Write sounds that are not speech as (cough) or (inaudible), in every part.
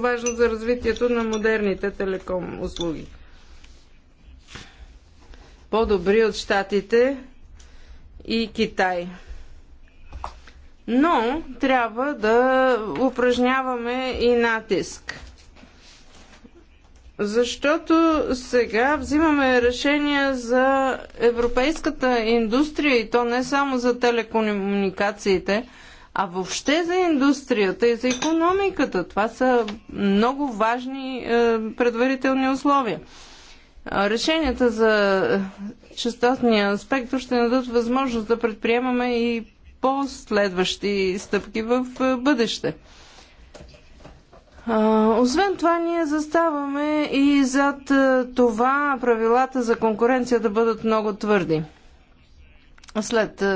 важно за развитието на модерните телеком услуги. По-добри от Штатите и Китай. Но трябва да упражняваме и натиск. Защото сега взимаме решения за европейската индустрия и то не само за телекомуникациите, а въобще за индустрията и за економиката. Това са много важни е, предварителни условия. Решенията за частотния спектър ще дадат възможност да предприемаме и по-следващи стъпки в е, бъдеще. Освен това, ние заставаме и зад е, това правилата за конкуренция да бъдат много твърди. След е,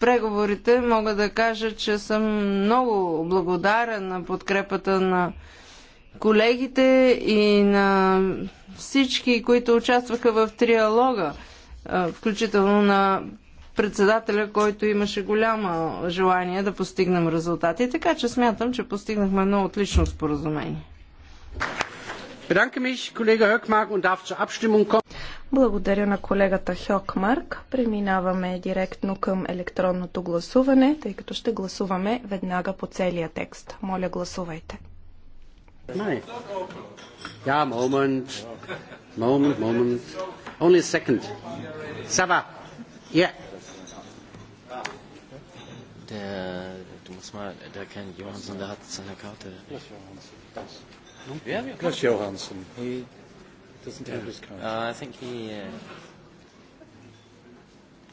преговорите мога да кажа, че съм много благодарен на подкрепата на колегите и на всички, които участваха в триалога, е, включително на председателя, който имаше голямо желание да постигнем резултати. Така че смятам, че постигнахме едно отлично споразумение. Благодаря на колегата Хьокмарк. Преминаваме директно към електронното гласуване, тъй като ще гласуваме веднага по целия текст. Моля, гласувайте. Ja, moment. Moment, moment. Only a second. Ça va. Yeah. Der, du musst mal, der Ken Johansson, der hat seine Karte. Yeah, yeah. Plus Johansson. He doesn't have his card. Uh, I think he. Uh...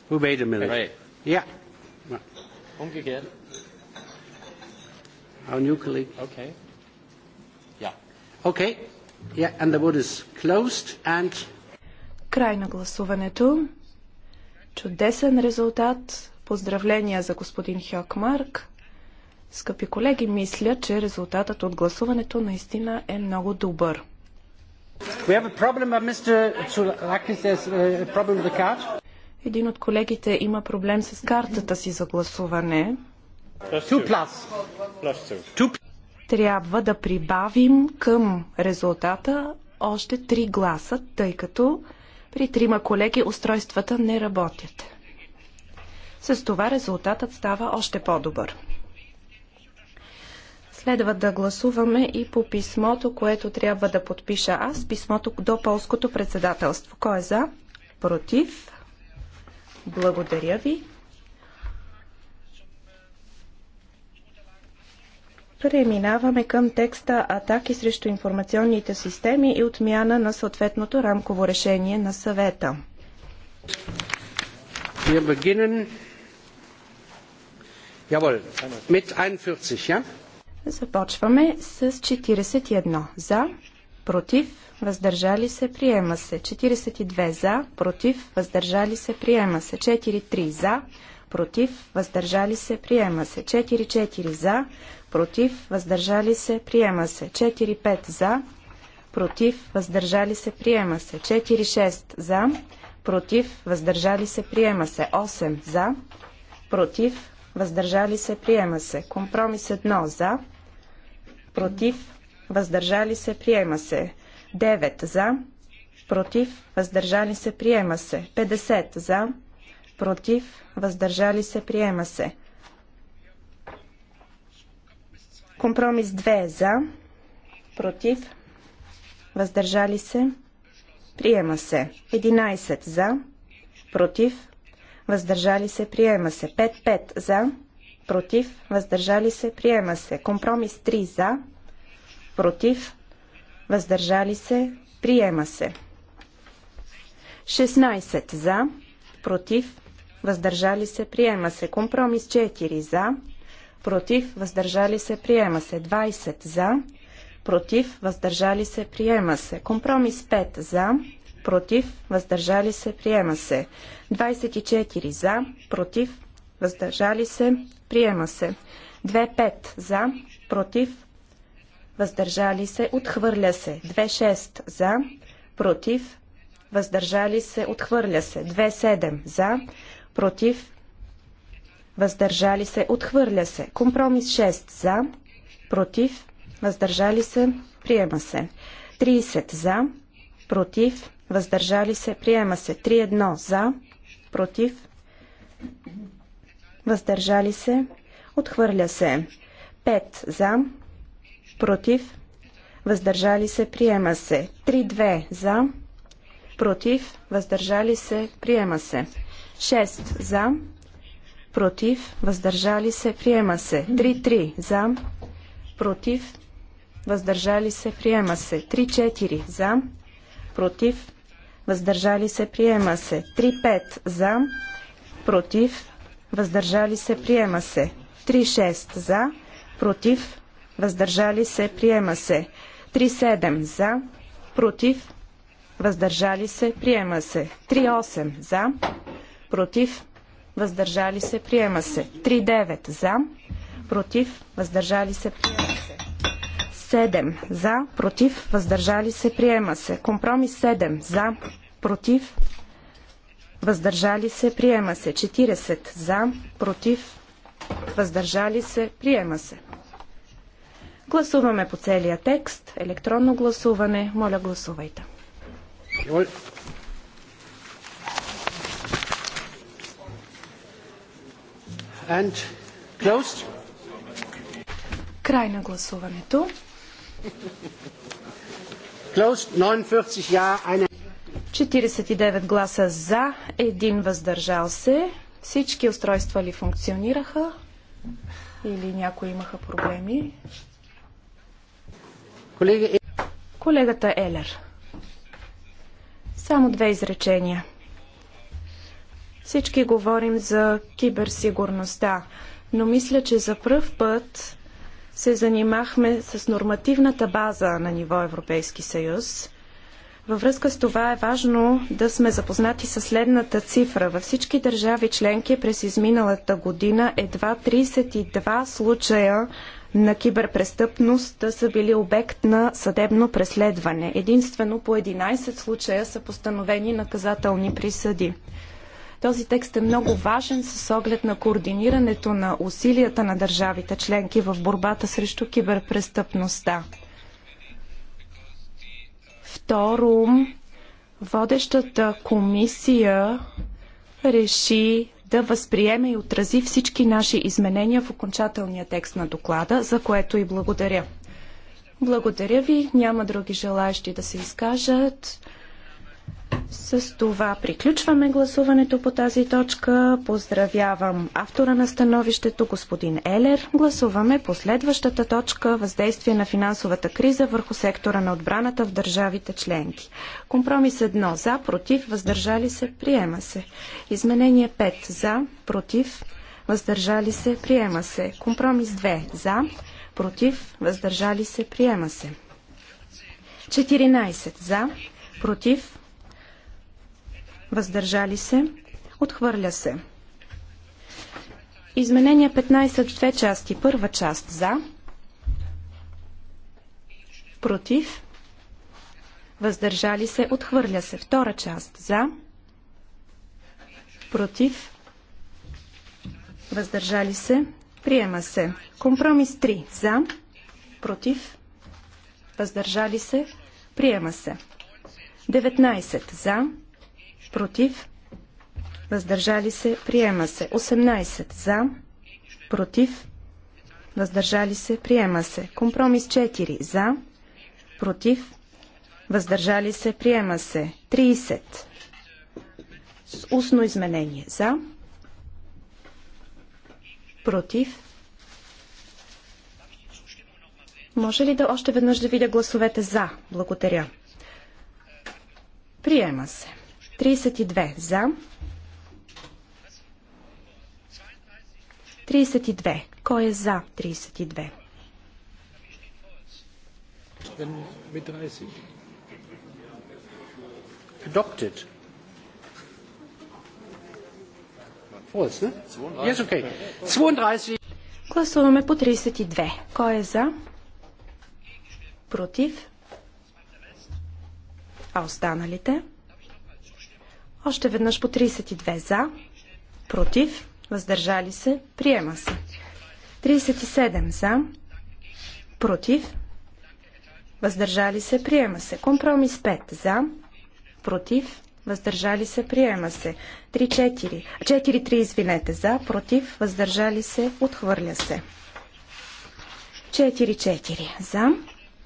Who made a minute? Right. Yeah. Umgekehrt. Our new colleague. Okay. Yeah. Okay. Yeah, and the vote is closed and. Край на гласуването. Чудесен резултат. Поздравления за господин Хьокмарк. Скъпи колеги, мисля, че резултатът от гласуването наистина е много добър. Uh, uh, Един от колегите има проблем с картата си за гласуване. Трябва да прибавим към резултата още три гласа, тъй като при трима колеги устройствата не работят. С това резултатът става още по-добър. Следва да гласуваме и по писмото, което трябва да подпиша аз, писмото до полското председателство. Кой е за? Против? Благодаря ви. Преминаваме към текста Атаки срещу информационните системи и отмяна на съответното рамково решение на съвета. Wir beginnen. Jawohl, mit 41, ja? Започваме с 41 за, против, въздържали се, приема се. 42 за, против, въздържали се, приема се. 43 за, против, въздържали се, приема се. 44 за, против, въздържали се, приема се. 45 за, против, въздържали се, приема се. 46 за, против, въздържали се, приема се. 8 за, против, въздържали се, приема се. Компромис 1 за, против, въздържали се, приема се. 9 за, против, въздържали се, приема се. 50 за, против, въздържали се, приема се. Компромис 2 за, против, въздържали се, приема се. 11 за, против, въздържали се, приема се. 5-5 за, против, въздържали се, приема се. Компромис 3 за, против, въздържали се, приема се. 16 за, против, въздържали се, приема се. Компромис 4 за, против, въздържали се, приема се. 20 за, против, въздържали се, приема се. Компромис 5 за, против, въздържали се, приема се. 24 за, против, въздържали се, приема се. 2-5 за, против, въздържали се, отхвърля се. 2-6 за, против, въздържали се, отхвърля се. 2-7 за, против, въздържали се, отхвърля се. Компромис 6 за, против, въздържали се, приема се. 30 за, против, въздържали се, приема се. 3-1 за, против, въздържали се, отхвърля се. 5 за, против, въздържали се, приема се. 3-2 за, против, въздържали се, приема се. 6 за, против, въздържали се, приема се. 3-3 за, против, въздържали се, приема се. 3-4 за, против, въздържали се, приема се. 3-5 за, против, въздържали се, приема се. 3-6 за, против, въздържали се, приема се. 3-7 за, против, въздържали се, приема се. 3-8 за, против, въздържали се, приема се. 3-9 за, против, въздържали се, приема се. 7 за, против, въздържали се, приема се. Компромис 7 за, против, въздържали се, приема се. 40 за, против, въздържали се, приема се. Гласуваме по целия текст. Електронно гласуване. Моля, гласувайте. And closed. Край на гласуването. Closed 49 ja, eine... 49 гласа за, един въздържал се. Всички устройства ли функционираха? Или някои имаха проблеми? Колега... Е- Колегата Елер. Само две изречения. Всички говорим за киберсигурността, но мисля, че за пръв път се занимахме с нормативната база на ниво Европейски съюз във връзка с това е важно да сме запознати с следната цифра. Във всички държави членки през изминалата година едва 32 случая на киберпрестъпност са били обект на съдебно преследване. Единствено по 11 случая са постановени наказателни присъди. Този текст е много важен с оглед на координирането на усилията на държавите членки в борбата срещу киберпрестъпността. Второ, водещата комисия реши да възприеме и отрази всички наши изменения в окончателния текст на доклада, за което и благодаря. Благодаря ви. Няма други желаящи да се изкажат. С това приключваме гласуването по тази точка. Поздравявам автора на становището, господин Елер. Гласуваме последващата точка въздействие на финансовата криза върху сектора на отбраната в държавите членки. Компромис 1 за, против, въздържали се, приема се. Изменение 5 за, против, въздържали се, приема се. Компромис 2 за, против, въздържали се, приема се. 14 за, против, въздържали се, отхвърля се. Изменение 15 в две части. Първа част за, против, въздържали се, отхвърля се. Втора част за, против, въздържали се, приема се. Компромис 3 за, против, въздържали се, приема се. 19 за, против, въздържали се, приема се. 18 за, против, въздържали се, приема се. Компромис 4 за, против, въздържали се, приема се. 30 с устно изменение за, против. Може ли да още веднъж да видя гласовете за? Благодаря. Приема се. 32 за. 32. Кой е за 32? Adopted. Гласуваме по 32. Кой е за? Против? А останалите? 32. Още веднъж по 32 за, против, въздържали се, приема се. 37 за, против, въздържали се, приема се. Компромис 5 за, против, въздържали се, приема се. 3-4, 4-3, извинете, за, против, въздържали се, отхвърля се. 4-4 за,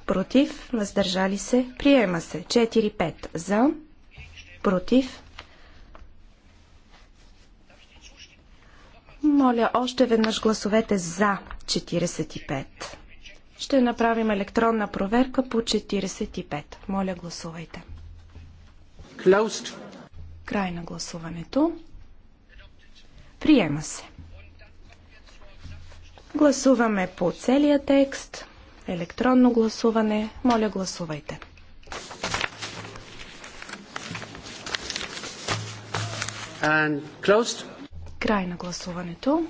против, въздържали се, приема се. 4-5 за, против, Моля още веднъж гласовете за 45. Ще направим електронна проверка по 45. Моля гласувайте. Closed. Край на гласуването. Приема се. Гласуваме по целия текст. Електронно гласуване. Моля гласувайте. And closed. Край на гласуването.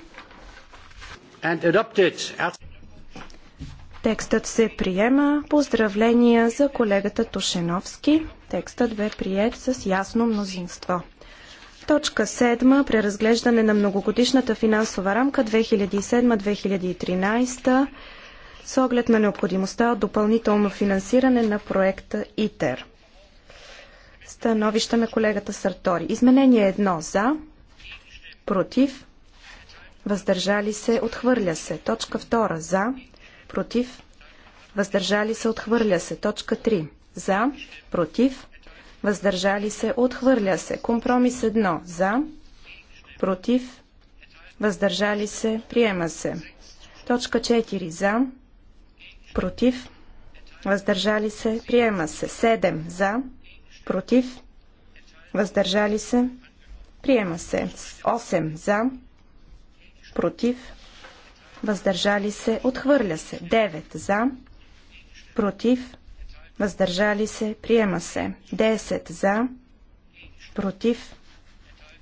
Текстът се приема. Поздравления за колегата Тошеновски. Текстът бе прият с ясно мнозинство. Точка 7. Преразглеждане на многогодишната финансова рамка 2007-2013 с оглед на необходимостта от допълнително финансиране на проекта ИТЕР. Становище на колегата Сартори. Изменение 1 за, против, въздържали се, отхвърля се. Точка 2 за, против, въздържали се, отхвърля се. Точка 3 за, против, въздържали се, отхвърля се. Компромис 1 за, против, въздържали се, приема се. Точка 4 за, против, въздържали се, приема се. 7 за, против, въздържали се, Приема се 8 за, против, въздържали се, отхвърля се 9 за, против, въздържали се, приема се 10 за, против,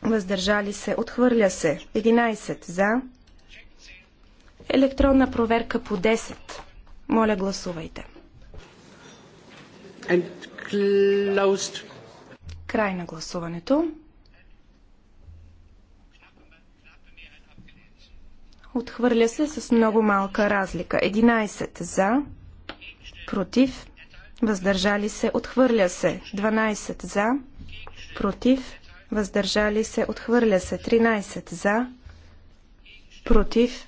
въздържали се, отхвърля се 11 за. Електронна проверка по 10. Моля, гласувайте. Край на гласуването. Отхвърля се с много малка разлика. 11 за, против, въздържали се, отхвърля се. 12 за, против, въздържали се, отхвърля се. 13 за, против,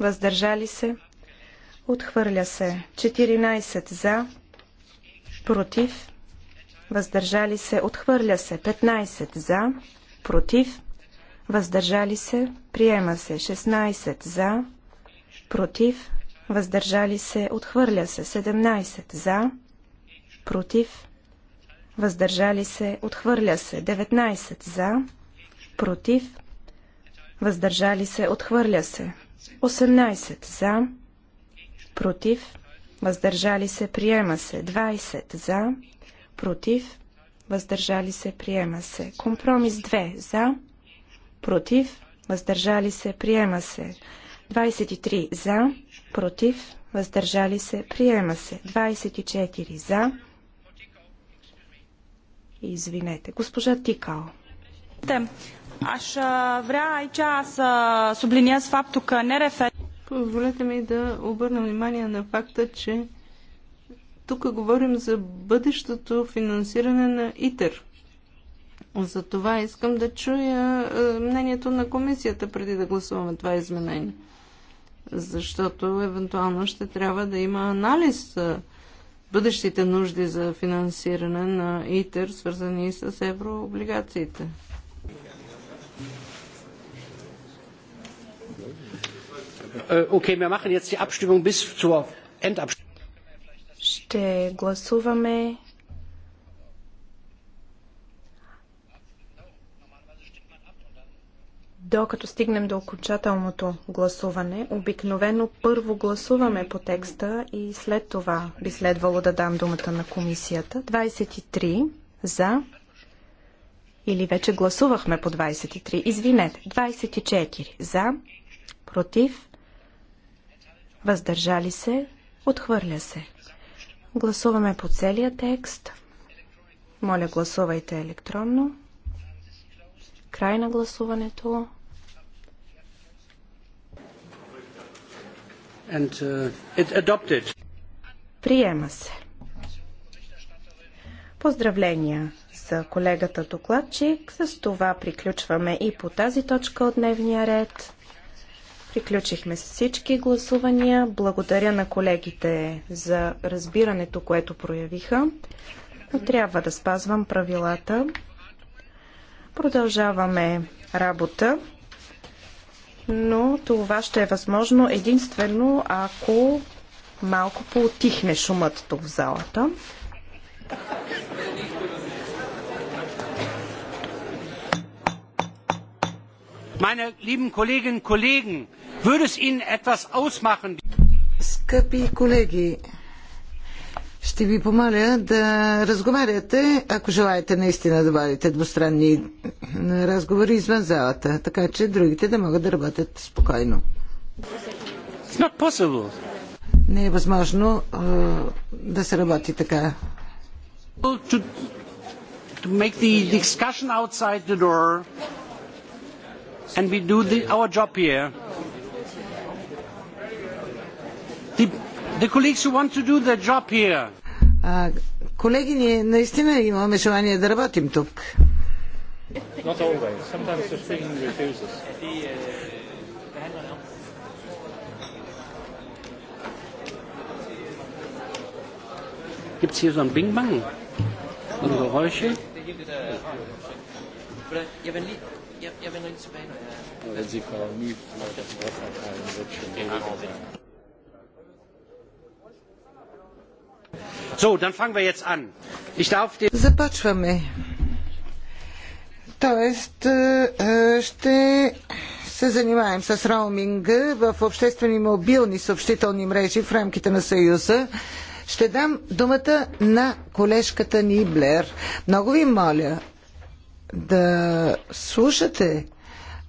въздържали се, отхвърля се. 14 за, против, въздържали се, отхвърля се. 15 за, против, въздържали се, приема се 16 за, против, въздържали се, отхвърля се 17 за, против, въздържали се, отхвърля се 19 за, против, въздържали се, отхвърля се 18 за, против, въздържали се, приема се 20 за, против, въздържали се, приема се. Компромис 2 за, против, въздържали се, приема се. 23 за, против, въздържали се, приема се. 24 за. Извинете, госпожа Тикао. Aș vrea aici аз subliniez faptul că не рефер... Позволете ми да обърна внимание на факта, че тук говорим за бъдещото финансиране на ИТЕР. За това искам да чуя е, мнението на комисията преди да гласуваме това изменение. Защото евентуално ще трябва да има анализ за е, бъдещите нужди за финансиране на ИТЕР, свързани с еврооблигациите. Е, окей, ми machen сега die до Ще гласуваме докато стигнем до окончателното гласуване. Обикновено първо гласуваме по текста и след това би следвало да дам думата на комисията. 23 за или вече гласувахме по 23. Извинете, 24 за, против, въздържали се, отхвърля се. Гласуваме по целия текст. Моля, гласувайте електронно. Край на гласуването. and uh, it adopted. Приема се. Поздравления за колегата докладчик. С това приключваме и по тази точка от дневния ред. Приключихме с всички гласувания. Благодаря на колегите за разбирането, което проявиха. Но трябва да спазвам правилата. Продължаваме работа но това ще е възможно единствено ако малко поотихне шумът тук в залата. Meine lieben Kolleginnen und Kollegen, würde es Ihnen etwas ausmachen? Скъпи колеги, ще ви помоля да разговаряте, ако желаете наистина да водите двустранни разговори извън залата, така че другите да могат да работят спокойно. Не е възможно а, да се работи така. To, to make the discussion outside the door and we do the, our job here. The колеги, ние наистина имаме желание да работим тук. Not always. Sometimes the thing refuses. Gibt es hier so ein Bing-Bang? Geräusche? Wenn Sie Frau Mief das Wort erteilen, wird schon Започваме. Тоест, е, е, ще се занимаем с роуминга в обществени мобилни съобщителни мрежи в рамките на Съюза. Ще дам думата на колежката ни Блер. Много ви моля да слушате,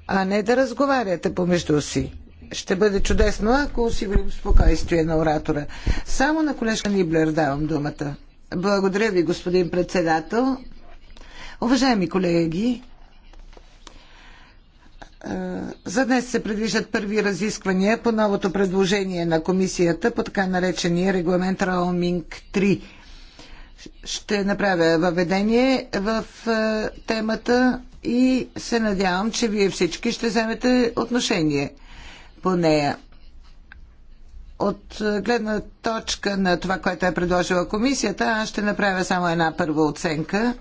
а не да разговаряте помежду си ще бъде чудесно, ако осигурим спокойствие на оратора. Само на колежка Ниблер давам думата. Благодаря ви, господин председател. Уважаеми колеги, за днес се предвиждат първи разисквания по новото предложение на комисията по така наречения регламент Роуминг 3. Ще направя въведение в темата и се надявам, че вие всички ще вземете отношение по нея. От гледна точка на това, което е предложила комисията, аз ще направя само една първа оценка.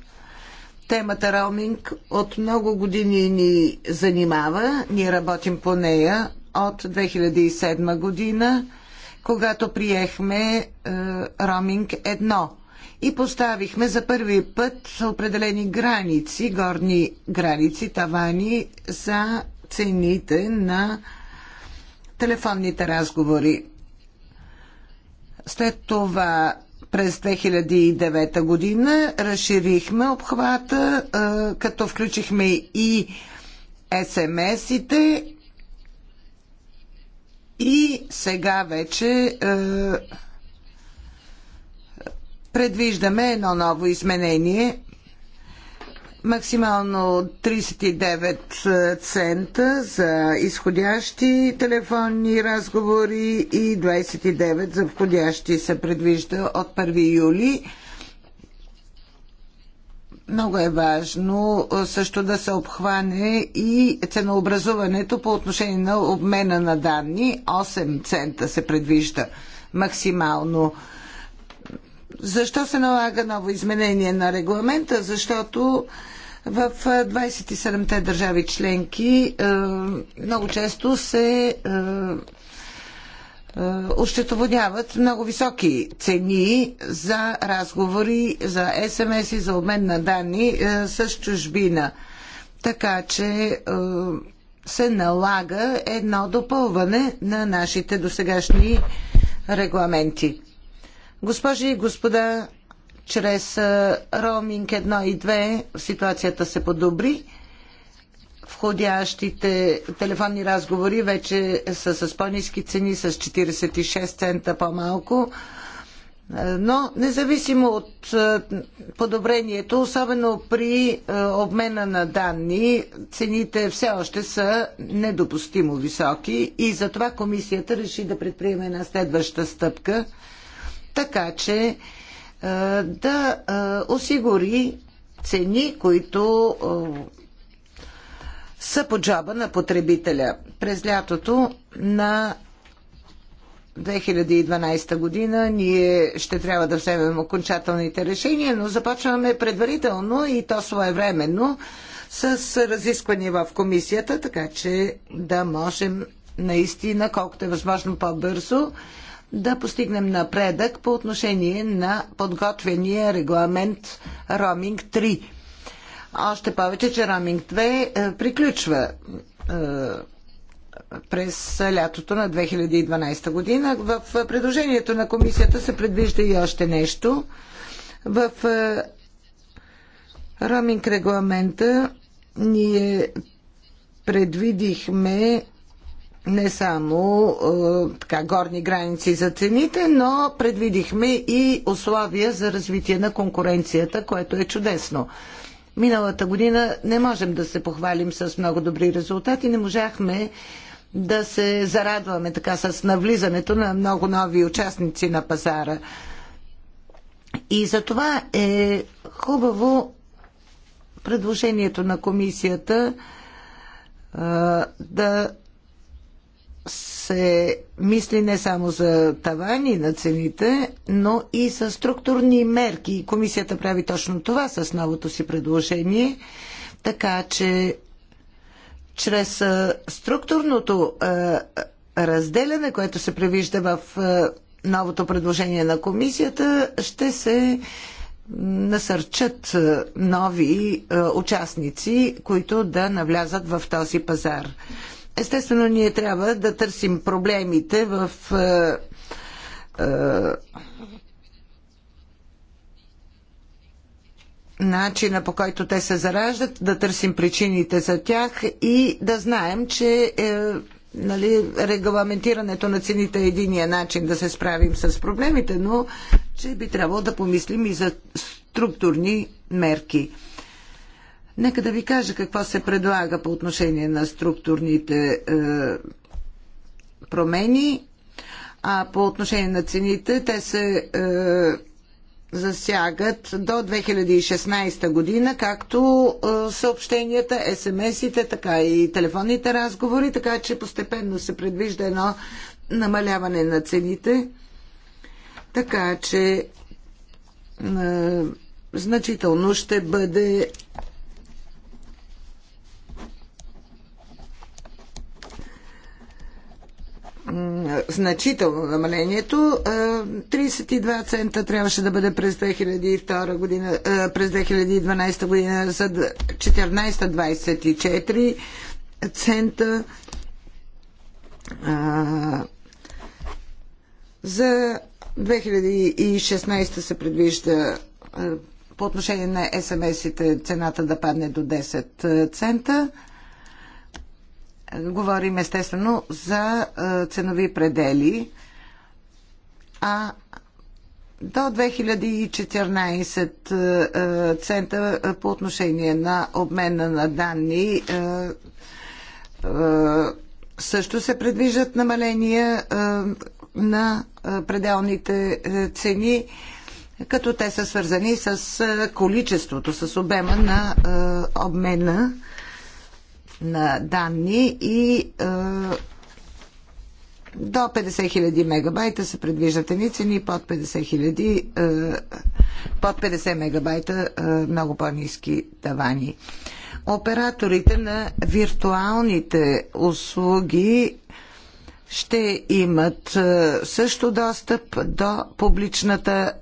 Темата роуминг от много години ни занимава. Ние работим по нея от 2007 година, когато приехме е, роуминг 1 и поставихме за първи път определени граници, горни граници, тавани за цените на телефонните разговори. След това през 2009 година разширихме обхвата, като включихме и СМС-ите и сега вече предвиждаме едно ново изменение максимално 39 е, цента за изходящи телефонни разговори и 29 за входящи се предвижда от 1 юли. Много е важно е, също да се обхване и ценообразуването по отношение на обмена на данни. 8 цента се предвижда максимално. Защо се налага ново изменение на регламента? Защото в 27-те държави членки много често се ощетоводяват много високи цени за разговори, за СМС и за обмен на данни с чужбина. Така че се налага едно допълване на нашите досегашни регламенти. Госпожи и господа, чрез роуминг 1 и 2 ситуацията се подобри. Входящите телефонни разговори вече са с по-низки цени, с 46 цента по-малко. Но независимо от подобрението, особено при обмена на данни, цените все още са недопустимо високи и затова комисията реши да предприеме една следваща стъпка – така че е, да е, осигури цени, които е, са по джаба на потребителя. През лятото на 2012 година ние ще трябва да вземем окончателните решения, но започваме предварително и то своевременно с разисквания в комисията, така че да можем наистина колкото е възможно по-бързо да постигнем напредък по отношение на подготвения регламент Роминг 3. Още повече, че Роминг 2 е, приключва е, през лятото на 2012 година. В е, предложението на комисията се предвижда и още нещо. В Роминг регламента ние предвидихме не само е, така, горни граници за цените, но предвидихме и условия за развитие на конкуренцията, което е чудесно. Миналата година не можем да се похвалим с много добри резултати, не можахме да се зарадваме така с навлизането на много нови участници на пазара. И за това е хубаво предложението на комисията е, да се мисли не само за тавани на цените, но и за структурни мерки. комисията прави точно това с новото си предложение, така че чрез структурното разделяне, което се превижда в новото предложение на комисията, ще се насърчат нови участници, които да навлязат в този пазар. Естествено, ние трябва да търсим проблемите в е, е, начина по който те се зараждат, да търсим причините за тях и да знаем, че е, нали, регламентирането на цените е единия начин да се справим с проблемите, но че би трябвало да помислим и за структурни мерки. Нека да ви кажа какво се предлага по отношение на структурните е, промени, а по отношение на цените те се е, засягат до 2016 година, както е, съобщенията, СМС-ите, така и телефонните разговори, така че постепенно се предвижда едно намаляване на цените. Така че е, значително ще бъде значително намалението. 32 е, цента трябваше да бъде през 2002 година, е, през 2012 година за 14-24 цента. Е, за 2016 се предвижда по отношение на СМС-ите цената да падне до 10 цента. Говорим естествено за е, ценови предели, а до 2014 е, цента по отношение на обмена на данни е, също се предвиждат намаления на пределните цени, като те са свързани с количеството, с обема на обмена на данни и е, до 50 000 мегабайта се предвиждат едни цени, под 50 000, е, под 50 мегабайта е, много по-низки тавани. Операторите на виртуалните услуги ще имат също достъп до публичната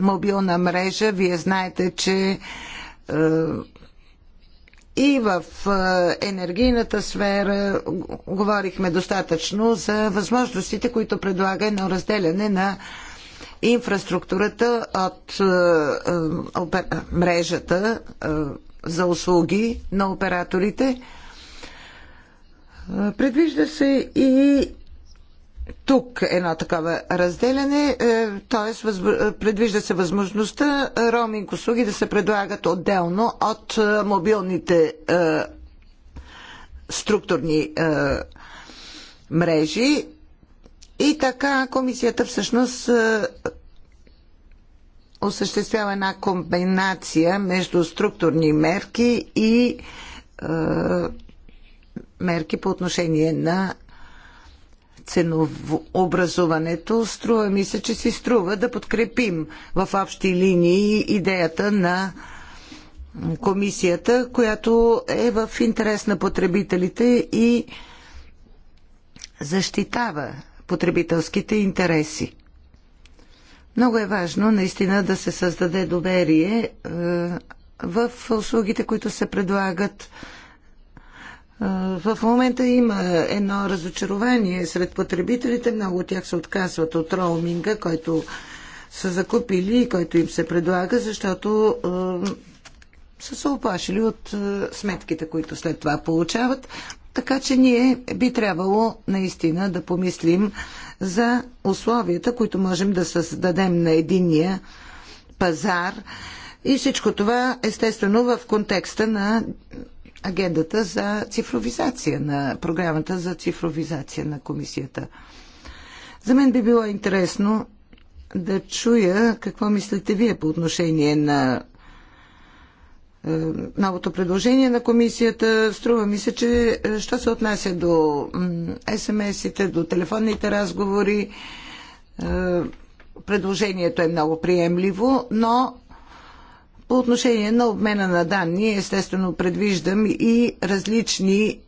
мобилна мрежа. Вие знаете, че и в енергийната сфера говорихме достатъчно за възможностите, които предлага едно разделяне на инфраструктурата от мрежата за услуги на операторите. Предвижда се и тук едно такова разделяне, т.е. Е, предвижда се възможността роуминг услуги да се предлагат отделно от е, мобилните е, структурни мрежи. И така комисията всъщност осъществява една комбинация между структурни мерки и мерки по отношение на ценообразуването, струва ми се, че си струва да подкрепим в общи линии идеята на комисията, която е в интерес на потребителите и защитава потребителските интереси. Много е важно наистина да се създаде доверие е, в услугите, които се предлагат в момента има едно разочарование сред потребителите. Много от тях се отказват от роуминга, който са закупили и който им се предлага, защото е, са се оплашили от е, сметките, които след това получават. Така че ние би трябвало наистина да помислим за условията, които можем да създадем на единия пазар. И всичко това, естествено, в контекста на агендата за цифровизация, на програмата за цифровизация на комисията. За мен би било интересно да чуя какво мислите вие по отношение на е, новото предложение на комисията. Струва ми се, че е, що се отнася до СМС-ите, до телефонните разговори, е, предложението е много приемливо, но по отношение на обмена на данни, естествено предвиждам и различни е,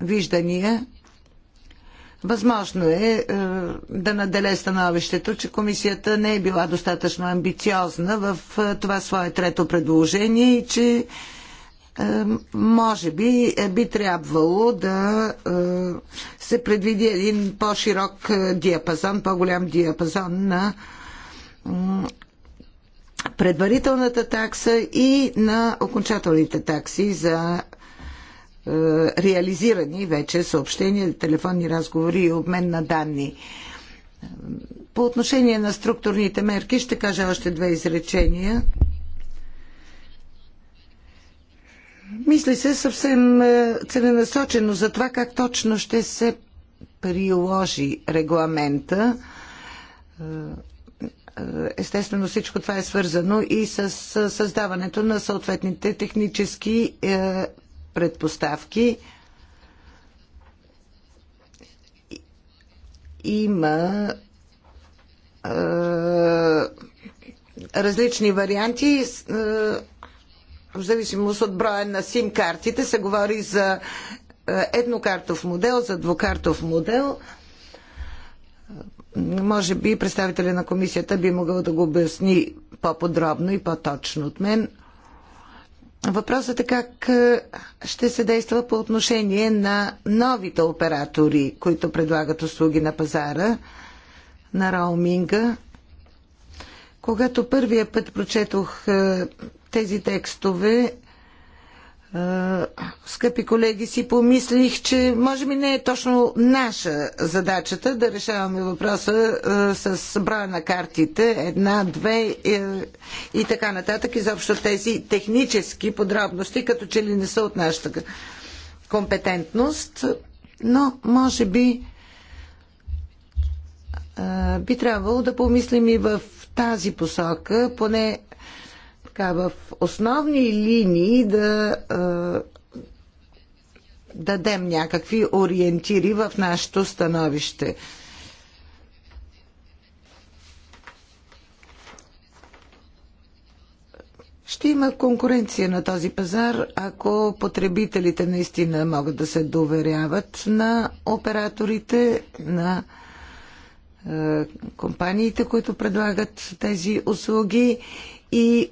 виждания. Възможно е, е да наделе становището, че комисията не е била достатъчно амбициозна в е, това свое трето предложение и че е, може би е би трябвало да е, се предвиди един по-широк е, диапазон, по-голям диапазон на предварителната такса и на окончателните такси за е, реализирани вече съобщения, телефонни разговори и обмен на данни. По отношение на структурните мерки ще кажа още две изречения. Мисли се съвсем е, целенасочено за това как точно ще се приложи регламента е, Естествено всичко това е свързано и с създаването на съответните технически е, предпоставки. Има е, различни варианти. Е, в зависимост от броя на сим-картите се говори за еднокартов модел, за двукартов модел – може би представителя на комисията би могъл да го обясни по-подробно и по-точно от мен. Въпросът е как е, ще се действа по отношение на новите оператори, които предлагат услуги на пазара, на роуминга. Когато първия път прочетох е, тези текстове, е, скъпи колеги, си помислих, че може би не е точно наша задачата да решаваме въпроса е, с броя на картите, една, две е, и така нататък. Изобщо тези технически подробности, като че ли не са от нашата компетентност, но може би би трябвало да помислим и в тази посока, поне така в основни линии да а, дадем някакви ориентири в нашето становище. Ще има конкуренция на този пазар, ако потребителите наистина могат да се доверяват на операторите, на компаниите, които предлагат тези услуги и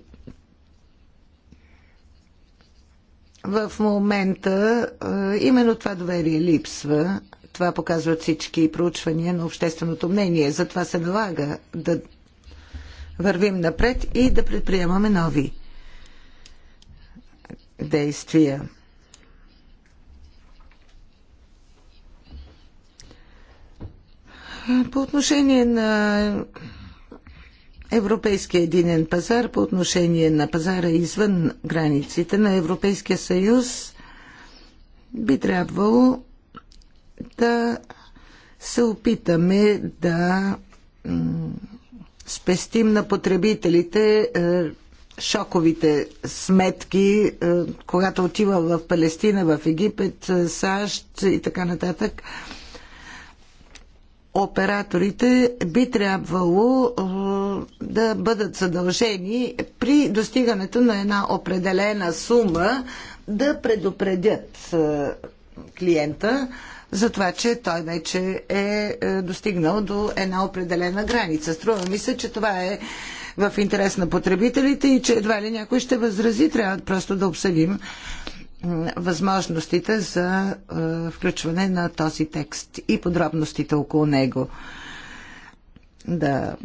В момента именно това доверие липсва. Това показват всички проучвания на общественото мнение. Затова се налага да вървим напред и да предприемаме нови действия. По отношение на Европейския единен пазар по отношение на пазара извън границите на Европейския съюз би трябвало да се опитаме да спестим на потребителите е, шоковите сметки, е, когато отива в Палестина, в Египет, е, САЩ и така нататък операторите би трябвало да бъдат задължени при достигането на една определена сума да предупредят е, клиента за това, че той вече е, е достигнал до една определена граница. Струва ми се, че това е в интерес на потребителите и че едва ли някой ще възрази. Трябва просто да обсъдим възможностите за е, включване на този текст и подробностите около него. Да,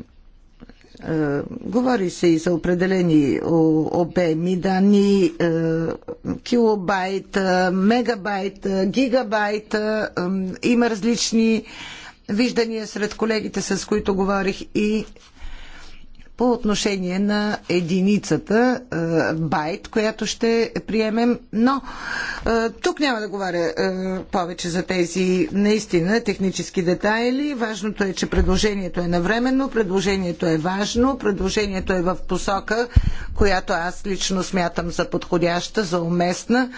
е, говори се и за определени обеми данни, е, килобайт, мегабайт, гигабайт. Има различни виждания сред колегите, с които говорих и по отношение на единицата е, байт, която ще приемем. Но е, тук няма да говоря е, повече за тези наистина технически детайли. Важното е, че предложението е навременно, предложението е важно, предложението е в посока, която аз лично смятам за подходяща, за уместна.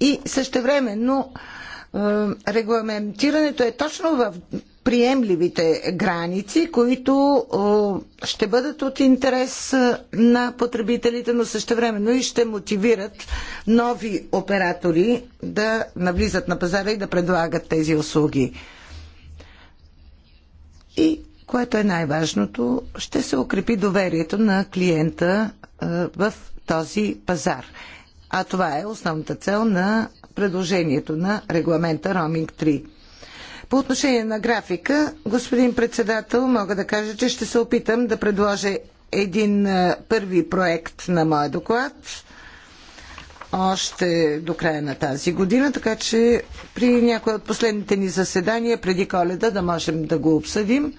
И същевременно регламентирането е точно в приемливите граници, които е, ще бъдат от интерес е, на потребителите, но същевременно и ще мотивират нови оператори да навлизат на пазара и да предлагат тези услуги. И което е най-важното, ще се укрепи доверието на клиента е, в този пазар. А това е основната цел на предложението на регламента Роминг 3. По отношение на графика, господин председател, мога да кажа, че ще се опитам да предложа един е, първи проект на моя доклад още до края на тази година, така че при някои от последните ни заседания преди коледа да можем да го обсъдим.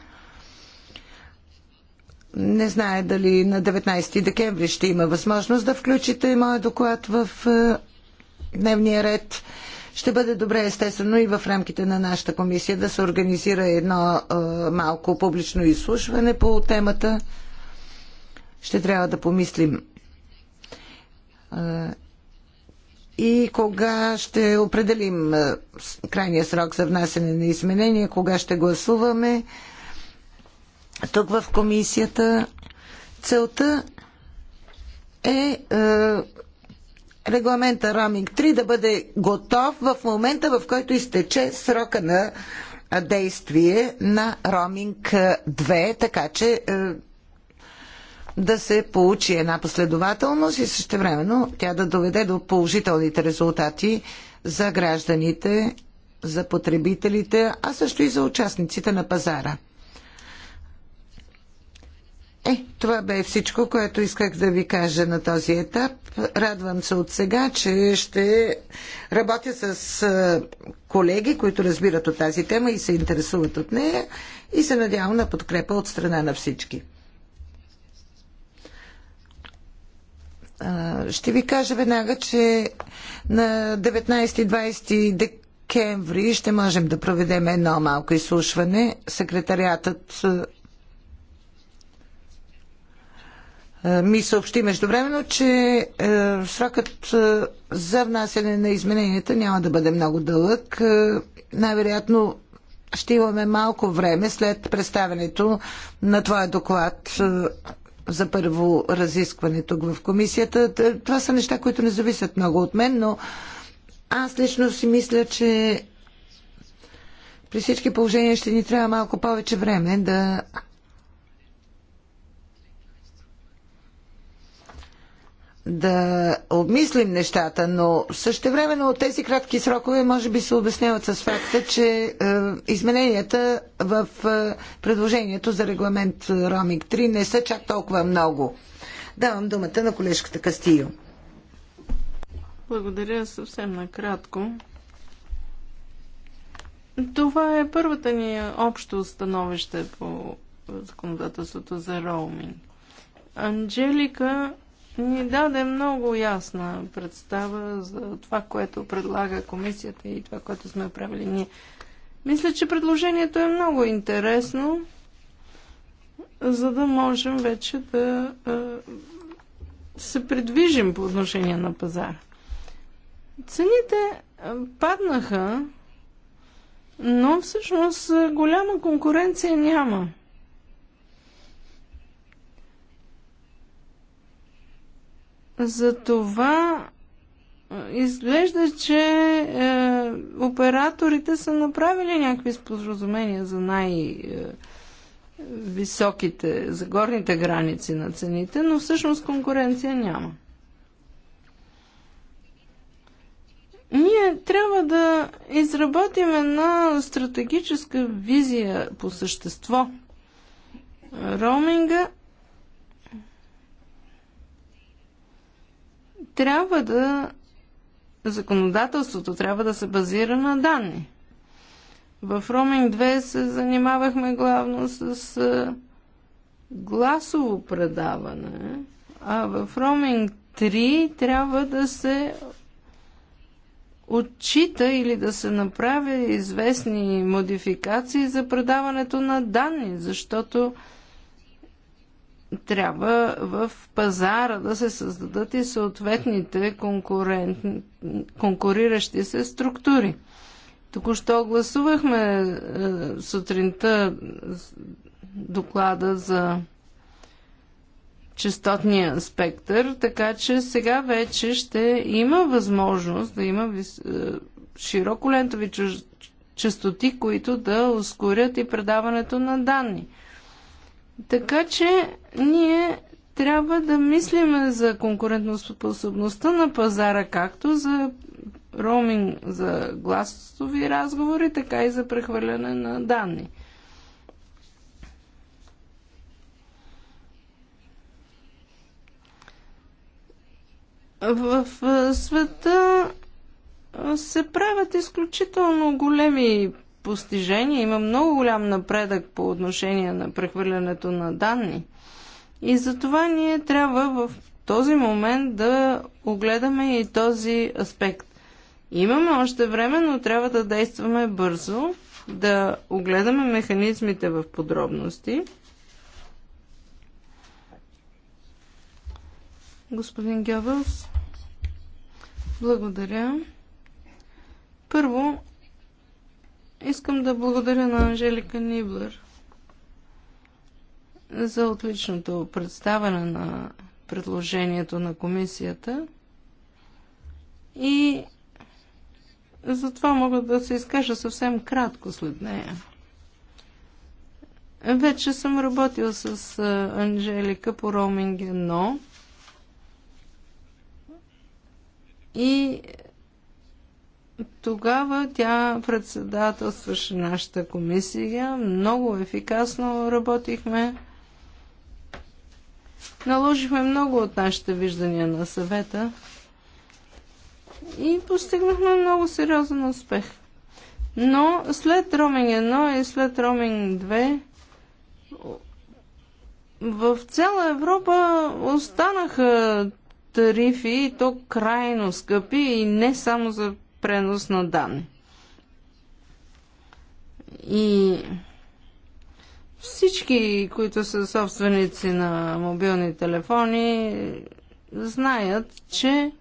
Не знае дали на 19 декември ще има възможност да включите моя доклад в е, дневния ред. Ще бъде добре, естествено, и в рамките на нашата комисия да се организира едно а, малко публично изслушване по темата. Ще трябва да помислим. и кога ще определим крайния срок за внасене на изменения, кога ще гласуваме тук в комисията. Целта е, е регламента Роминг 3 да бъде готов в момента, в който изтече срока на действие на Роминг 2, така че да се получи една последователност и същевременно тя да доведе до положителните резултати за гражданите, за потребителите, а също и за участниците на пазара. Е, това бе всичко, което исках да ви кажа на този етап. Радвам се от сега, че ще работя с колеги, които разбират от тази тема и се интересуват от нея и се надявам на подкрепа от страна на всички. Ще ви кажа веднага, че на 19-20 декември ще можем да проведем едно малко изслушване. Секретариатът Е, ми съобщи междувременно, че е, срокът е, за внасяне на измененията няма да бъде много дълъг. Най-вероятно ще имаме малко време след представенето на твоя доклад за първо разискване тук в комисията. Това са неща, които не зависят много от мен, но аз лично си мисля, че при всички положения ще ни трябва малко повече време да да обмислим нещата, но същевременно тези кратки срокове може би се обясняват с факта, че е, измененията в е, предложението за регламент Ромик 3 не са чак толкова много. Давам думата на колежката Кастио. Благодаря съвсем накратко. Това е първата ни общо становище по законодателството за роуминг. Анджелика ни даде много ясна представа за това, което предлага комисията и това, което сме правили ние. Мисля, че предложението е много интересно, за да можем вече да се придвижим по отношение на пазара. Цените паднаха, но всъщност голяма конкуренция няма. За това изглежда, че е, операторите са направили някакви споразумения за най-високите, е, за горните граници на цените, но всъщност конкуренция няма. Ние трябва да изработим една стратегическа визия по същество. Роуминга трябва да законодателството трябва да се базира на данни. В Роминг 2 се занимавахме главно с гласово предаване, а в Роминг 3 трябва да се отчита или да се направи известни модификации за предаването на данни, защото трябва в пазара да се създадат и съответните конкурент... конкуриращи се структури. Току-що гласувахме е, сутринта доклада за частотния спектър, така че сега вече ще има възможност да има вис... Е, широколентови частоти, които да ускорят и предаването на данни. Така че ние трябва да мислим за конкурентоспособността на пазара, както за роуминг за гласови разговори, така и за прехвърляне на данни. В света се правят изключително големи постижение, има много голям напредък по отношение на прехвърлянето на данни. И за това ние трябва в този момент да огледаме и този аспект. Имаме още време, но трябва да действаме бързо, да огледаме механизмите в подробности. Господин Гебелс, благодаря. Първо, Искам да благодаря на Анжелика Ниблер за отличното представяне на предложението на комисията и затова мога да се изкажа съвсем кратко след нея. Вече съм работил с Анжелика по роуминг 1 и тогава тя председателстваше нашата комисия. Много ефикасно работихме. Наложихме много от нашите виждания на съвета и постигнахме много сериозен успех. Но след Роминг 1 и след Роминг 2 в цяла Европа останаха тарифи и то крайно скъпи и не само за пренос на данни. И всички, които са собственици на мобилни телефони, знаят, че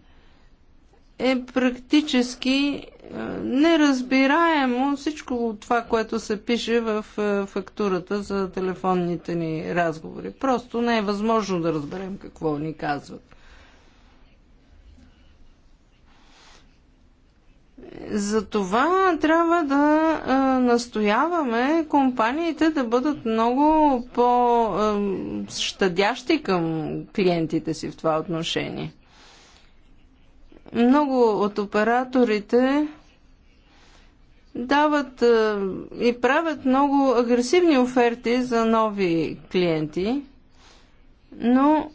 е практически е, неразбираемо всичко това, което се пише в е, фактурата за телефонните ни разговори. Просто не е възможно да разберем какво ни казват. За това трябва да а, настояваме компаниите да бъдат много по-щадящи към клиентите си в това отношение. Много от операторите дават а, и правят много агресивни оферти за нови клиенти, но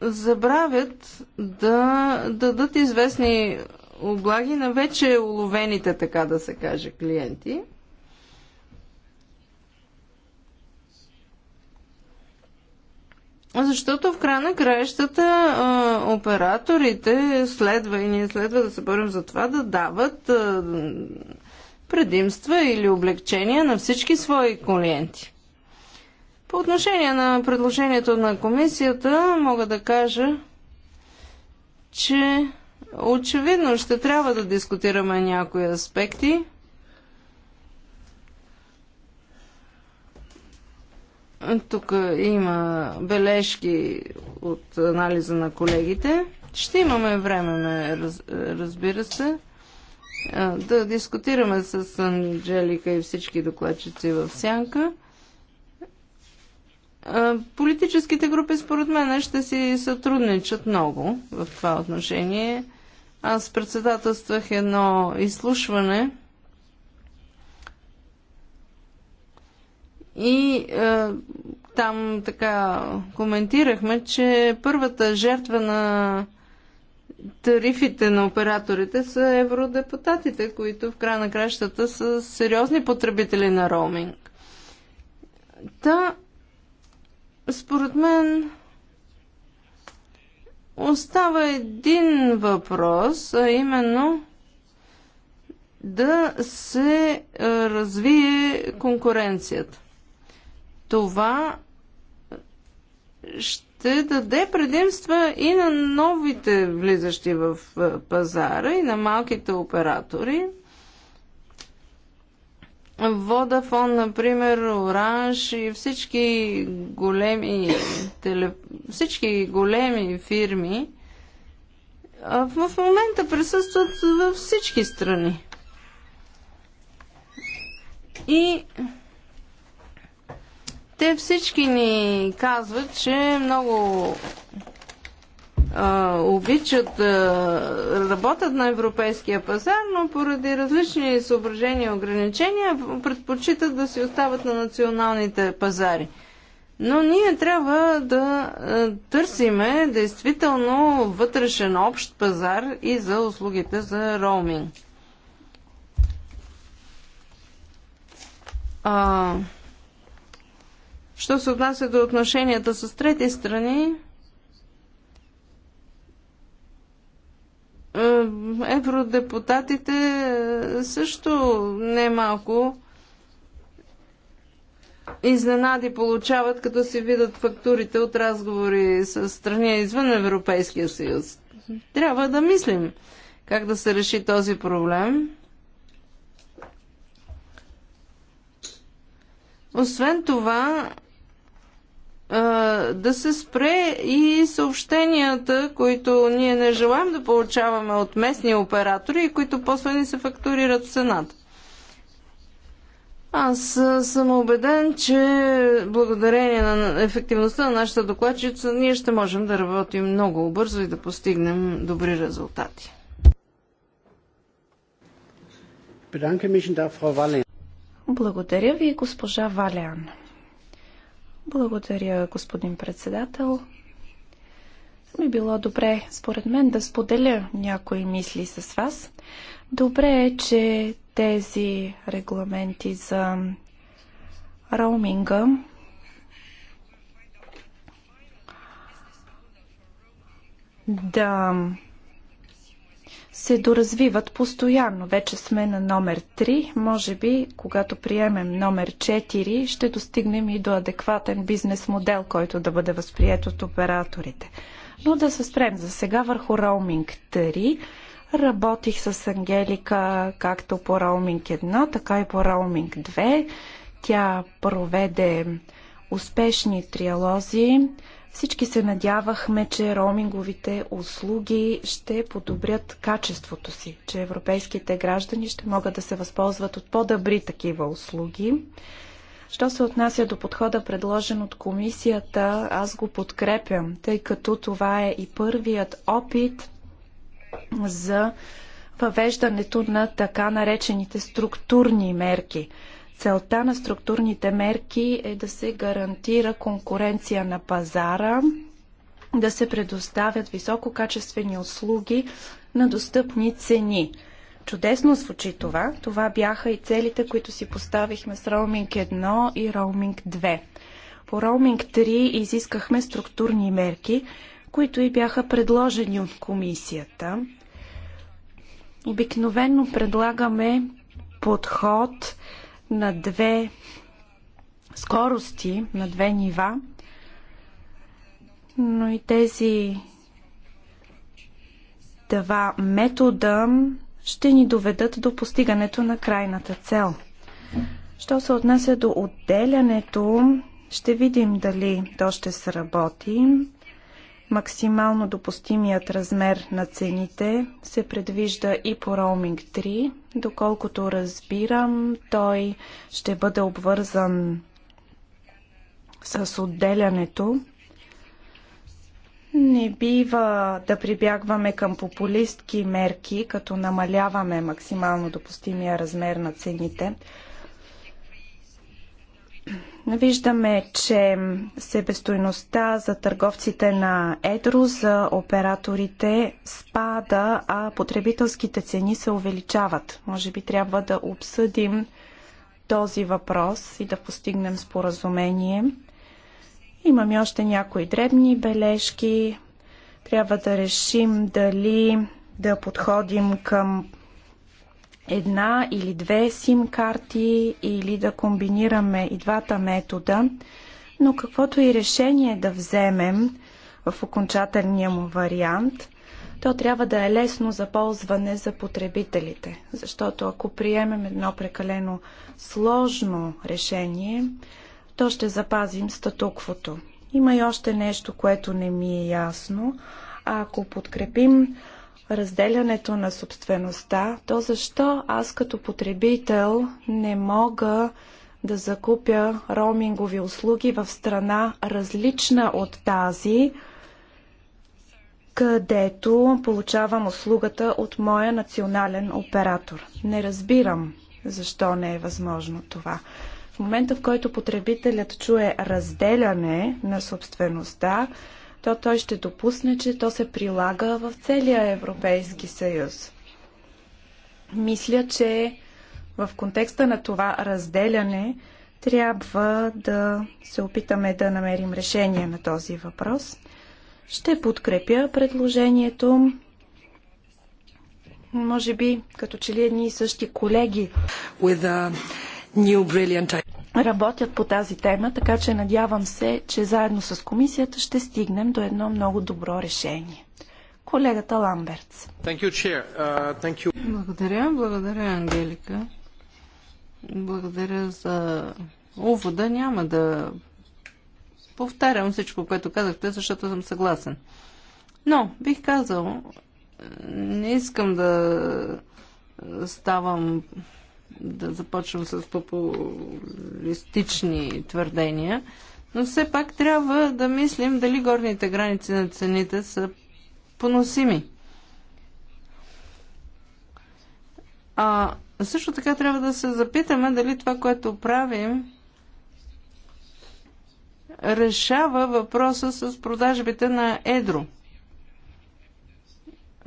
забравят да дадат известни облаги на вече уловените, така да се каже, клиенти. Защото в края на краищата операторите следва и ние следва да се борим за това да дават предимства или облегчения на всички свои клиенти. По отношение на предложението на комисията мога да кажа, че Очевидно ще трябва да дискутираме някои аспекти. Тук има бележки от анализа на колегите. Ще имаме време, разбира се, да дискутираме с Анджелика и всички докладчици в сянка. Политическите групи, според мен, ще си сътрудничат много в това отношение. Аз председателствах едно изслушване и е, там така коментирахме, че първата жертва на тарифите на операторите са евродепутатите, които в края на кращата са сериозни потребители на роуминг. Та, според мен, Остава един въпрос, а именно да се развие конкуренцията. Това ще даде предимства и на новите влизащи в пазара, и на малките оператори – Водафон, например, Оранж и всички големи, теле... всички големи фирми в момента присъстват във всички страни. И те всички ни казват, че е много обичат да работят на европейския пазар, но поради различни съображения и ограничения предпочитат да си остават на националните пазари. Но ние трябва да търсиме действително вътрешен общ пазар и за услугите за роуминг. А, що се отнася до отношенията с трети страни, Е, евродепутатите е, също немалко изненади получават, като си видят фактурите от разговори с страни извън Европейския съюз. Трябва да мислим как да се реши този проблем. Освен това, да се спре и съобщенията, които ние не желаем да получаваме от местни оператори и които после ни се фактурират в цената. Аз съм убеден, че благодарение на ефективността на нашата докладчица ние ще можем да работим много бързо и да постигнем добри резултати. Благодаря ви, госпожа Валян. Благодаря, господин председател. ми било добре, според мен, да споделя някои мисли с вас. Добре е, че тези регламенти за роуминга да се доразвиват постоянно. Вече сме на номер 3. Може би, когато приемем номер 4, ще достигнем и до адекватен бизнес модел, който да бъде възприят от операторите. Но да се спрем за сега върху роуминг 3. Работих с Ангелика както по роуминг 1, така и по роуминг 2. Тя проведе успешни триалози всички се надявахме, че роуминговите услуги ще подобрят качеството си, че европейските граждани ще могат да се възползват от по-добри такива услуги. Що се отнася до подхода, предложен от комисията, аз го подкрепям, тъй като това е и първият опит за въвеждането на така наречените структурни мерки – Целта на структурните мерки е да се гарантира конкуренция на пазара, да се предоставят висококачествени услуги на достъпни цени. Чудесно звучи това. Това бяха и целите, които си поставихме с роуминг 1 и роуминг 2. По роуминг 3 изискахме структурни мерки, които и бяха предложени от комисията. Обикновено предлагаме подход – на две скорости, на две нива, но и тези два метода ще ни доведат до постигането на крайната цел. Що се отнася до отделянето, ще видим дали то ще сработи. Максимално допустимият размер на цените се предвижда и по роуминг 3. Доколкото разбирам, той ще бъде обвързан с отделянето. Не бива да прибягваме към популистки мерки, като намаляваме максимално допустимия размер на цените. Виждаме, че себестойността за търговците на едро, за операторите спада, а потребителските цени се увеличават. Може би трябва да обсъдим този въпрос и да постигнем споразумение. Имаме още някои дребни бележки. Трябва да решим дали да подходим към една или две SIM карти или да комбинираме и двата метода, но каквото и решение да вземем в окончателния му вариант, то трябва да е лесно за ползване за потребителите. Защото ако приемем едно прекалено сложно решение, то ще запазим статуквото. Има и още нещо, което не ми е ясно. А ако подкрепим разделянето на собствеността, то защо аз като потребител не мога да закупя роумингови услуги в страна различна от тази, където получавам услугата от моя национален оператор. Не разбирам защо не е възможно това. В момента, в който потребителят чуе разделяне на собствеността, то той ще допусне, че то се прилага в целия Европейски съюз. Мисля, че в контекста на това разделяне трябва да се опитаме да намерим решение на този въпрос. Ще подкрепя предложението. Може би, като че ли едни и същи колеги. With a uh, new brilliant работят по тази тема, така че надявам се, че заедно с комисията ще стигнем до едно много добро решение. Колегата Ламбертс. Uh, благодаря, благодаря, Ангелика. Благодаря за увода. Няма да повтарям всичко, което казахте, защото съм съгласен. Но, бих казал, не искам да ставам да започвам с популистични твърдения, но все пак трябва да мислим дали горните граници на цените са поносими. А също така трябва да се запитаме дали това, което правим, решава въпроса с продажбите на едро –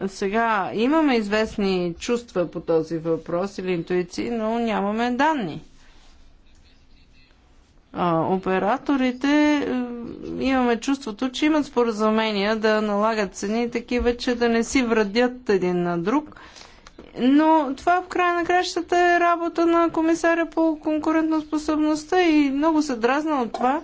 сега имаме известни чувства по този въпрос или интуиции, но нямаме данни. А, операторите имаме чувството, че имат споразумения да налагат цени такива, че да не си вредят един на друг. Но това в края на кращата е работа на комисаря по конкурентоспособността и много се дразна от това,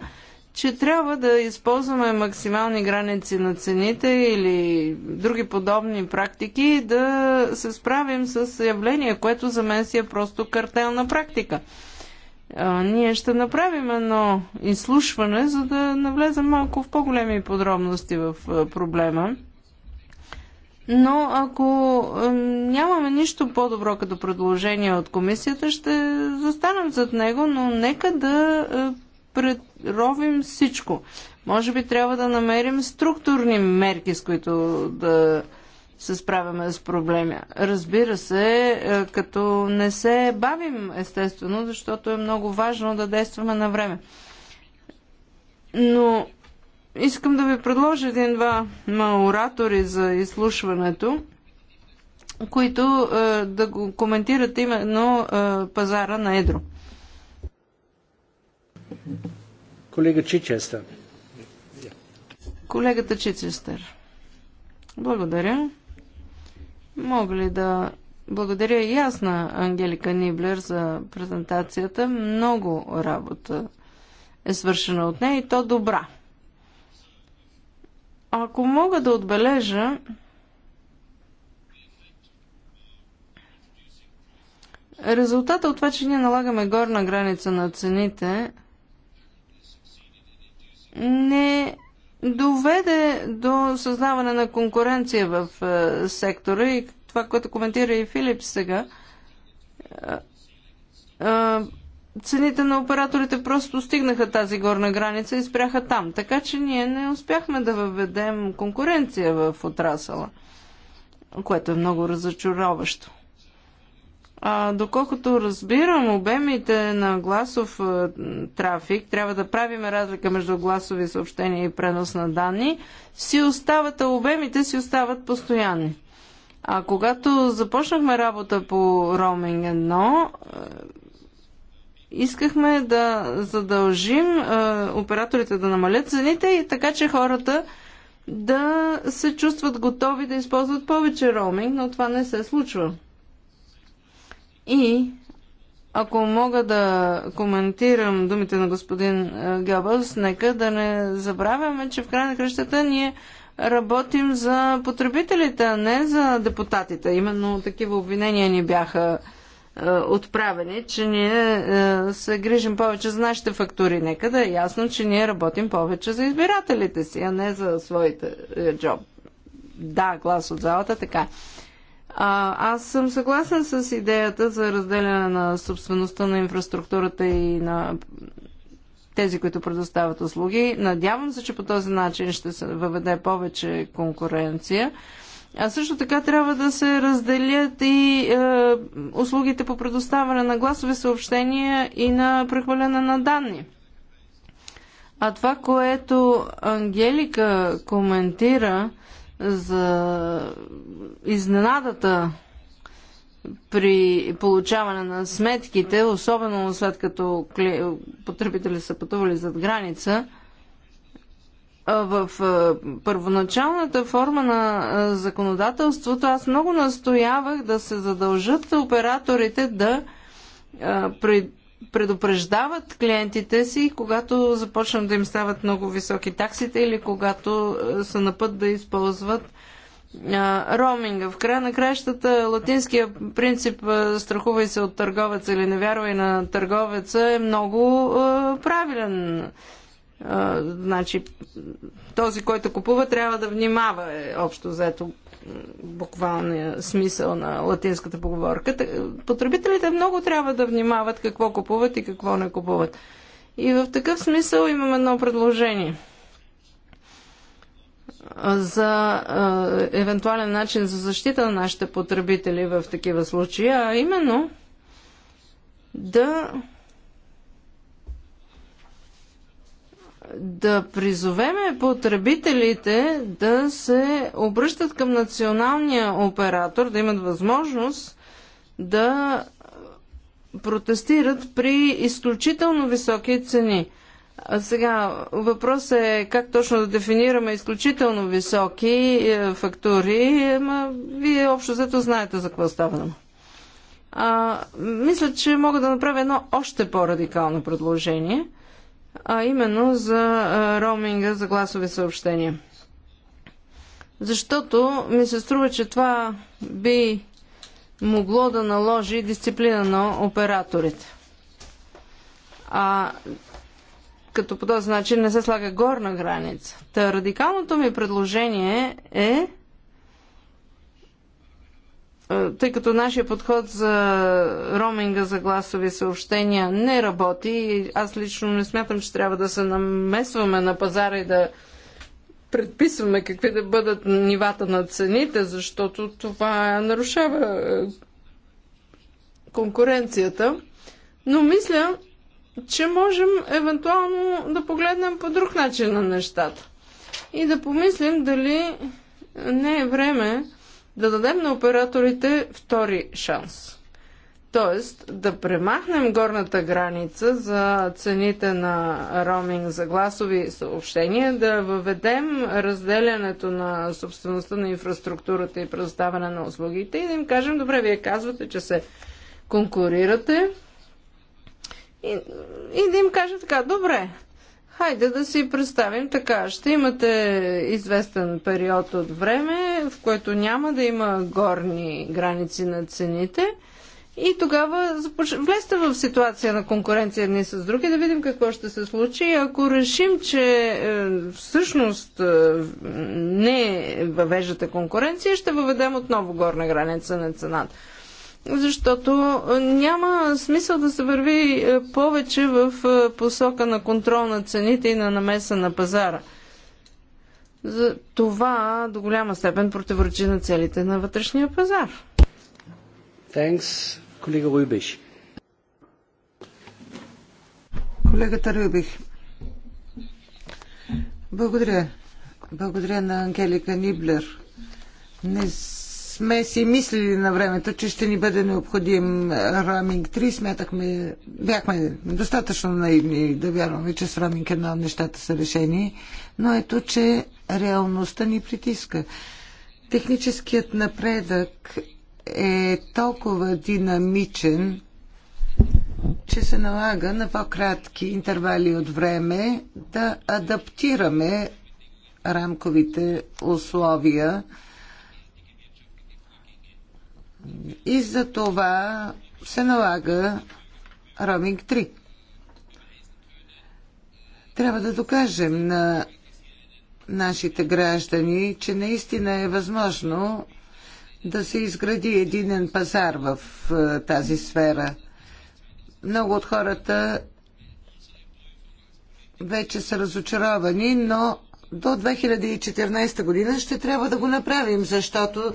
че трябва да използваме максимални граници на цените или други подобни практики и да се справим с явление, което за мен си е просто картелна практика. А, ние ще направим едно изслушване, за да навлезем малко в по-големи подробности в проблема. Но ако нямаме нищо по-добро като предложение от комисията, ще застанем зад него, но нека да преровим всичко. Може би трябва да намерим структурни мерки, с които да се справяме с проблеми. Разбира се, е, като не се бавим, естествено, защото е много важно да действаме на време. Но искам да ви предложа един-два оратори за изслушването, които е, да го коментират именно е, пазара на едро. Колега Чичестър. Колегата Чичестър. Благодаря. Мога ли да благодаря и аз на Ангелика Ниблер за презентацията. Много работа е свършена от нея и то добра. Ако мога да отбележа, резултата от това, че ние налагаме горна граница на цените – не доведе до създаване на конкуренция в е, сектора и това, което коментира и Филип сега. Е, е, цените на операторите просто стигнаха тази горна граница и спряха там. Така че ние не успяхме да въведем конкуренция в отрасъла, което е много разочароващо. А, доколкото разбирам обемите на гласов а, е, трафик, трябва да правим разлика между гласови съобщения и пренос на данни, си остават, а обемите си остават постоянни. А когато започнахме работа по роуминг 1, е, искахме да задължим а, е, операторите да намалят цените и така, че хората да се чувстват готови да използват повече роуминг, но това не се случва. И ако мога да коментирам думите на господин е, Гебълс, нека да не забравяме, че в край на кръщата ние работим за потребителите, а не за депутатите. Именно такива обвинения ни бяха е, отправени, че ние е, се грижим повече за нашите фактури. Нека да е ясно, че ние работим повече за избирателите си, а не за своите джоб. Да, глас от залата, така. А, аз съм съгласен с идеята за разделяне на собствеността на инфраструктурата и на тези, които предоставят услуги. Надявам се, че по този начин ще се въведе повече конкуренция. А също така трябва да се разделят и е, услугите по предоставяне на гласови съобщения и на прехвърляне на данни. А това, което Ангелика коментира, за изненадата при получаване на сметките, особено след като потребители са пътували зад граница, в първоначалната форма на законодателството аз много настоявах да се задължат операторите да при предупреждават клиентите си, когато започнат да им стават много високи таксите или когато е, са на път да използват роуминга. В края на кращата латинския принцип е, страхувай се от търговеца или не вярвай на търговеца е много е, правилен. Е, значи, този, който купува, трябва да внимава, е, общо взето буквалния смисъл на латинската поговорка, потребителите много трябва да внимават какво купуват и какво не купуват. И в такъв смисъл имам едно предложение за е, евентуален начин за защита на нашите потребители в такива случаи, а именно да да призовеме потребителите да се обръщат към националния оператор, да имат възможност да протестират при изключително високи цени. А сега, въпросът е как точно да дефинираме изключително високи е, фактури. Ма, вие общо зато знаете за какво става А, мисля, че мога да направя едно още по-радикално предложение – а именно за роуминга за гласови съобщения. Защото ми се струва, че това би могло да наложи дисциплина на операторите. А като по този начин не се слага горна граница. Та радикалното ми предложение е е, тъй като нашия подход за роминга за гласови съобщения не работи, аз лично не смятам, че трябва да се намесваме на пазара и да предписваме какви да бъдат нивата на цените, защото това нарушава е, конкуренцията. Но мисля, че можем евентуално да погледнем по друг начин на нещата и да помислим дали не е време да дадем на операторите втори шанс. Тоест да премахнем горната граница за цените на роуминг за гласови съобщения, да въведем разделянето на собствеността на инфраструктурата и предоставяне на услугите и да им кажем, добре, вие казвате, че се конкурирате и, и да им кажем така, добре, Хайде да си представим така. Ще имате известен период от време, в който няма да има горни граници на цените. И тогава започ... влезте в ситуация на конкуренция едни с други, да видим какво ще се случи. И ако решим, че е, всъщност е, не въвеждате конкуренция, ще въведем отново горна граница на цената защото няма смисъл да се върви повече в посока на контрол на цените и на намеса на пазара. За това до голяма степен противоречи на целите на вътрешния пазар. Thanks, колега Руйбиш. Колегата Рубих. Благодаря. Благодаря на Ангелика Ниблер. Не сме си мислили на времето, че ще ни бъде необходим раминг 3. Смятахме, бяхме достатъчно наивни да вярваме, че с раминг 1 нещата са решени, но ето, че реалността ни притиска. Техническият напредък е толкова динамичен, че се налага на по-кратки интервали от време да адаптираме рамковите условия и за това се налага Роминг 3. Трябва да докажем на нашите граждани, че наистина е възможно да се изгради единен пазар в е, тази сфера. Много от хората вече са разочаровани, но до 2014 година ще трябва да го направим, защото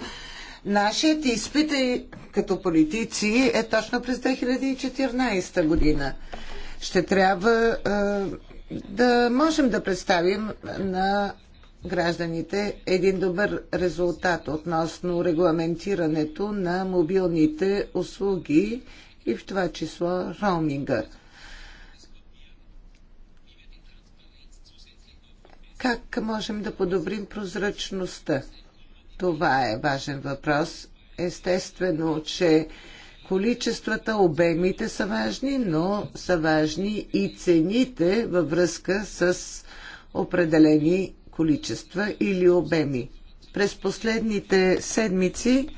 Нашият изпит е, като политици е точно през 2014 година. Ще трябва е, да можем да представим на гражданите един добър резултат относно регламентирането на мобилните услуги и в това число роуминга. Как можем да подобрим прозрачността? Това е важен въпрос. Естествено, че количествата, обемите са важни, но са важни и цените във връзка с определени количества или обеми. През последните седмици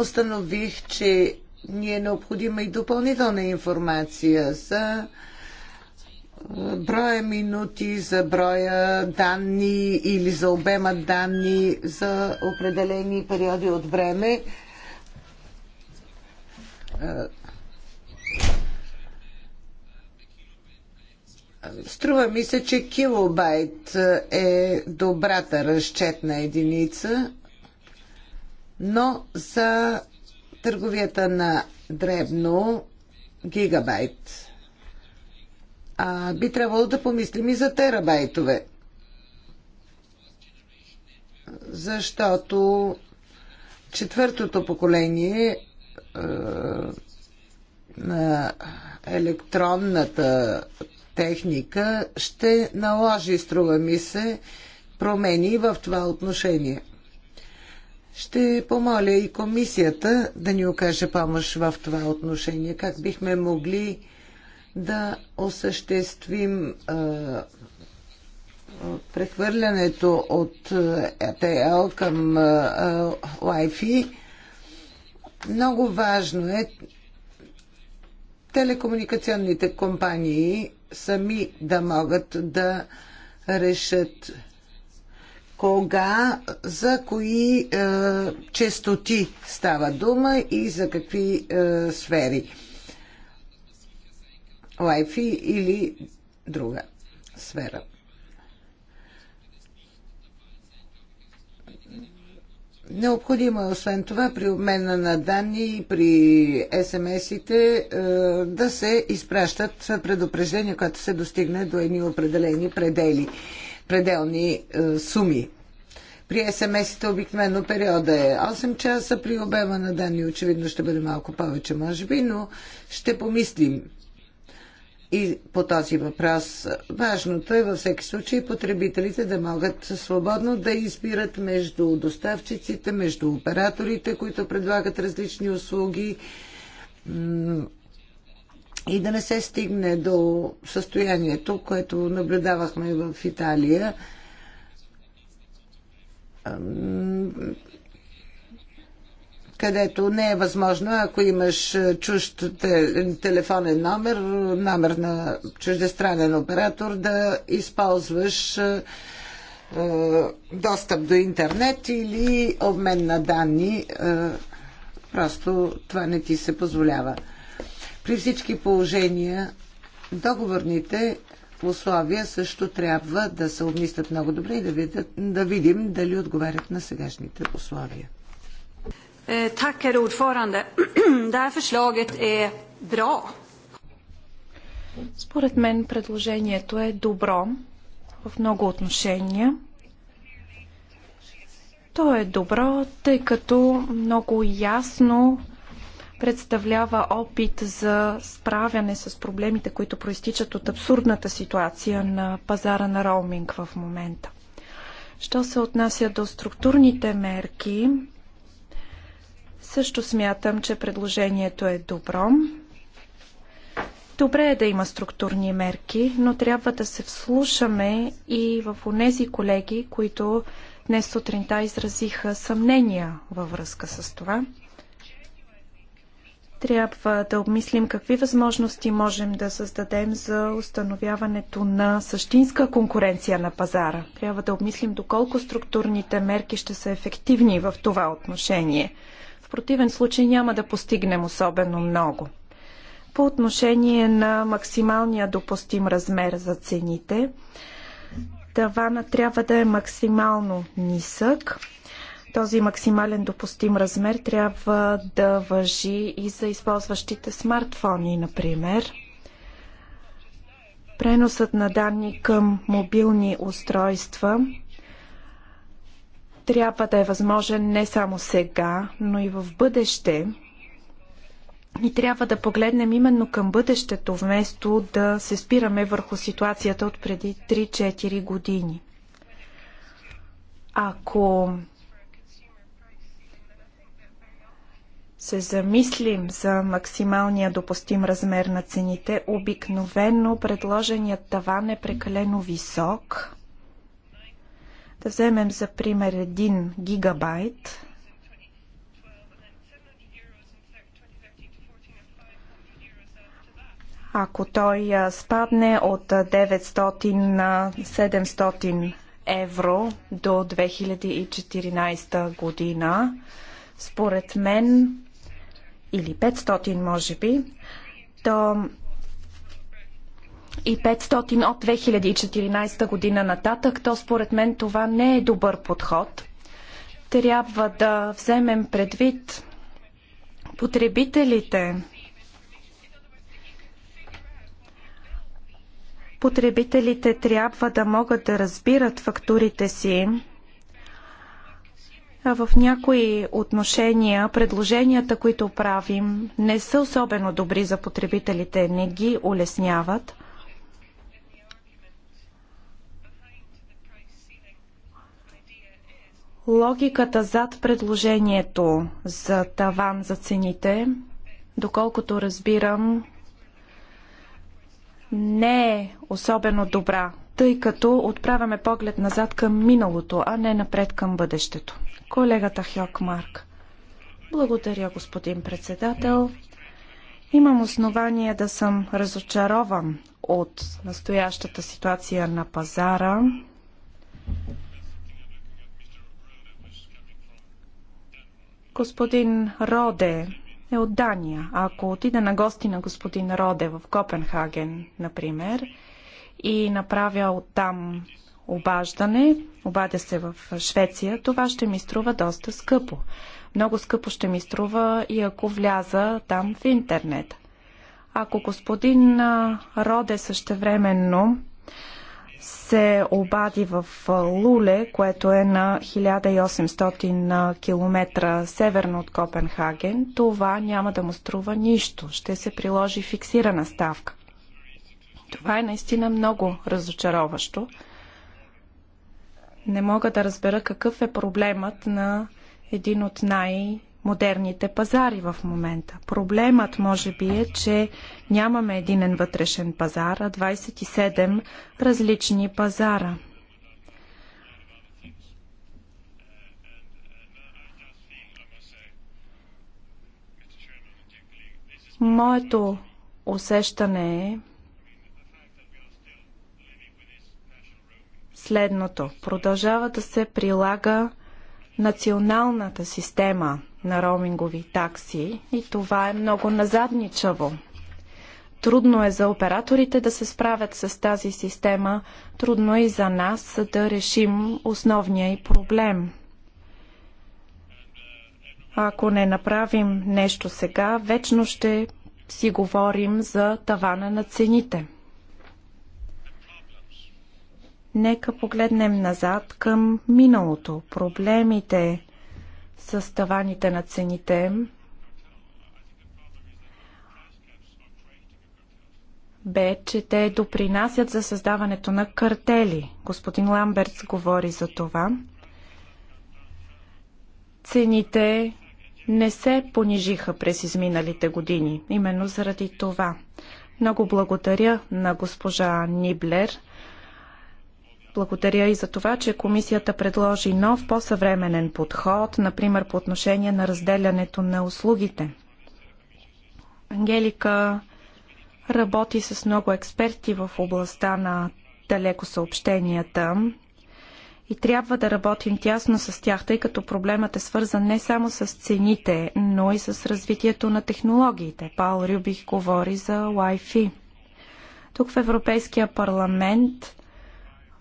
установих, че ни е необходима и допълнителна информация за броя минути, за броя данни или за обема данни за определени периоди от време. Струва ми се, че килобайт е добрата разчетна единица, но за търговията на дребно гигабайт а би трябвало да помислим и за терабайтове. Защото четвъртото поколение е, на електронната техника ще наложи, струва ми се, промени в това отношение. Ще помоля и комисията да ни окаже помощ в това отношение. Как бихме могли да осъществим прехвърлянето от ATL към Wi-Fi. Много важно е телекомуникационните компании сами да могат да решат кога, за кои е, честоти става дума и за какви е, сфери. Wi-Fi или друга сфера. Необходимо е освен това при обмена на данни и при СМС-ите е, да се изпращат предупреждения, когато се достигне до едни определени предели, пределни е, суми. При СМС-ите обикновено периода е 8 часа, при обема на данни очевидно ще бъде малко повече, може би, но ще помислим и по този въпрос. Важното е във всеки случай потребителите да могат свободно да избират между доставчиците, между операторите, които предлагат различни услуги и да не се стигне до състоянието, което наблюдавахме в Италия където не е възможно, ако имаш е, чужд телефонен номер, номер на чуждестранен оператор, да използваш е, е, достъп до интернет или обмен на данни. Просто това не ти се позволява. При всички положения договорните условия също трябва да се обмислят много добре и да, видят, да видим дали отговарят на сегашните условия. Eh, tack, herr ordförande. (clears throat) Det här förslaget är bra. Според мен предложението е добро в много отношения. То е добро, тъй като много ясно представлява опит за справяне с проблемите, които проистичат от абсурдната ситуация на пазара на роуминг в момента. Що се отнася до структурните мерки, също смятам, че предложението е добро. Добре е да има структурни мерки, но трябва да се вслушаме и в онези колеги, които днес сутринта изразиха съмнения във връзка с това. Трябва да обмислим какви възможности можем да създадем за установяването на същинска конкуренция на пазара. Трябва да обмислим доколко структурните мерки ще са ефективни в това отношение противен случай няма да постигнем особено много. По отношение на максималния допустим размер за цените, тавана трябва да е максимално нисък. Този максимален допустим размер трябва да въжи и за използващите смартфони, например. Преносът на данни към мобилни устройства трябва да е възможен не само сега, но и в бъдеще. И трябва да погледнем именно към бъдещето, вместо да се спираме върху ситуацията от преди 3-4 години. Ако се замислим за максималния допустим размер на цените, обикновено предложеният таван е прекалено висок – да вземем за пример 1 гигабайт. Ако той спадне от 900 на 700 евро до 2014 година, според мен, или 500 може би, то и 500 от 2014 година нататък, то според мен това не е добър подход. Трябва да вземем предвид потребителите. Потребителите трябва да могат да разбират фактурите си. А в някои отношения предложенията, които правим, не са особено добри за потребителите, не ги улесняват – логиката зад предложението за таван за цените, доколкото разбирам, не е особено добра, тъй като отправяме поглед назад към миналото, а не напред към бъдещето. Колегата Хьок Марк. Благодаря, господин председател. Имам основание да съм разочарован от настоящата ситуация на пазара. Господин Роде е от Дания. Ако отида на гости на господин Роде в Копенхаген, например, и направя оттам обаждане, обадя се в Швеция, това ще ми струва доста скъпо. Много скъпо ще ми струва и ако вляза там в интернет. Ако господин Роде същевременно се обади в Луле, което е на 1800 км северно от Копенхаген, това няма да му струва нищо. Ще се приложи фиксирана ставка. Това е наистина много разочароващо. Не мога да разбера какъв е проблемът на един от най- модерните пазари в момента. Проблемът може би е, че нямаме единен вътрешен пазар, а 27 различни пазара. Моето усещане е следното. Продължава да се прилага националната система – на роумингови такси и това е много назадничаво. Трудно е за операторите да се справят с тази система, трудно е и за нас да решим основния и проблем. Ако не направим нещо сега, вечно ще си говорим за тавана на цените. Нека погледнем назад към миналото. Проблемите, с таваните на цените. бе, че те допринасят за създаването на картели. Господин Ламбертс говори за това. Цените не се понижиха през изминалите години, именно заради това. Много благодаря на госпожа Ниблер – благодаря и за това, че комисията предложи нов, по-съвременен подход, например по отношение на разделянето на услугите. Ангелика работи с много експерти в областта на далеко съобщенията и трябва да работим тясно с тях, тъй като проблемът е свързан не само с цените, но и с развитието на технологиите. Паул Рюбих говори за Wi-Fi. Тук в Европейския парламент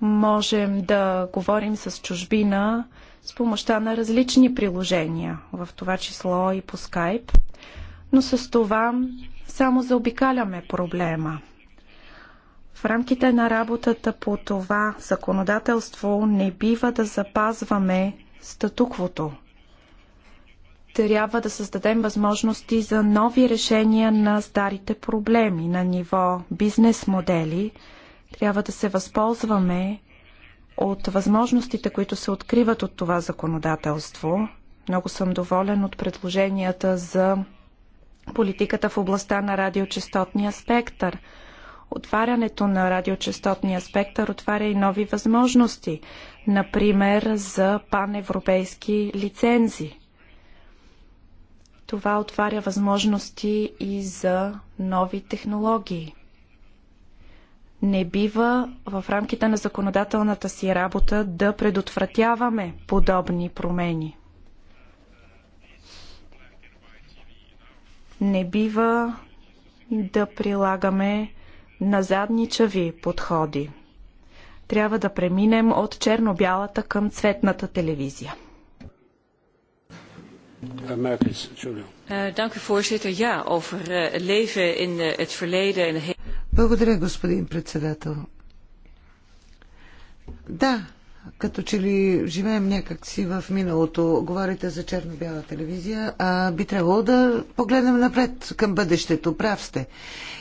можем да говорим с чужбина с помощта на различни приложения, в това число и по скайп, но с това само заобикаляме проблема. В рамките на работата по това законодателство не бива да запазваме статуквото. Трябва да създадем възможности за нови решения на старите проблеми на ниво бизнес модели – трябва да се възползваме от възможностите, които се откриват от това законодателство. Много съм доволен от предложенията за политиката в областта на радиочастотния спектър. Отварянето на радиочастотния спектър отваря и нови възможности, например за паневропейски лицензи. Това отваря възможности и за нови технологии. Не бива в рамките на законодателната си работа да предотвратяваме подобни промени. Не бива да прилагаме назадничави подходи. Трябва да преминем от черно-бялата към цветната телевизия. Eh, eh, eh, Благодаря, господин председател. Да, като че ли живеем някакси в миналото. Говорите за черно-бяла телевизия, а би трябвало да погледнем напред към бъдещето. Прав сте.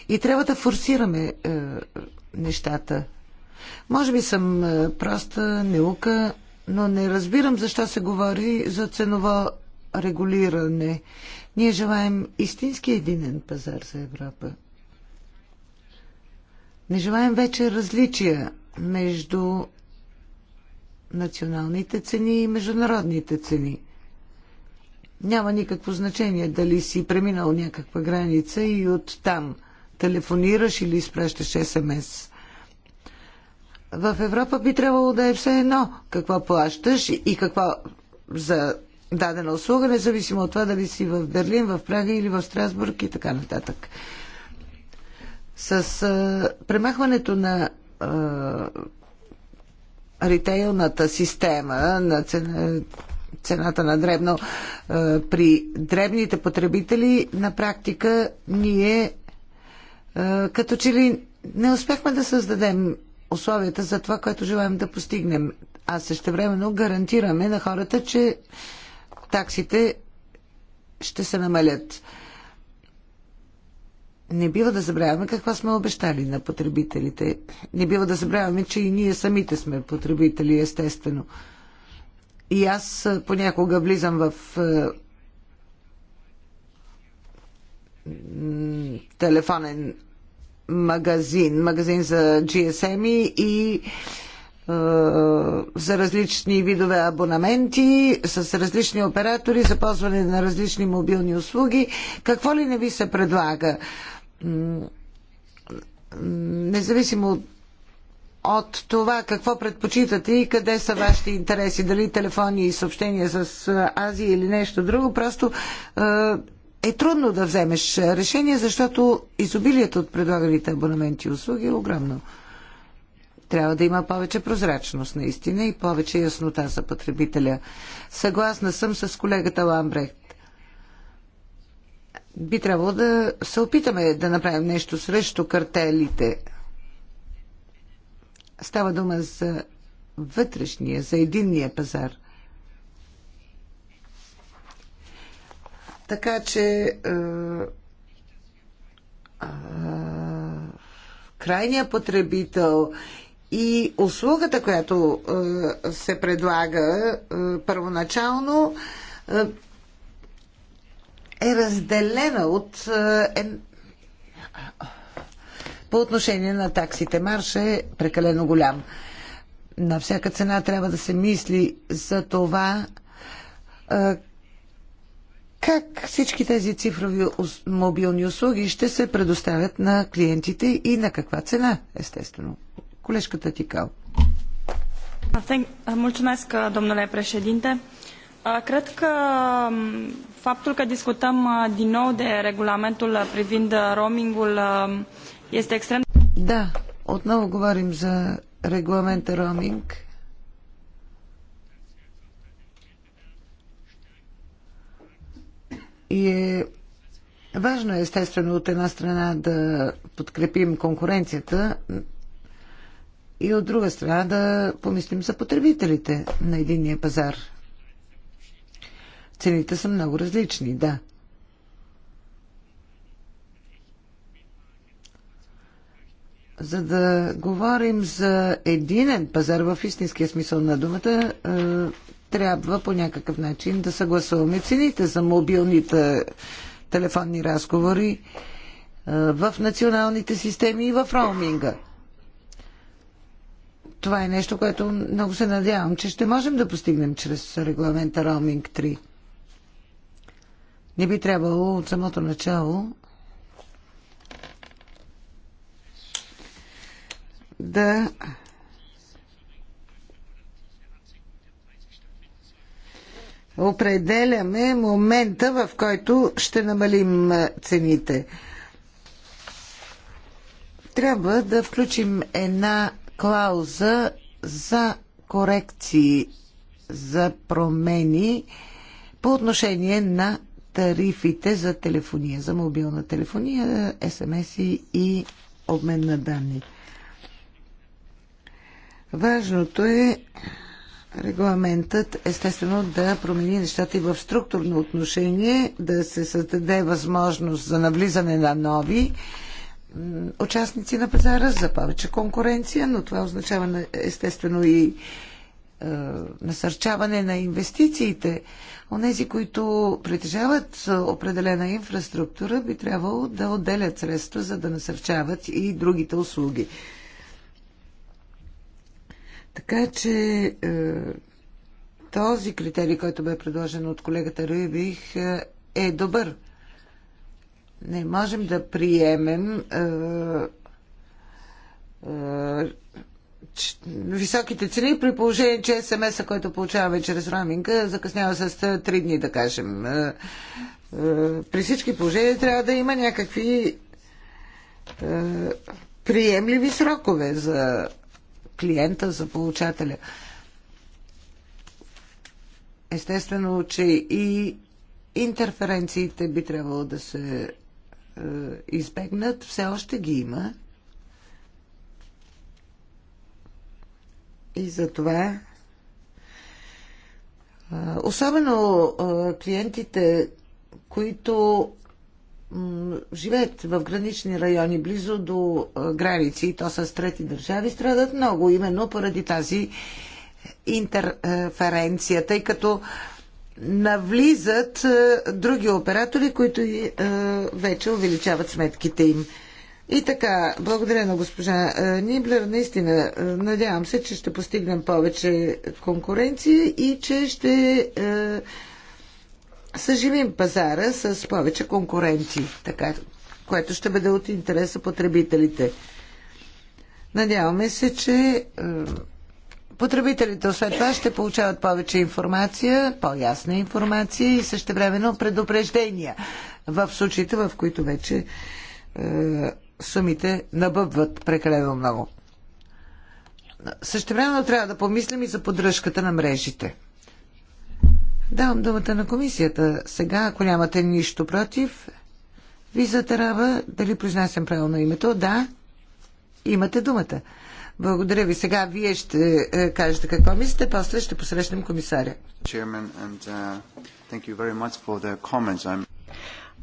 И трябва да форсираме е, нещата. Може би съм е, проста неука, но не разбирам защо се говори за ценово регулиране. Ние желаем истински единен пазар за Европа. Не желаем вече различия между националните цени и международните цени. Няма никакво значение дали си преминал някаква граница и оттам телефонираш или изпращаш СМС. В Европа би трябвало да е все едно какво плащаш и какво за дадена услуга, независимо от това дали си в Берлин, в Прага или в Страсбург и така нататък. С а, премахването на а, ритейлната система на цена, цената на дребно а, при дребните потребители, на практика ние а, като че ли не успяхме да създадем условията за това, което желаем да постигнем. А същевременно гарантираме на хората, че таксите ще се намалят. Не бива да забравяме какво сме обещали на потребителите. Не бива да забравяме, че и ние самите сме потребители, естествено. И аз понякога влизам в телефонен магазин, магазин за GSM и е, за различни видове абонаменти, с различни оператори, за ползване на различни мобилни услуги. Какво ли не ви се предлага? Независимо от от това какво предпочитате и къде са вашите интереси, дали телефони и съобщения с е, Азия или нещо друго, просто е, е трудно да вземеш решение, защото изобилието от предлаганите абонаменти и услуги е огромно. Трябва да има повече прозрачност наистина и повече яснота за потребителя. Съгласна съм с колегата Ламбрехт. Би трябвало да се опитаме да направим нещо срещу картелите. Става дума за вътрешния, за единния пазар. Така че е, е, крайният потребител и услугата, която е, се предлага е, първоначално, е, е разделена от по отношение на таксите. Марш е прекалено голям. На всяка цена трябва да се мисли за това как всички тези цифрови мобилни услуги ще се предоставят на клиентите и на каква цена, естествено. Колежката Тикал. Mulțumesc, domnule președinte. Cred că faptul că discutăm din nou de regulamentul privind roamingul este extrem. Da, отново говорим за регламента И е важно естествено от една страна да подкрепим конкуренцията и от друга страна да помислим за потребителите на единния пазар. Цените са много различни, да. За да говорим за единен пазар в истинския смисъл на думата, е, трябва по някакъв начин да съгласуваме цените за мобилните телефонни разговори е, в националните системи и в роуминга – това е нещо, което много се надявам, че ще можем да постигнем чрез регламента Роминг 3. Не би трябвало от самото начало да определяме момента, в който ще намалим цените. Трябва да включим една клауза за корекции, за промени по отношение на тарифите за телефония, за мобилна телефония, СМС и обмен на данни. Важното е регламентът естествено да промени нещата и в структурно отношение, да се създаде възможност за навлизане на нови участници на пазара, за повече конкуренция, но това означава естествено и е, насърчаване на инвестициите. Онези, които притежават е, определена инфраструктура, би трябвало да отделят средства, за да насърчават и другите услуги. Така че е, този критерий, който бе предложен от колегата Руевих е добър не можем да приемем е, е, високите цени, при положение, че СМС-а, който получаваме чрез роминга, закъснява с 3 е, дни, да кажем. Е, е, при всички положения трябва да има някакви приемливи срокове за клиента, за получателя. Естествено, че и интерференциите би трябвало да се е, избегнат, все още ги има. И затова е, особено е, клиентите, които живеят в гранични райони близо до граници и то с трети държави, страдат много, именно поради тази интерференция, тъй като навлизат е, други оператори, които е, вече увеличават сметките им. И така, благодаря на госпожа е, Ниблер. Наистина, надявам се, че ще постигнем повече конкуренция и че ще е, съживим пазара с повече конкуренти, така, което ще бъде от интереса потребителите. Надяваме се, че е, Потребителите освен това ще получават повече информация, по-ясна информация и същевременно предупреждения в случаите, в които вече е, сумите набъбват прекалено много. Същевременно трябва да помислим и за поддръжката на мрежите. Давам думата на комисията. Сега, ако нямате нищо против, визата Раба, дали произнасям правилно името? Да, имате думата. Благодаря ви. Сега вие ще е, кажете какво мислите, после ще посрещнем комисаря. Uh,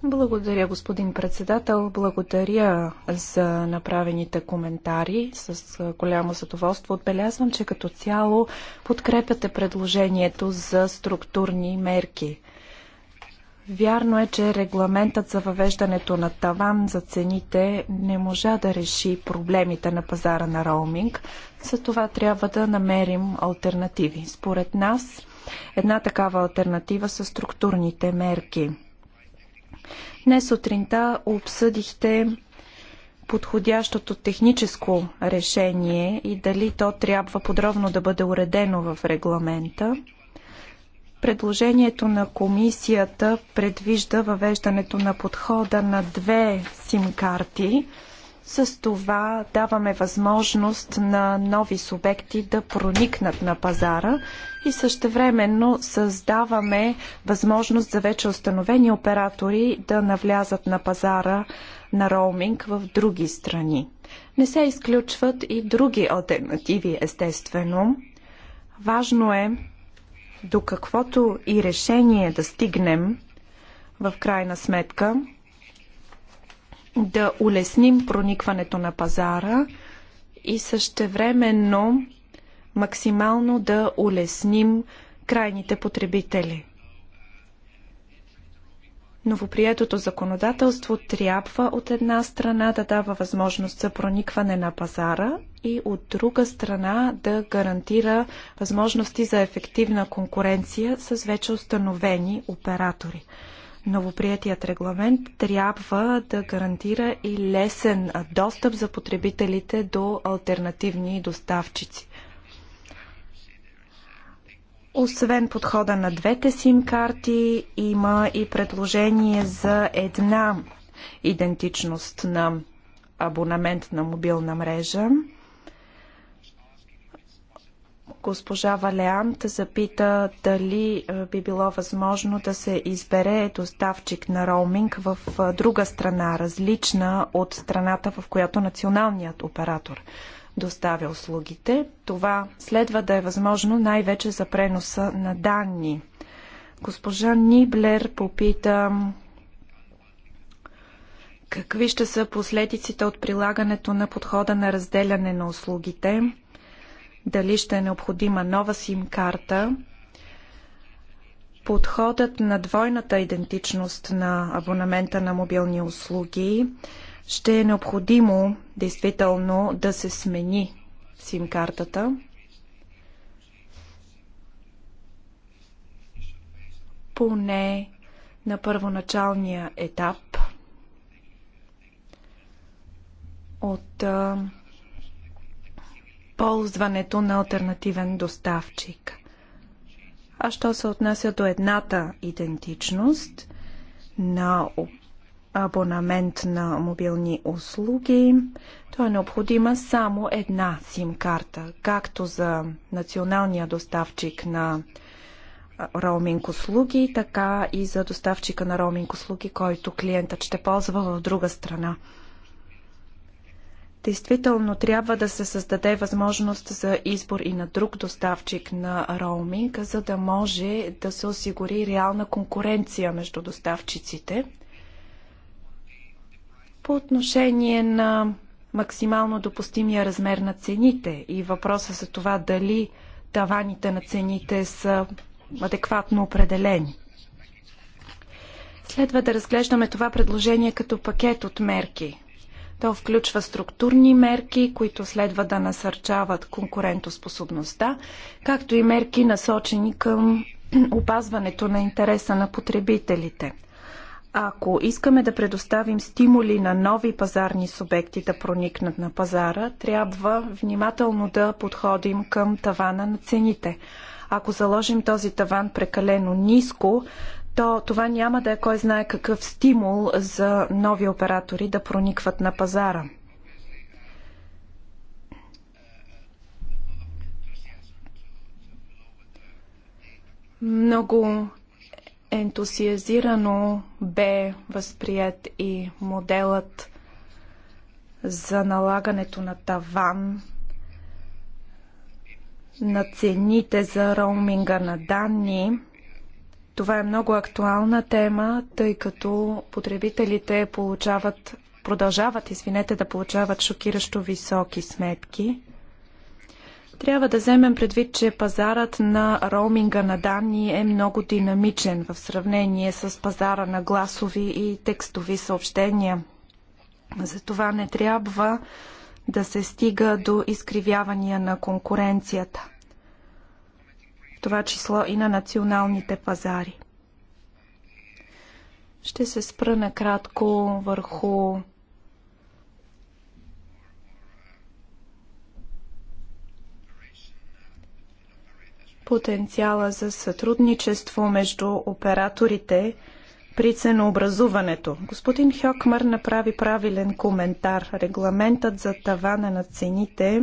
Благодаря, господин председател. Благодаря за направените коментари. С е, голямо задоволство отбелязвам, че като цяло подкрепяте предложението за структурни мерки. Вярно е, че регламентът за въвеждането на таван за цените не можа да реши проблемите на пазара на роуминг, за това трябва да намерим альтернативи. Според нас, една такава альтернатива са структурните мерки. Днес сутринта обсъдихте подходящото техническо решение и дали то трябва подробно да бъде уредено в регламента. Предложението на комисията предвижда въвеждането на подхода на две сим-карти. С това даваме възможност на нови субекти да проникнат на пазара и същевременно създаваме възможност за вече установени оператори да навлязат на пазара на роуминг в други страни. Не се изключват и други альтернативи, естествено. Важно е до каквото и решение да стигнем, в крайна сметка, да улесним проникването на пазара и същевременно максимално да улесним крайните потребители – Новоприетото законодателство трябва от една страна да дава възможност за проникване на пазара и от друга страна да гарантира възможности за ефективна конкуренция с вече установени оператори. Новоприетият регламент трябва да гарантира и лесен достъп за потребителите до альтернативни доставчици. Освен подхода на двете сим-карти, има и предложение за една идентичност на абонамент на мобилна мрежа. Госпожа Валеант запита дали е, би било възможно да се избере доставчик на роуминг в е, друга страна, различна от страната, в която националният оператор доставя услугите. Това следва да е възможно най-вече за преноса на данни. Госпожа Ниблер попита какви ще са последиците от прилагането на подхода на разделяне на услугите, дали ще е необходима нова сим-карта, подходът на двойната идентичност на абонамента на мобилни услуги – ще е необходимо действително да се смени сим-картата. Поне на първоначалния етап от а, ползването на альтернативен доставчик. А що се отнася до едната идентичност на абонамент на мобилни услуги, то е необходима само една сим-карта, както за националния доставчик на роуминг услуги, така и за доставчика на роуминг услуги, който клиентът ще ползва в друга страна. Действително трябва да се създаде възможност за избор и на друг доставчик на роуминг, за да може да се осигури реална конкуренция между доставчиците – по отношение на максимално допустимия размер на цените и въпроса за това дали таваните на цените са адекватно определени. Следва да разглеждаме това предложение като пакет от мерки. То включва структурни мерки, които следва да насърчават конкурентоспособността, както и мерки насочени към (clears throat) опазването на интереса на потребителите – ако искаме да предоставим стимули на нови пазарни субекти да проникнат на пазара, трябва внимателно да подходим към тавана на цените. Ако заложим този таван прекалено ниско, то това няма да е кой знае какъв стимул за нови оператори да проникват на пазара. Много ентусиазирано бе възприят и моделът за налагането на таван на цените за роуминга на данни. Това е много актуална тема, тъй като потребителите получават, продължават, извинете, да получават шокиращо високи сметки. Трябва да вземем предвид, че пазарът на роуминга на данни е много динамичен в сравнение с пазара на гласови и текстови съобщения. Затова не трябва да се стига до изкривявания на конкуренцията, в това число и на националните пазари. Ще се спра накратко върху потенциала за сътрудничество между операторите при ценообразуването. Господин Хьокмър направи правилен коментар. Регламентът за тавана на цените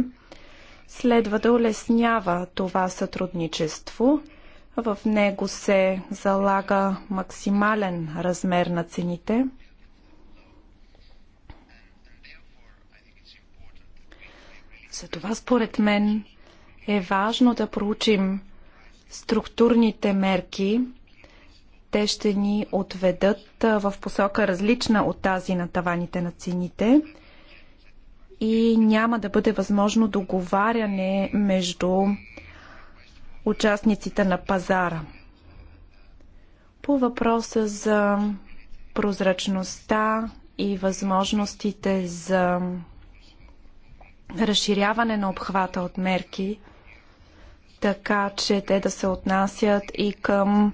следва да улеснява това сътрудничество. В него се залага максимален размер на цените. Затова според мен е важно да проучим структурните мерки, те ще ни отведат в посока различна от тази на таваните на цените и няма да бъде възможно договаряне между участниците на пазара. По въпроса за прозрачността и възможностите за разширяване на обхвата от мерки – така че те да се отнасят и към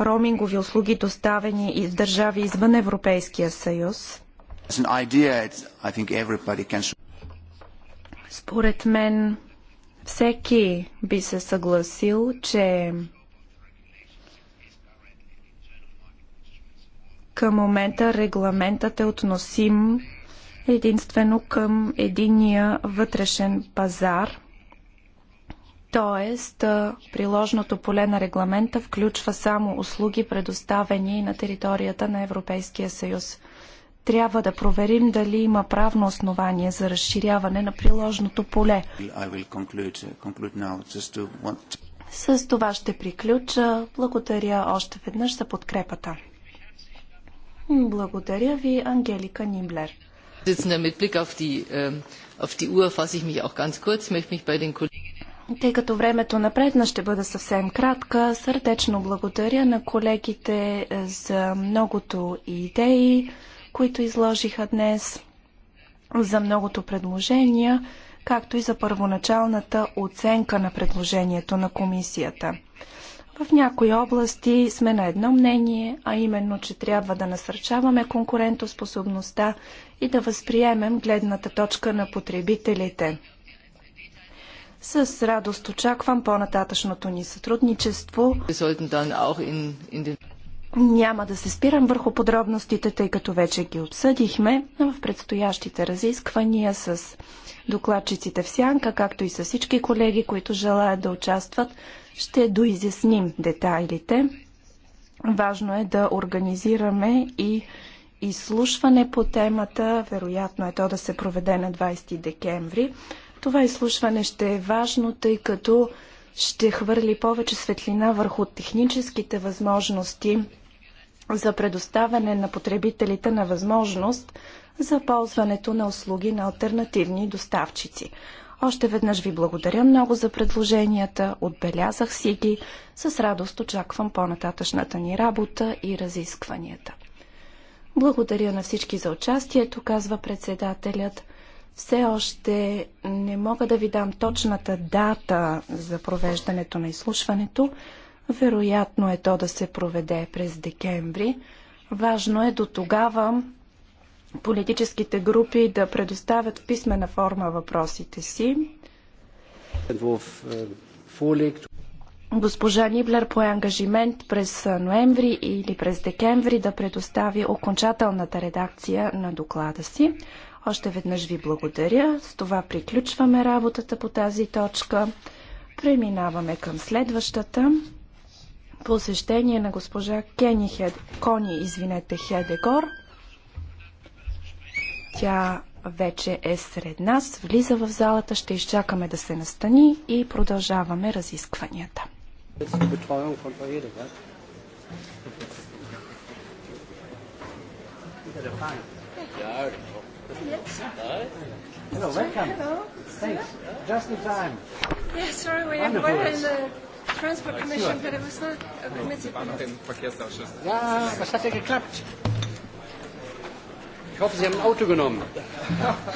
роумингови услуги, доставени из държави извън Европейския съюз. Според мен всеки би се съгласил, че към момента регламентът е относим единствено към единия вътрешен пазар. Тоест, приложното поле на регламента включва само услуги, предоставени на територията на Европейския съюз. Трябва да проверим дали има правно основание за разширяване на приложното поле. С това ще приключа. Благодаря още веднъж за подкрепата. Благодаря ви, Ангелика Нимблер. Mit Blick auf die, ähm, auf die Uhr fasse ich mich auch ganz kurz, möchte mich bei den Kollegen тъй като времето напредна ще бъда съвсем кратка, сърдечно благодаря на колегите е, за многото идеи, които изложиха днес, за многото предложения, както и за първоначалната оценка на предложението на комисията. В някои области сме на едно мнение, а именно, че трябва да насърчаваме конкурентоспособността и да възприемем гледната точка на потребителите – с радост очаквам по-нататъчното ни сътрудничество. Няма да се спирам върху подробностите, тъй като вече ги обсъдихме в предстоящите разисквания с докладчиците в Сянка, както и с всички колеги, които желаят да участват. Ще доизясним детайлите. Важно е да организираме и изслушване по темата. Вероятно е то да се проведе на 20 декември. Това изслушване ще е важно, тъй като ще хвърли повече светлина върху техническите възможности за предоставяне на потребителите на възможност за ползването на услуги на альтернативни доставчици. Още веднъж ви благодаря много за предложенията, отбелязах си ги. С радост очаквам по-нататъчната ни работа и разискванията. Благодаря на всички за участието, казва председателят. Все още не мога да ви дам точната дата за провеждането на изслушването. Вероятно е то да се проведе през декември. Важно е до тогава политическите групи да предоставят в писмена форма въпросите си. Е, Госпожа Ниблер пое ангажимент през ноември или през декември да предостави окончателната редакция на доклада си. Още веднъж ви благодаря. С това приключваме работата по тази точка. Преминаваме към следващата. Посещение на госпожа Кени Хед... Кони, извинете, Хедегор. Тя вече е сред нас, влиза в залата, ще изчакаме да се настани и продължаваме разискванията. Ja, Yes. Hello, welcome. Hello. Thanks. Just in time. Yeah, sorry, we were in the Transport Commission, but it was not a committee. Ja, was hat ja geklappt? Ich hoffe, Sie haben ein Auto genommen.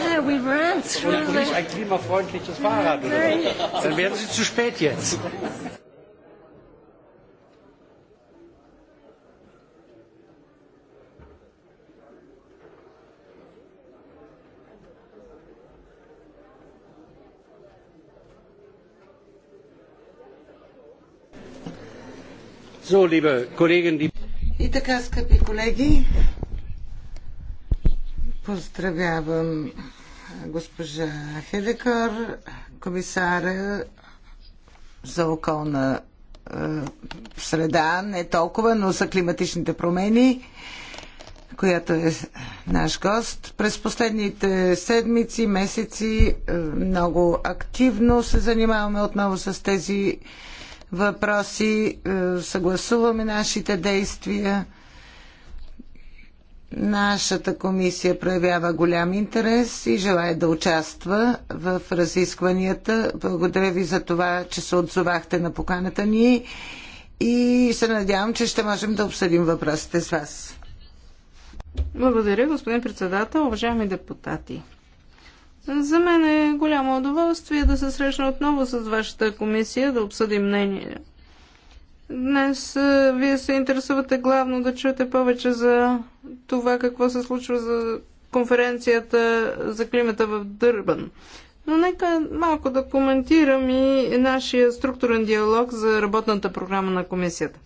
Yeah, we ran through Und nicht ein klimafreundliches Fahrrad oder so. Dann werden Sie zu spät jetzt. И така, скъпи колеги, поздравявам госпожа Хедекар, комисара. за околна е, среда, не толкова, но за климатичните промени, която е наш гост. През последните седмици, месеци е, много активно се занимаваме отново с тези въпроси, е, съгласуваме нашите действия. Нашата комисия проявява голям интерес и желая да участва в разискванията. Благодаря ви за това, че се отзовахте на поканата ни и се надявам, че ще можем да обсъдим въпросите с вас. Благодаря, господин председател, уважаеми депутати. За мен е голямо удоволствие да се срещна отново с вашата комисия, да обсъдим мнение. Днес е, вие се интересувате главно да чуете повече за това какво се случва за конференцията за климата в Дърбан. Но нека малко да коментирам и нашия структурен диалог за работната програма на комисията.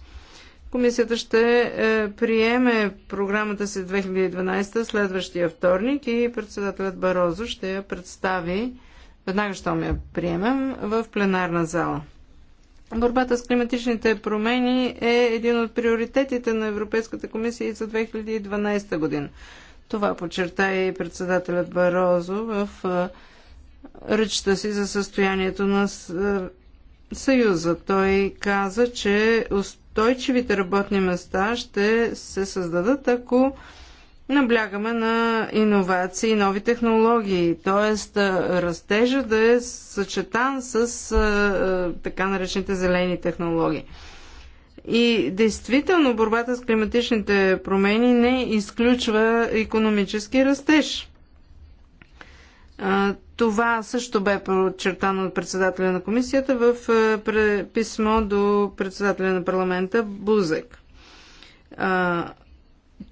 Комисията ще е, приеме програмата си 2012 следващия вторник и председателят Барозо ще я представи веднага, щом я приемем, в пленарна зала. Борбата с климатичните промени е един от приоритетите на Европейската комисия и за 2012 година. Това подчерта и председателят Барозо в е, речта си за състоянието на е, Съюза. Той каза, че устойчивите работни места ще се създадат, ако наблягаме на иновации и нови технологии, Тоест, растежа да е съчетан с така наречените зелени технологии. И действително борбата с климатичните промени не изключва економически растеж. Това също бе подчертано от председателя на комисията в е, писмо до председателя на парламента Бузек.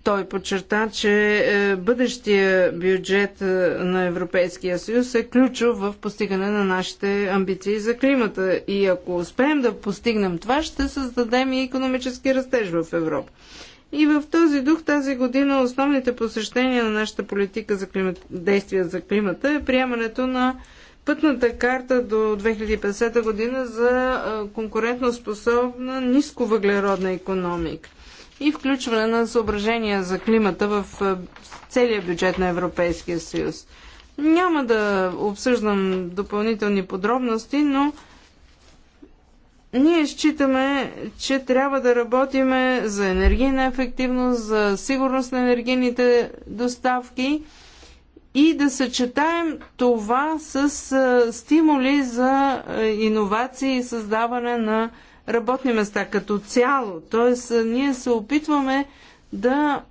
Той подчерта, че е, бъдещия бюджет е, на Европейския съюз е ключов в постигане на нашите амбиции за климата. И ако успеем да постигнем това, ще създадем и економически растеж в Европа. И в този дух тази година основните посещения на нашата политика за климат, действия за климата е приемането на пътната карта до 2050 година за конкурентоспособна нисковъглеродна економика и включване на съображения за климата в целия бюджет на Европейския съюз. Няма да обсъждам допълнителни подробности, но ние считаме, че трябва да работиме за енергийна ефективност, за сигурност на енергийните доставки и да съчетаем това с стимули за иновации и създаване на работни места като цяло. Тоест, ние се опитваме да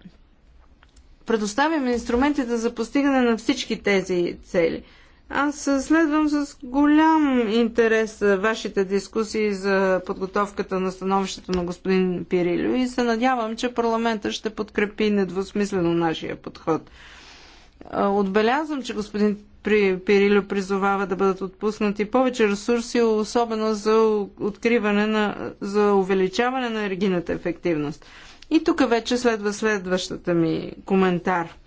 предоставим инструментите за постигане на всички тези цели – аз следвам с голям интерес вашите дискусии за подготовката на становището на господин Пирилю и се надявам, че парламента ще подкрепи недвусмислено нашия подход. Отбелязвам, че господин Пирилю призовава да бъдат отпуснати повече ресурси, особено за откриване на, за увеличаване на енергийната ефективност. И тук вече следва следващата ми коментар –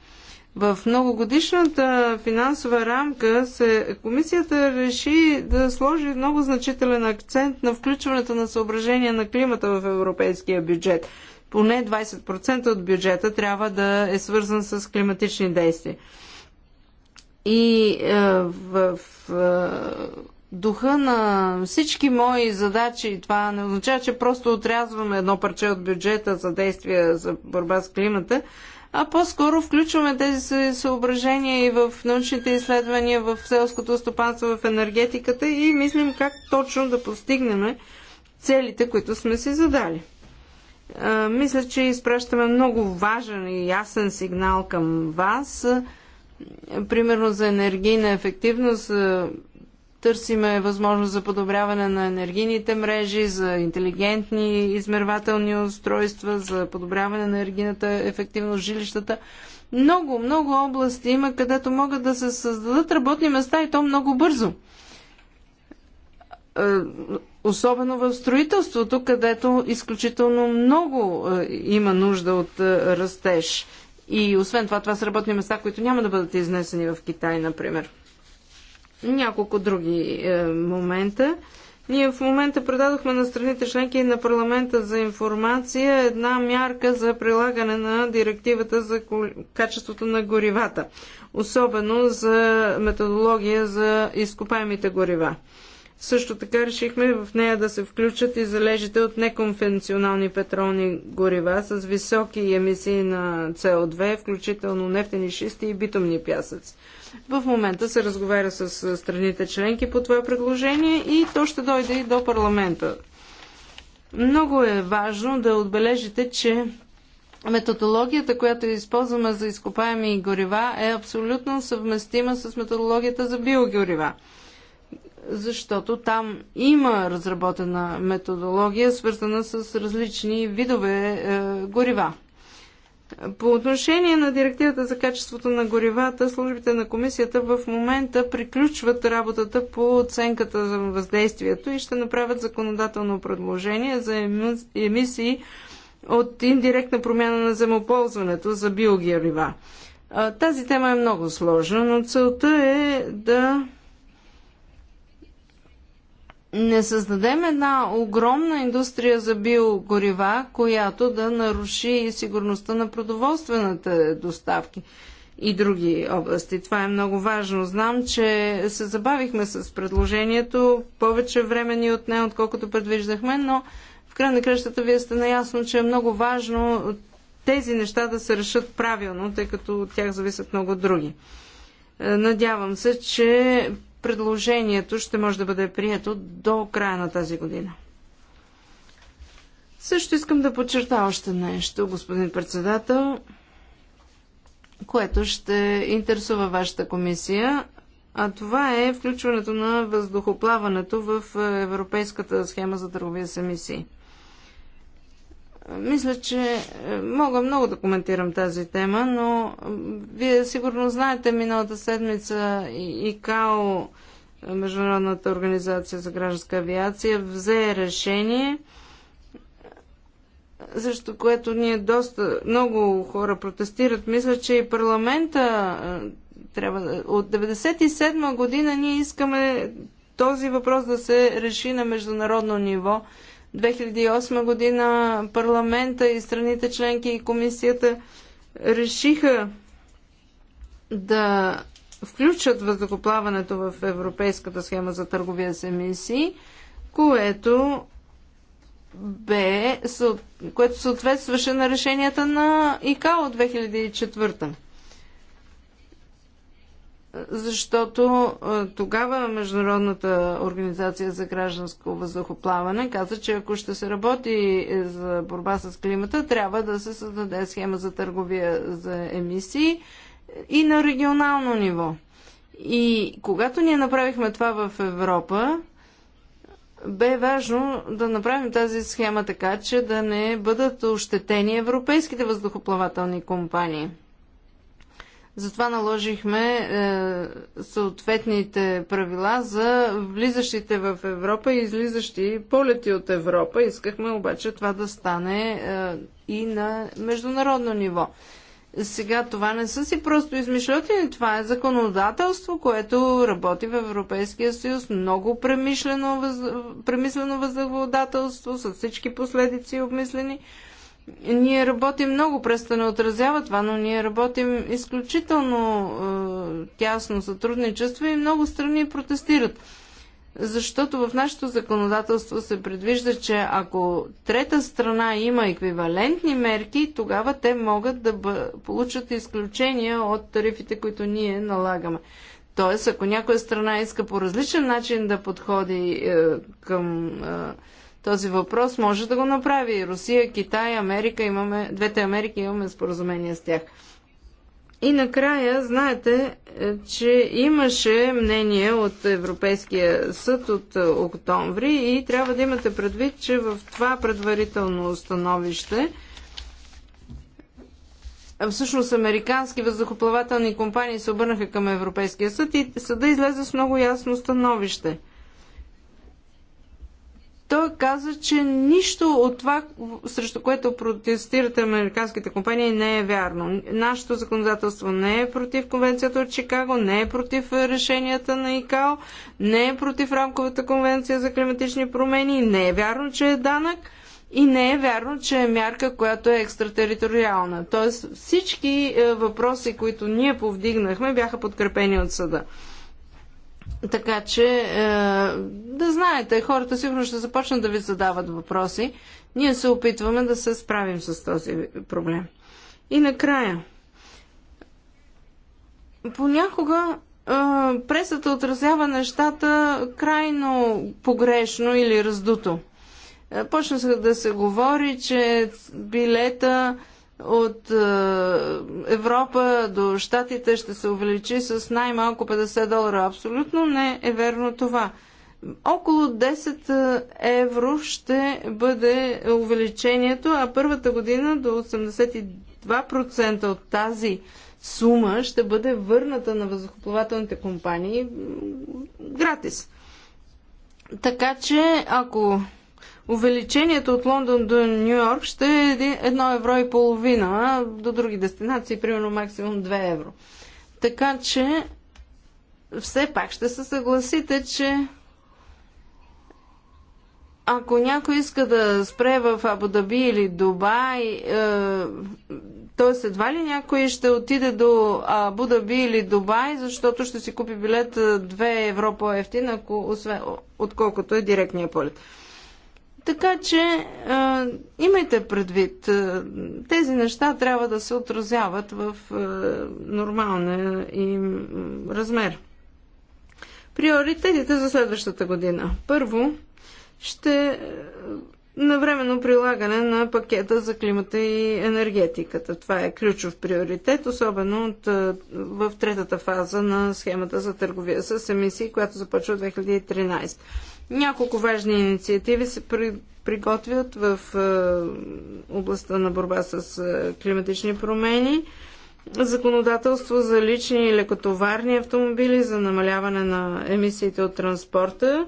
в многогодишната финансова рамка се, комисията реши да сложи много значителен акцент на включването на съображения на климата в европейския бюджет. Поне 20% от бюджета трябва да е свързан с климатични действия. И е, в, в е, духа на всички мои задачи, това не означава, че просто отрязваме едно парче от бюджета за действия за борба с климата, а по-скоро включваме тези съображения и в научните изследвания, в селското стопанство, в енергетиката и мислим как точно да постигнем целите, които сме си задали. А, мисля, че изпращаме много важен и ясен сигнал към вас. Примерно за енергийна ефективност Търсиме възможност за подобряване на енергийните мрежи, за интелигентни измервателни устройства, за подобряване на енергийната ефективност в жилищата. Много, много области има, където могат да се създадат работни места и то много бързо е, особено в строителството, където изключително много е, има нужда от е, растеж. И освен това, това са работни места, които няма да бъдат изнесени в Китай, например няколко други е, момента. Ние в момента предадохме на страните членки на парламента за информация една мярка за прилагане на директивата за качеството на горивата, особено за методология за изкопаемите горива. Също така решихме в нея да се включат и залежите от неконвенционални петролни горива с високи емисии на CO2, включително нефтени шисти и битумни пясъци. В момента се разговаря с страните членки по това предложение и то ще дойде и до парламента. Много е важно да отбележите, че Методологията, която използваме за изкопаеми горива, е абсолютно съвместима с методологията за биогорива. Защото там има разработена методология, свързана с различни видове е, горива. По отношение на директивата за качеството на горивата, службите на комисията в момента приключват работата по оценката за въздействието и ще направят законодателно предложение за емисии от индиректна промяна на земоползването за биогорива. Тази тема е много сложна, но целта е да не създадем една огромна индустрия за биогорива, която да наруши сигурността на продоволствената доставки и други области. Това е много важно. Знам, че се забавихме с предложението, повече време ни отне, отколкото предвиждахме, но в край на кръщата вие сте наясно, че е много важно тези неща да се решат правилно, тъй като от тях зависят много други. Е, надявам се, че предложението ще може да бъде прието до края на тази година. Също искам да подчерта още нещо, господин председател, което ще интересува вашата комисия, а това е включването на въздухоплаването в е, Европейската схема за търговия с емисии. Мисля, че е, мога много да коментирам тази тема, но вие сигурно знаете миналата седмица ИКАО, е, Международната организация за гражданска авиация, взе решение, защото което ние доста много хора протестират. Мисля, че и парламента е, трябва да. От 1997 година ние искаме този въпрос да се реши на международно ниво – 2008 година парламента и страните членки и комисията решиха да включат въздухоплаването в Европейската схема за търговия с емисии, което бе, което съответстваше на решенията на ИКА от 2004 защото тогава Международната организация за гражданско въздухоплаване каза, че ако ще се работи е, за борба с климата, трябва да се създаде схема за търговия за емисии и на регионално ниво. И когато ние направихме това в Европа, бе важно да направим тази схема така, че да не бъдат ощетени европейските въздухоплавателни компании – затова наложихме е, съответните правила за влизащите в Европа и излизащи полети от Европа. Искахме обаче това да стане е, и на международно ниво. Сега това не са си просто измишлетини, това е законодателство, което работи в Европейския съюз. Много премишлено премислено законодателство с всички последици обмислени ние работим много, преста не отразява това, но ние работим изключително е, тясно сътрудничество и много страни протестират. Защото в нашето законодателство се предвижда, че ако трета страна има еквивалентни мерки, тогава те могат да бъ... получат изключения от тарифите, които ние налагаме. Тоест, ако някоя страна иска по различен начин да подходи е, към. Е, този въпрос, може да го направи и Русия, Китай, Америка, имаме, двете Америки имаме споразумение с тях. И накрая, знаете, е, че имаше мнение от Европейския съд от е, октомври и трябва да имате предвид, че в това предварително становище всъщност американски въздухоплавателни компании се обърнаха към Европейския съд и съда излезе с много ясно становище – той каза, че нищо от това, срещу което протестират американските компании, не е вярно. Нашето законодателство не е против конвенцията от Чикаго, не е против решенията на ИКАО, не е против рамковата конвенция за климатични промени, не е вярно, че е данък и не е вярно, че е мярка, която е екстратериториална. Тоест всички е, въпроси, които ние повдигнахме, бяха подкрепени от съда. Така че е, да знаете, хората сигурно ще започнат да ви задават въпроси. Ние се опитваме да се справим с този проблем. И накрая. Понякога е, пресата отразява нещата крайно погрешно или раздуто. Е, почна се да се говори, че билета от е, Европа до Штатите ще се увеличи с най-малко 50 долара. Абсолютно не е верно това. Около 10 е, евро ще бъде увеличението, а първата година до 82% от тази сума ще бъде върната на въздухоплавателните компании гратис. Така че, ако Увеличението от Лондон до Нью Йорк ще е едно евро и половина, а до други дестинации примерно максимум 2 евро. Така че все пак ще се съгласите, че ако някой иска да спре в Абудаби или Дубай, т.е. едва ли някой ще отиде до Абудаби или Дубай, защото ще си купи билет 2 е, евро по-ефтин, ако, освен, отколкото е директния полет. Така че а, имайте предвид, а, тези неща трябва да се отразяват в а, нормалния им размер. Приоритетите за следващата година. Първо, ще навременно прилагане на пакета за климата и енергетиката. Това е ключов приоритет, особено от, в третата фаза на схемата за търговия с емисии, която започва 2013. Няколко важни инициативи се при, приготвят в е, областта на борба с е, климатични промени. Законодателство за лични и лекотоварни автомобили за намаляване на емисиите от транспорта.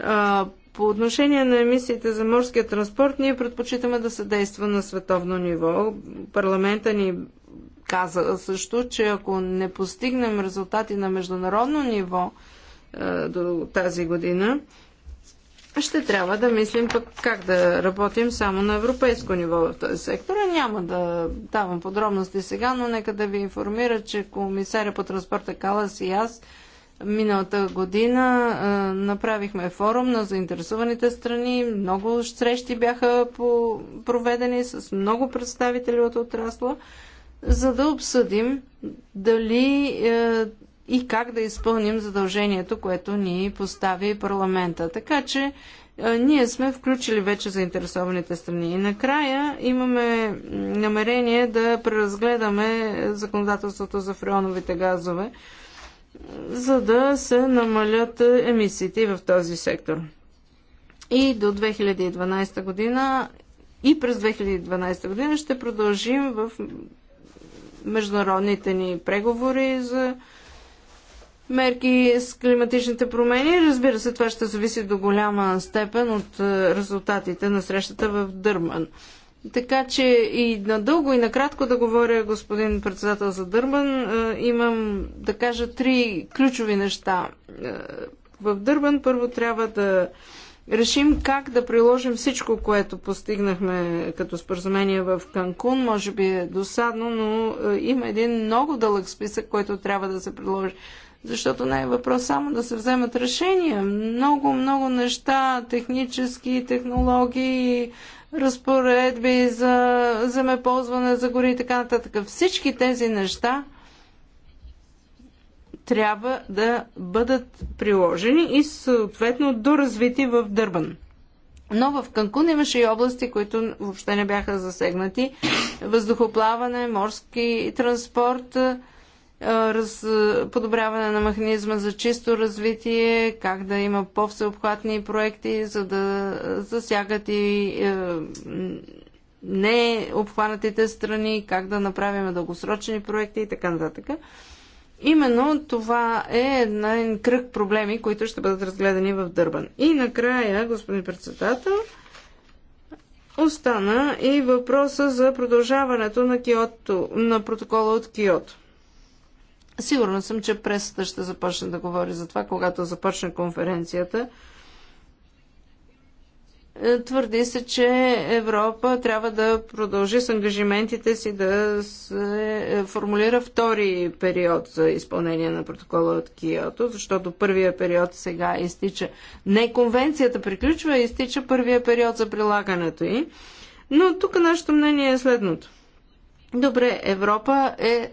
Е, по отношение на емисиите за морския транспорт, ние предпочитаме да се действа на световно ниво. Парламента ни каза също, че ако не постигнем резултати на международно ниво е, до тази година, ще трябва да мислим пък как да работим само на европейско ниво в този сектор. Няма да давам подробности сега, но нека да ви информира, че комисаря по транспорта Калас и аз миналата година а, направихме форум на заинтересованите страни. Много срещи бяха по- проведени с много представители от отрасла, за да обсъдим дали А, е, и как да изпълним задължението, което ни постави парламента. Така че е, ние сме включили вече заинтересованите страни. И накрая имаме намерение да преразгледаме законодателството за фреоновите газове, за да се намалят емисиите в този сектор. И до 2012 година и през 2012 година ще продължим в международните ни преговори за мерки с климатичните промени. Разбира се, това ще зависи до голяма степен от е, резултатите на срещата в Дърман. Така че и надълго и накратко да говоря, господин председател за Дърбан, е, имам да кажа три ключови неща. Е, в Дърбан първо трябва да решим как да приложим всичко, което постигнахме като споразумение в Канкун. Може би е досадно, но има един много дълъг списък, който трябва да се приложи защото не е въпрос само да се вземат решения. Много, много неща, технически, технологии, разпоредби за земеползване, за гори и така нататък. Всички тези неща трябва да бъдат приложени и съответно доразвити в Дърбан. Но в Канкун имаше и области, които въобще не бяха засегнати. Въздухоплаване, морски транспорт, раз, подобряване на механизма за чисто развитие, как да има по-всеобхватни проекти, за да засягат и е, не обхванатите страни, как да направим дългосрочни проекти и така нататък. Именно това е един кръг проблеми, които ще бъдат разгледани в Дърбан. И накрая, господин председател, остана и въпроса за продължаването на, Киото, на протокола от Киото. Сигурна съм, че пресата ще започне да говори за това, когато започне конференцията. Е, твърди се, че Европа трябва да продължи с ангажиментите си да се е, формулира втори период за изпълнение на протокола от Киото, защото първия период сега изтича. Не конвенцията приключва, изтича първия период за прилагането й. Но тук нашето мнение е следното – Добре, Европа е, е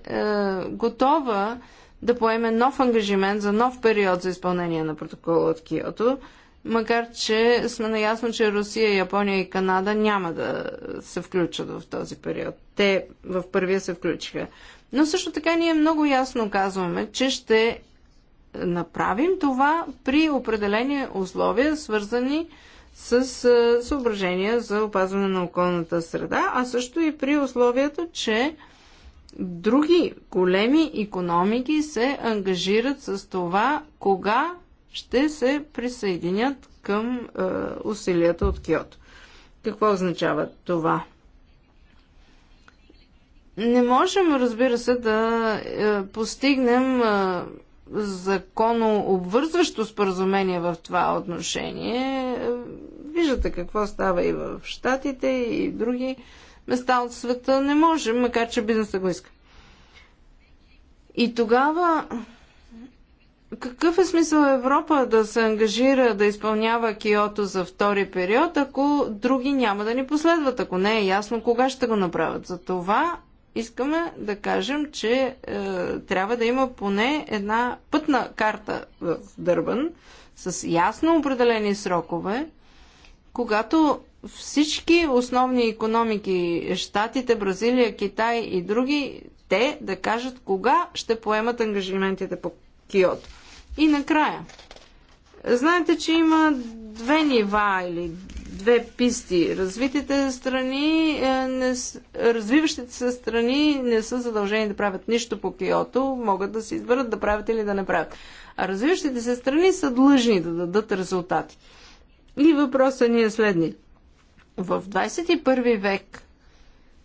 готова да поеме нов ангажимент за нов период за изпълнение на протокола от Киото, макар че сме наясно, че Русия, Япония и Канада няма да се включат в този период. Те в първия се включиха. Но също така ние много ясно казваме, че ще направим това при определени условия, свързани с с съображения за опазване на околната среда, а също и при условието, че други големи економики се ангажират с това, кога ще се присъединят към е, усилията от Киото. Какво означава това? Не можем, разбира се, да е, постигнем е, законно обвързващо споразумение в това отношение. Виждате какво става и в Штатите, и в други места от света. Не можем, макар че бизнеса го иска. И тогава какъв е смисъл Европа да се ангажира да изпълнява Киото за втори период, ако други няма да ни последват, ако не е ясно кога ще го направят? За това искаме да кажем, че е, трябва да има поне една пътна карта в Дърбан с ясно определени срокове, когато всички основни економики, Штатите, Бразилия, Китай и други, те да кажат кога ще поемат ангажиментите по Киото. И накрая. Знаете, че има две нива или две писти. Развитите страни, е, не, развиващите се страни не са задължени да правят нищо по Киото, могат да се изберат да правят или да не правят. А развиващите се страни са длъжни да дадат резултати. И въпросът ни е следни. В 21 век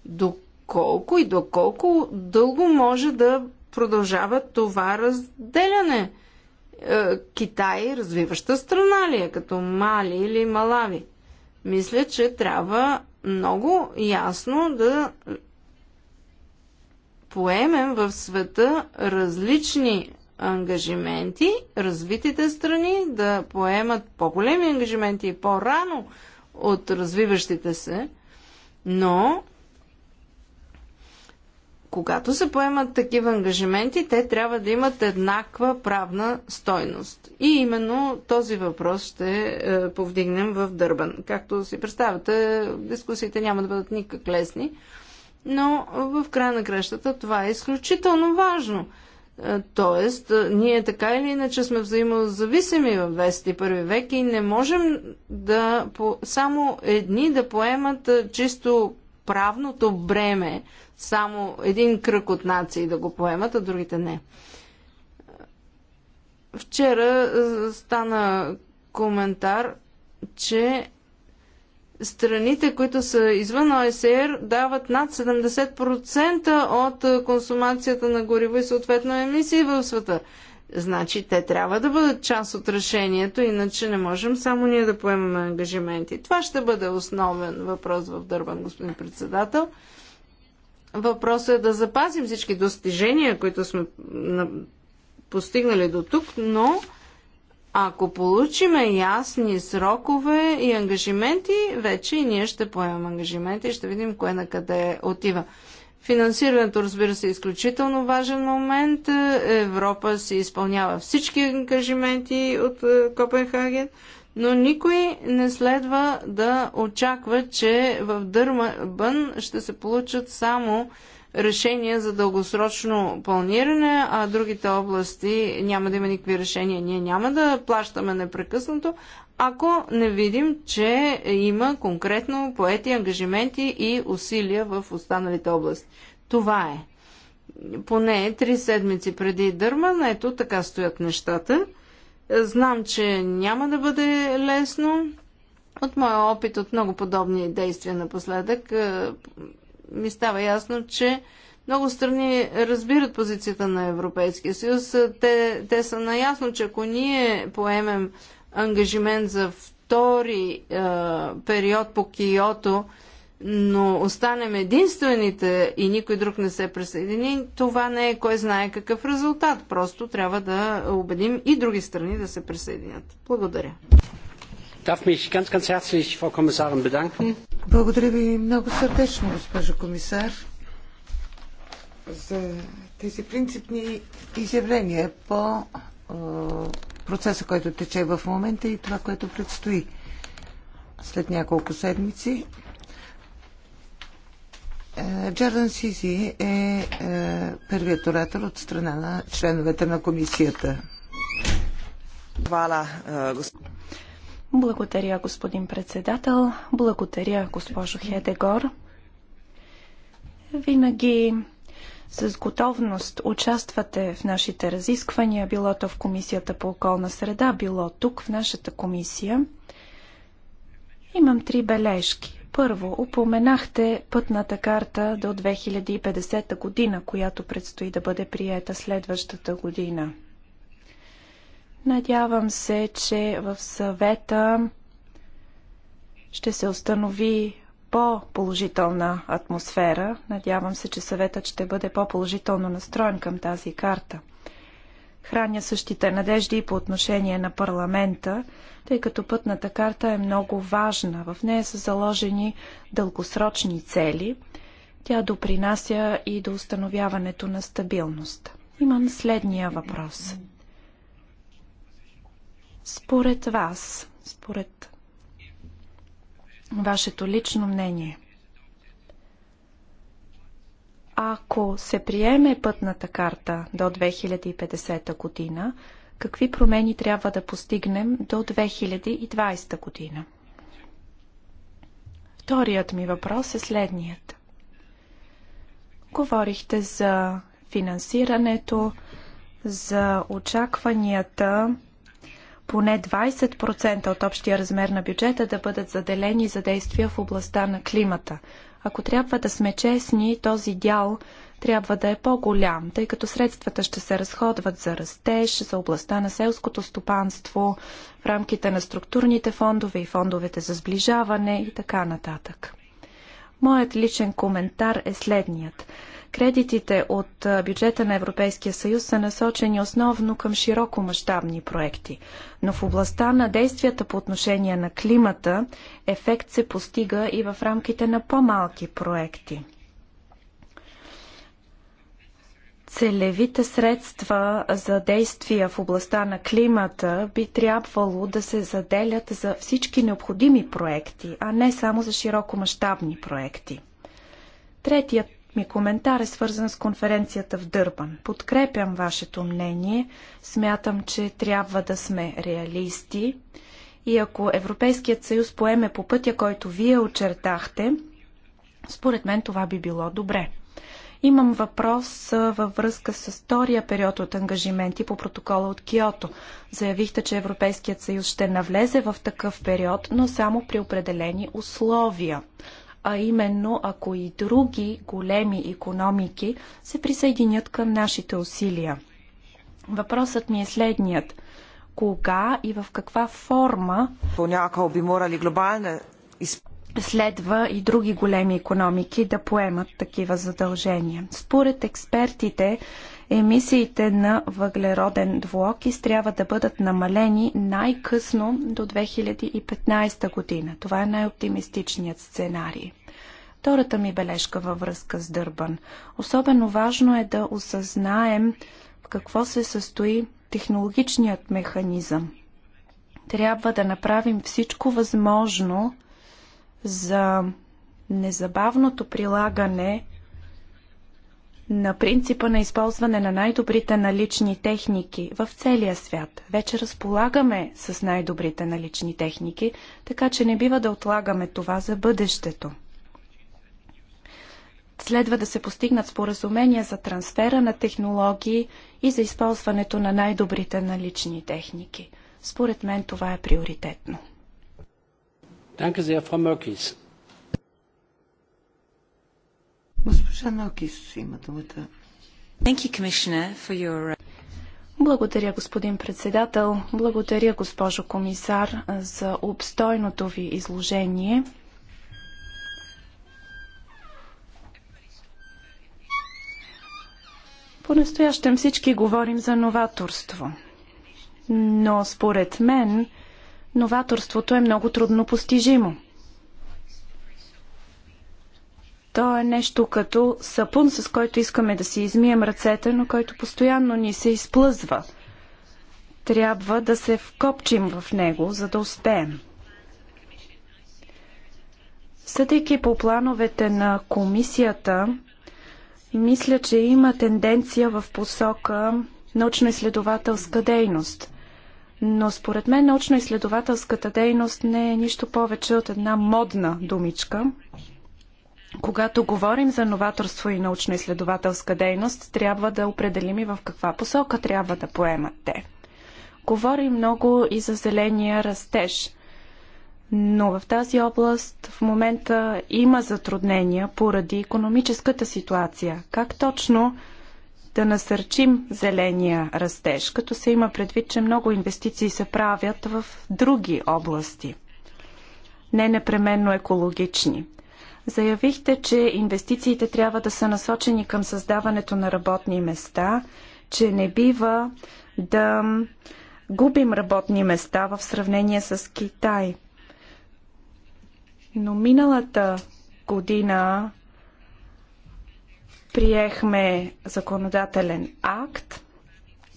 доколко и доколко дълго може да продължава това разделяне? Е, Китай развиваща страна ли е, като Мали или Малави? Мисля, че трябва много ясно да поемем в света различни ангажименти, развитите страни да поемат по-големи ангажименти и по-рано от развиващите се, но когато се поемат такива ангажименти, те трябва да имат еднаква правна стойност. И именно този въпрос ще е, повдигнем в Дърбан. Както си представяте, дискусиите няма да бъдат никак лесни, но в края на кращата това е изключително важно. Е, тоест, е, ние така или иначе сме взаимозависими в 21 век и не можем да по, само едни да поемат чисто правното бреме само един кръг от нации да го поемат, а другите не. Вчера е, стана коментар, че страните, които са извън ОСР, дават над 70% от е, консумацията на гориво и съответно емисии в света. Значи те трябва да бъдат част от решението, иначе не можем само ние да поемаме ангажименти. Това ще бъде основен въпрос в Дърбан, господин председател. Въпросът е да запазим всички достижения, които сме постигнали до тук, но ако получиме ясни срокове и ангажименти, вече и ние ще поемем ангажименти и ще видим кое на къде отива. Финансирането, разбира се, е изключително важен момент. Европа си изпълнява всички ангажименти от е, Копенхаген, но никой не следва да очаква, че в Дърбън ще се получат само решения за дългосрочно планиране, а другите области няма да има никакви решения. Ние няма да плащаме непрекъснато, ако не видим, че има конкретно поети ангажименти и усилия в останалите области. Това е. Поне три седмици преди Дърман, ето така стоят нещата. Знам, че няма да бъде лесно. От моя опит от много подобни действия напоследък ми става ясно, че много страни разбират позицията на Европейския съюз. Те, те са наясно, че ако ние поемем ангажимент за втори е, период по Киото, но останем единствените и никой друг не се присъедини, това не е кой знае какъв резултат. Просто трябва да убедим и други страни да се присъединят. Благодаря darf mich ganz, ganz herzlich, Frau Kommissarin, bedanken. Благодаря ви много сърдечно, госпожо комисар, за тези принципни изявления по е, процеса, който тече в момента и това, което предстои след няколко седмици. Е, Джардан Сизи е, е първият оратор от страна на членовете на комисията. Благодаря, господин председател. Благодаря, госпожо Хедегор. Винаги с готовност участвате в нашите разисквания, било то в Комисията по околна среда, било тук, в нашата комисия. Имам три бележки. Първо, упоменахте пътната карта до 2050 година, която предстои да бъде приета следващата година – Надявам се, че в съвета ще се установи по-положителна атмосфера. Надявам се, че съветът ще бъде по-положително настроен към тази карта. Храня същите надежди и по отношение на парламента, тъй като пътната карта е много важна. В нея са заложени дългосрочни цели. Тя допринася и до установяването на стабилност. Имам следния въпрос. Според вас, според вашето лично мнение, ако се приеме пътната карта до 2050 година, какви промени трябва да постигнем до 2020 година? Вторият ми въпрос е следният. Говорихте за финансирането, за очакванията поне 20% от общия размер на бюджета да бъдат заделени за действия в областта на климата. Ако трябва да сме честни, този дял трябва да е по-голям, тъй като средствата ще се разходват за растеж, за областта на селското стопанство, в рамките на структурните фондове и фондовете за сближаване и така нататък. Моят личен коментар е следният – Кредитите от бюджета на Европейския съюз са насочени основно към широко мащабни проекти, но в областта на действията по отношение на климата ефект се постига и в рамките на по-малки проекти. целевите средства за действия в областта на климата би трябвало да се заделят за всички необходими проекти, а не само за широкомащабни проекти. Третият ми коментар е свързан с конференцията в Дърбан. Подкрепям вашето мнение. Смятам, че трябва да сме реалисти. И ако Европейският съюз поеме по пътя, който вие очертахте, според мен това би било добре. Имам въпрос във връзка с втория период от ангажименти по протокола от Киото. Заявихте, че Европейският съюз ще навлезе в такъв период, но само при определени условия а именно ако и други големи економики се присъединят към нашите усилия. Въпросът ми е следният. Кога и в каква форма понякога би морали глобална следва и други големи економики да поемат такива задължения. Според експертите, емисиите на въглероден двуокис трябва да бъдат намалени най-късно до 2015 година. Това е най-оптимистичният сценарий. Втората ми бележка във връзка с Дърбан. Особено важно е да осъзнаем в какво се състои технологичният механизъм. Трябва да направим всичко възможно за незабавното прилагане на принципа на използване на най-добрите налични техники в целия свят. Вече разполагаме с най-добрите налични техники, така че не бива да отлагаме това за бъдещето. Следва да се постигнат споразумения за трансфера на технологии и за използването на най-добрите налични техники. Според мен това е приоритетно. Danke sehr, Frau Mörkis. Госпожа Нокис има думата. Uh, Благодаря, господин председател. Благодаря, госпожо комисар, за обстойното ви изложение. По-настоящем всички говорим за новаторство. Но според мен, новаторството е много трудно постижимо – то е нещо като сапун, с който искаме да си измием ръцете, но който постоянно ни се изплъзва. Трябва да се вкопчим в него, за да успеем. Съдейки по плановете на комисията, мисля, че има тенденция в посока научно-изследователска дейност. Но според мен научно-изследователската дейност не е нищо повече от една модна думичка – когато говорим за новаторство и научно-изследователска дейност, трябва да определим и в каква посока трябва да поемат те. Говори много и за зеления растеж, но в тази област в момента има затруднения поради економическата ситуация. Как точно да насърчим зеления растеж, като се има предвид, че много инвестиции се правят в други области, не непременно екологични – Заявихте, че инвестициите трябва да са насочени към създаването на работни места, че не бива да губим работни места в сравнение с Китай. Но миналата година приехме законодателен акт,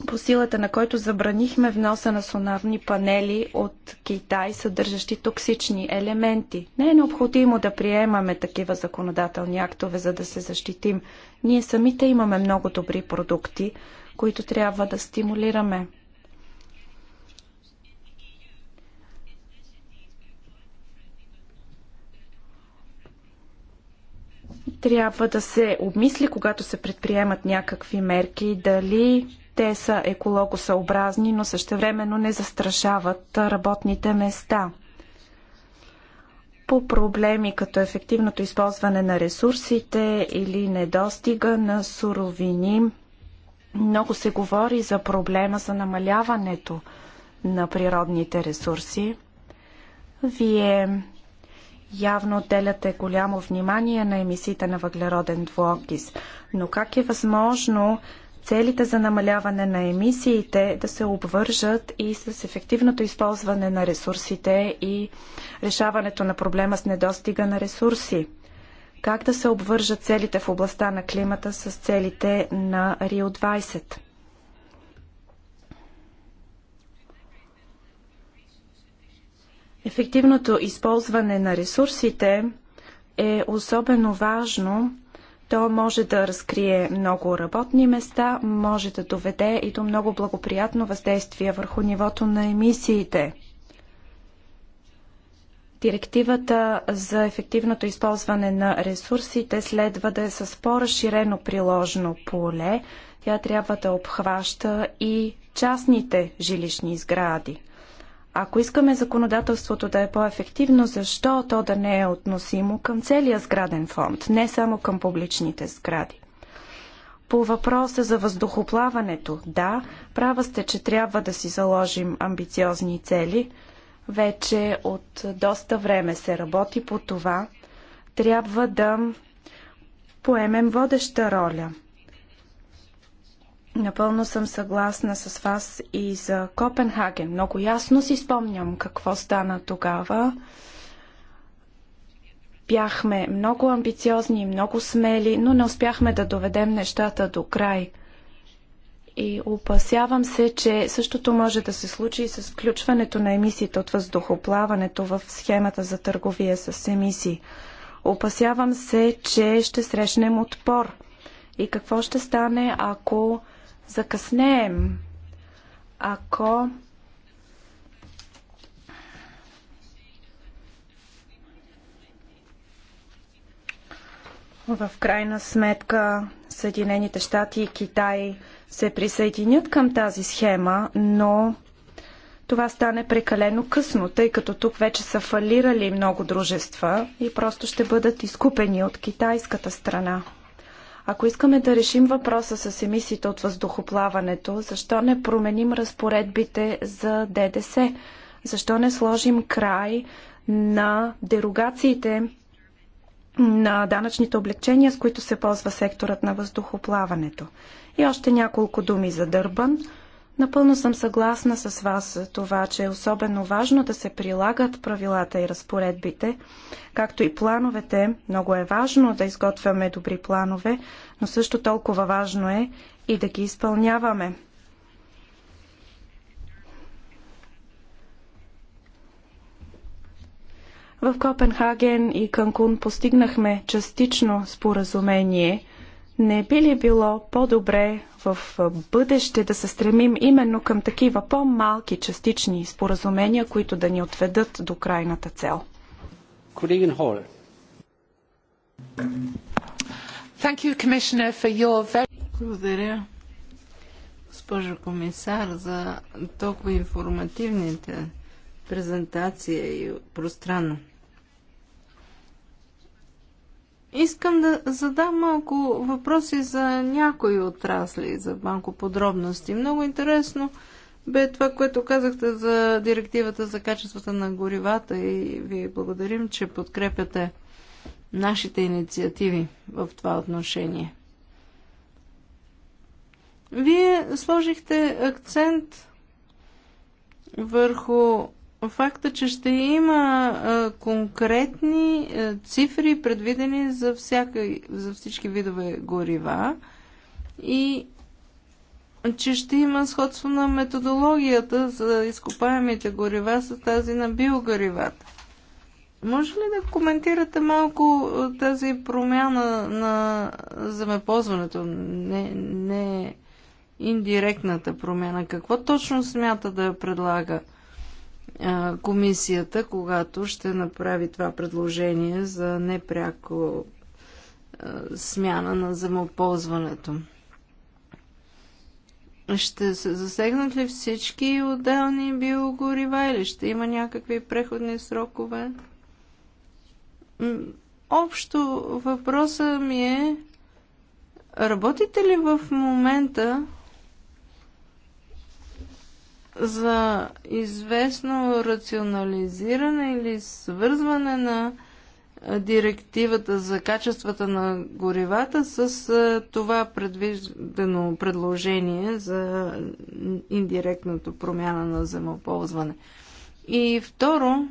по силата на който забранихме вноса на сонарни панели от Китай, съдържащи токсични елементи. Не е необходимо да приемаме такива законодателни актове, за да се защитим. Ние самите имаме много добри продукти, които трябва да стимулираме. Трябва да се обмисли, когато се предприемат някакви мерки, дали те са екологосъобразни, но същевременно не застрашават работните места. По проблеми като ефективното използване на ресурсите или недостига на суровини, много се говори за проблема за намаляването на природните ресурси. Вие явно отделяте голямо внимание на емисиите на въглероден двуокис, но как е възможно целите за намаляване на емисиите да се обвържат и с ефективното използване на ресурсите и решаването на проблема с недостига на ресурси. Как да се обвържат целите в областта на климата с целите на Рио 20? Ефективното използване на ресурсите е особено важно то може да разкрие много работни места, може да доведе и до много благоприятно въздействие върху нивото на емисиите. Директивата за ефективното използване на ресурсите следва да е с по-разширено приложено поле. Тя трябва да обхваща и частните жилищни сгради. Ако искаме законодателството да е по-ефективно, защо то да не е относимо към целия сграден фонд, не само към публичните сгради? По въпроса за въздухоплаването, да, права сте, че трябва да си заложим амбициозни цели. Вече от доста време се работи по това. Трябва да поемем водеща роля – Напълно съм съгласна с вас и за Копенхаген. Много ясно си спомням какво стана тогава. Бяхме много амбициозни и много смели, но не успяхме да доведем нещата до край. И опасявам се, че същото може да се случи и с включването на емисиите от въздухоплаването в схемата за търговия с емисии. Опасявам се, че ще срещнем отпор. И какво ще стане, ако закъснеем, ако в крайна сметка Съединените щати и Китай се присъединят към тази схема, но това стане прекалено късно, тъй като тук вече са фалирали много дружества и просто ще бъдат изкупени от китайската страна. Ако искаме да решим въпроса с емисиите от въздухоплаването, защо не променим разпоредбите за ДДС? Защо не сложим край на дерогациите на данъчните облегчения, с които се ползва секторът на въздухоплаването? И още няколко думи за Дърбан. Напълно съм съгласна с вас за е, това, че е особено важно да се прилагат правилата и разпоредбите, както и плановете. Много е важно да изготвяме добри планове, но също толкова важно е и да ги изпълняваме. В Копенхаген и Канкун постигнахме частично споразумение – не би ли било по-добре в бъдеще да се стремим именно към такива по-малки частични споразумения, които да ни отведат до крайната цел? Колегин Хол. Благодаря, госпожо комисар, за толкова информативните презентации и пространно. Искам да задам малко въпроси за някои отрасли, за малко подробности. Много интересно бе това, което казахте за директивата за качествата на горивата и ви благодарим, че подкрепяте нашите инициативи в това отношение. Вие сложихте акцент върху факта, че ще има а, конкретни а, цифри, предвидени за, всяка, за всички видове горива и че ще има сходство на методологията за изкопаемите горива с тази на биогоривата. Може ли да коментирате малко тази промяна на земеползването? Не, не индиректната промяна. Какво точно смята да предлага? комисията, когато ще направи това предложение за непряко смяна на земоползването. Ще се засегнат ли всички отделни биогорива или ще има някакви преходни срокове? Общо въпроса ми е, работите ли в момента за известно рационализиране или свързване на директивата за качествата на горивата с това предвиждано предложение за индиректното промяна на земоползване. И второ,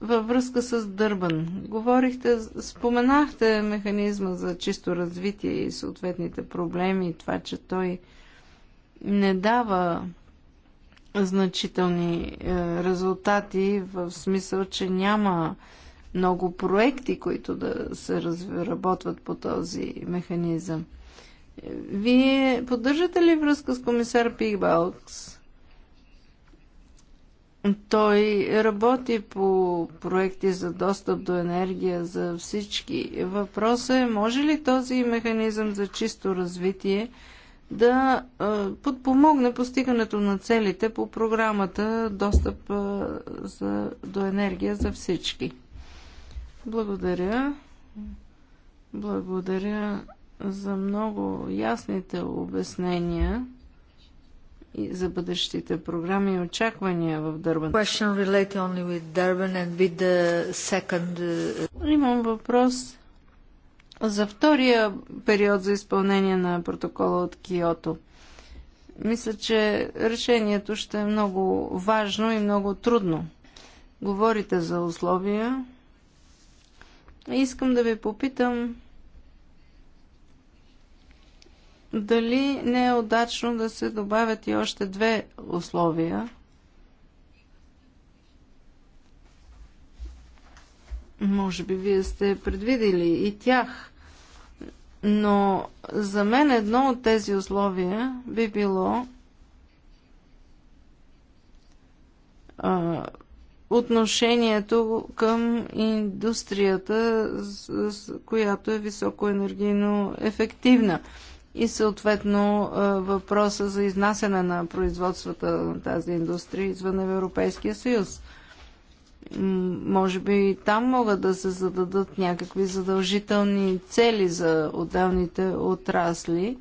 във връзка с Дърбан. Говорихте, споменахте механизма за чисто развитие и съответните проблеми, това, че той не дава значителни е, резултати в смисъл, че няма много проекти, които да се разработват по този механизъм. Вие поддържате ли връзка с комисар Пигбалкс? Той работи по проекти за достъп до енергия за всички. Въпросът е, може ли този механизъм за чисто развитие да подпомогне постигането на целите по програмата Достъп за, до енергия за всички. Благодаря. Благодаря за много ясните обяснения и за бъдещите програми и очаквания в Дърбан. Question uh, Имам въпрос за втория период за изпълнение на протокола от Киото. Мисля, че решението ще е много важно и много трудно. Говорите за условия. Искам да ви попитам дали не е удачно да се добавят и още две условия Може би вие сте предвидели и тях. Но за мен едно от тези условия би било а, отношението към индустрията, с, с, която е високоенергийно ефективна. И съответно а, въпроса за изнасяне на производствата на тази индустрия извън Европейския съюз. Може би там могат да се зададат някакви задължителни цели за отделните отрасли,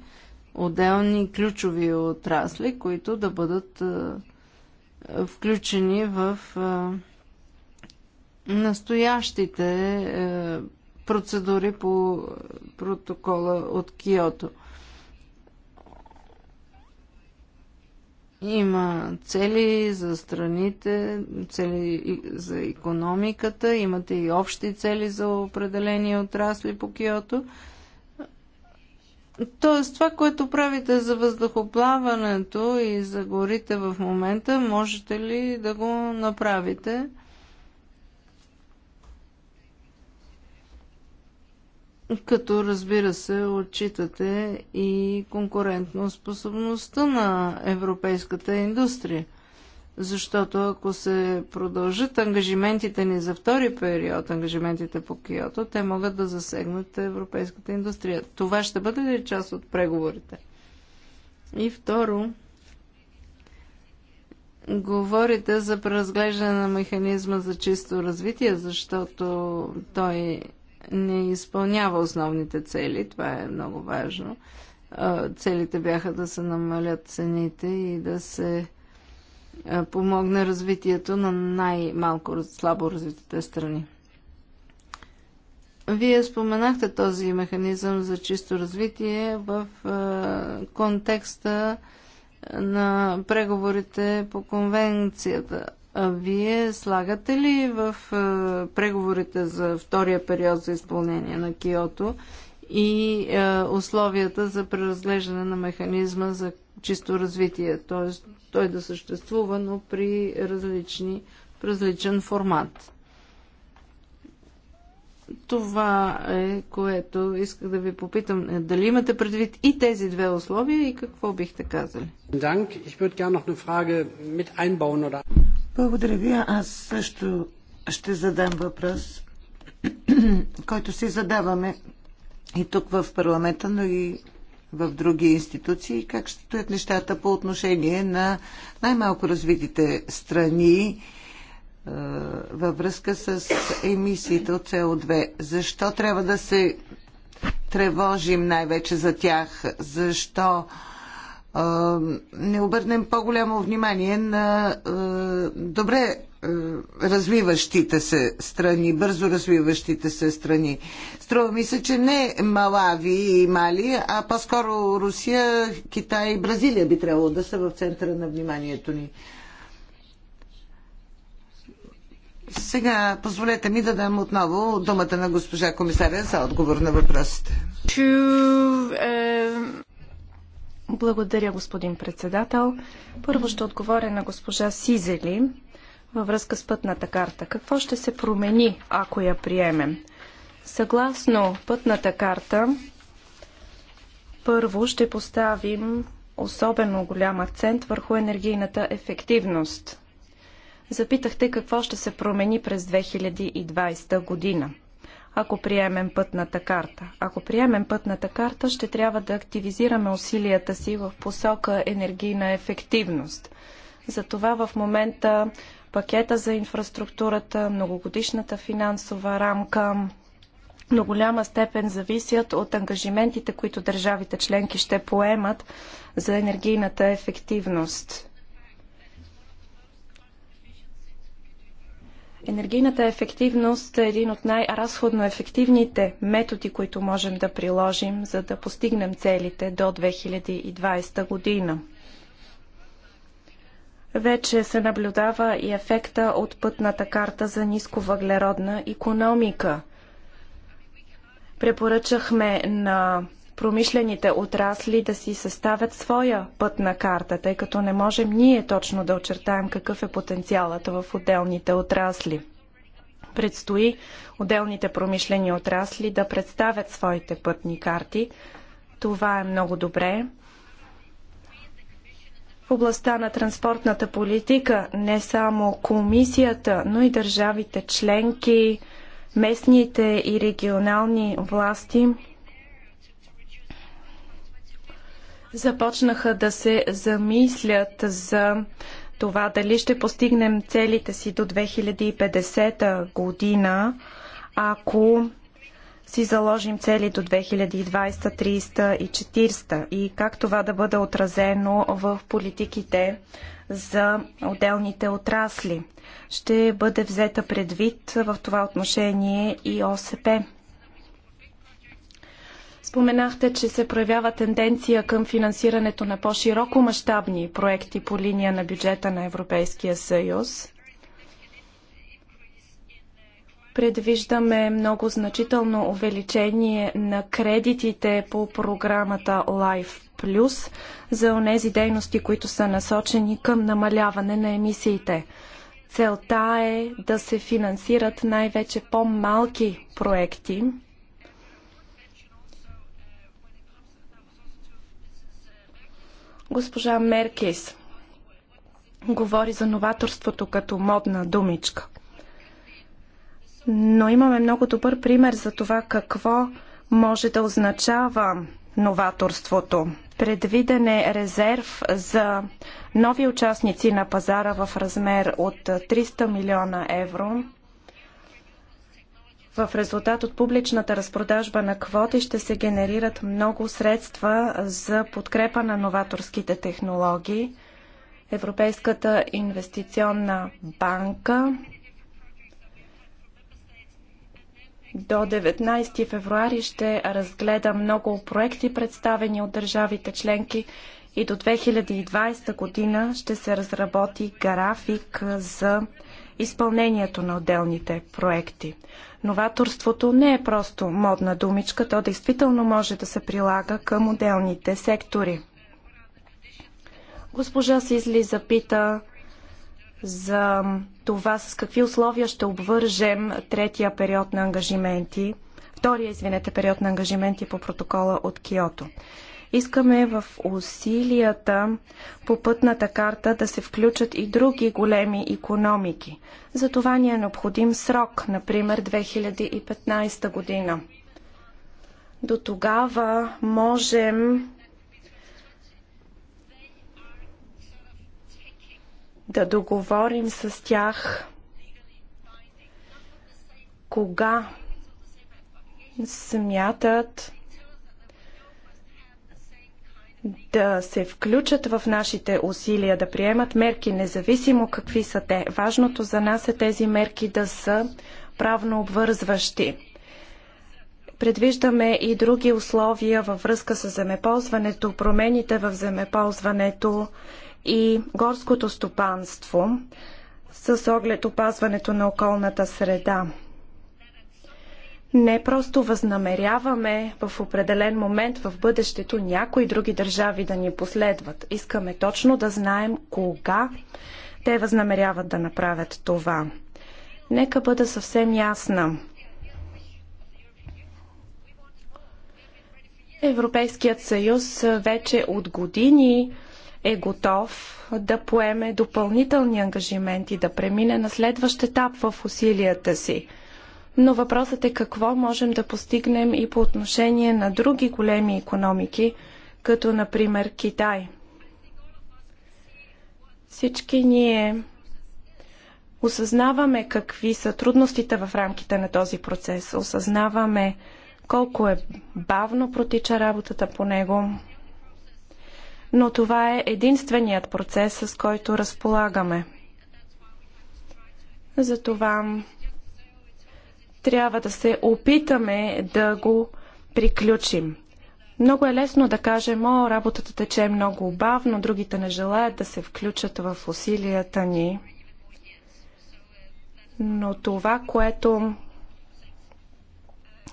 отделни ключови отрасли, които да бъдат включени в настоящите е, процедури по протокола от Киото. Има цели за страните, цели за економиката, имате и общи цели за определени отрасли по Киото. Тоест, това, което правите за въздухоплаването и за горите в момента, можете ли да го направите като разбира се отчитате и конкурентно способността на европейската индустрия. Защото ако се продължат ангажиментите ни за втори период, ангажиментите по Киото, те могат да засегнат европейската индустрия. Това ще бъде ли част от преговорите? И второ, говорите за преразглеждане на механизма за чисто развитие, защото той не изпълнява основните цели. Това е много важно. Целите бяха да се намалят цените и да се помогне развитието на най-малко слабо развитите страни. Вие споменахте този механизъм за чисто развитие в контекста на преговорите по конвенцията вие слагате ли в преговорите за втория период за изпълнение на Киото и условията за преразглеждане на механизма за чисто развитие, т.е. той да съществува, но при различни, различен формат? Това е което исках да ви попитам. Е, дали имате предвид и тези две условия и какво бихте казали? Благодаря ви. Аз също ще задам въпрос, (clears throat) който си задаваме и тук в парламента, но и в други институции, как ще стоят нещата по отношение на най-малко развитите страни е, във връзка с емисиите от СО2. Защо трябва да се тревожим най-вече за тях? Защо не обърнем по-голямо внимание на добре развиващите се страни, бързо развиващите се страни. Струва ми се, че не Малави и Мали, а по-скоро Русия, Китай и Бразилия би трябвало да са в центъра на вниманието ни. Сега позволете ми да дам отново думата на госпожа комисаря за отговор на въпросите. Е, благодаря, господин председател. Първо ще отговоря на госпожа Сизели във връзка с пътната карта. Какво ще се промени, ако я приемем? Съгласно пътната карта, първо ще поставим особено голям акцент върху енергийната ефективност. Запитахте какво ще се промени през 2020 година ако приемем пътната карта. Ако приемем пътната карта, ще трябва да активизираме усилията си в посока енергийна ефективност. Затова в момента пакета за инфраструктурата, многогодишната финансова рамка до голяма степен зависят от ангажиментите, които държавите членки ще поемат за енергийната ефективност. Енергийната ефективност е един от най-разходно ефективните методи, които можем да приложим, за да постигнем целите до 2020 година. Вече се наблюдава и ефекта от пътната карта за нисковъглеродна економика. Препоръчахме на промишлените отрасли да си съставят своя път на карта, тъй като не можем ние точно да очертаем какъв е потенциалът в отделните отрасли. Предстои отделните промишлени отрасли да представят своите пътни карти. Това е много добре. В областта на транспортната политика не само комисията, но и държавите членки, местните и регионални власти започнаха да се замислят за това дали ще постигнем целите си до 2050 година, ако си заложим цели до 2020, 30 и 40 и как това да бъде отразено в политиките за отделните отрасли. Ще бъде взета предвид в това отношение и ОСП. Споменахте, че се проявява тенденция към финансирането на по-широко мащабни проекти по линия на бюджета на Европейския съюз. Предвиждаме много значително увеличение на кредитите по програмата Life Plus за онези дейности, които са насочени към намаляване на емисиите. Целта е да се финансират най-вече по-малки проекти, Госпожа Меркис говори за новаторството като модна думичка. Но имаме много добър пример за това какво може да означава новаторството. Предвиден е резерв за нови участници на пазара в размер от 300 милиона евро в резултат от публичната разпродажба на квоти ще се генерират много средства за подкрепа на новаторските технологии. Европейската инвестиционна банка до 19 февруари ще разгледа много проекти, представени от държавите членки и до 2020 година ще се разработи график за изпълнението на отделните проекти. Новаторството не е просто модна думичка, то действително може да се прилага към отделните сектори. Госпожа Сизли запита за това с какви условия ще обвържем третия период на ангажименти, втория, извинете, период на ангажименти по протокола от Киото. Искаме в усилията по пътната карта да се включат и други големи економики. За това ни е необходим срок, например 2015 година. До тогава можем да договорим с тях кога смятат, да се включат в нашите усилия да приемат мерки, независимо какви са те. Важното за нас е тези мерки да са правно обвързващи. Предвиждаме и други условия във връзка с земеползването, промените в земеползването и горското стопанство с оглед опазването на околната среда не просто възнамеряваме в определен момент в бъдещето някои други държави да ни последват. Искаме точно да знаем кога те възнамеряват да направят това. Нека бъда съвсем ясна. Европейският съюз вече от години е готов да поеме допълнителни ангажименти, да премине на следващ етап в усилията си – но въпросът е какво можем да постигнем и по отношение на други големи економики, като например Китай. Всички ние осъзнаваме какви са трудностите в рамките на този процес, осъзнаваме колко е бавно протича работата по него, но това е единственият процес, с който разполагаме. Затова трябва да се опитаме да го приключим. Много е лесно да кажем, о, работата тече много бавно, другите не желаят да се включат в усилията ни. Но това, което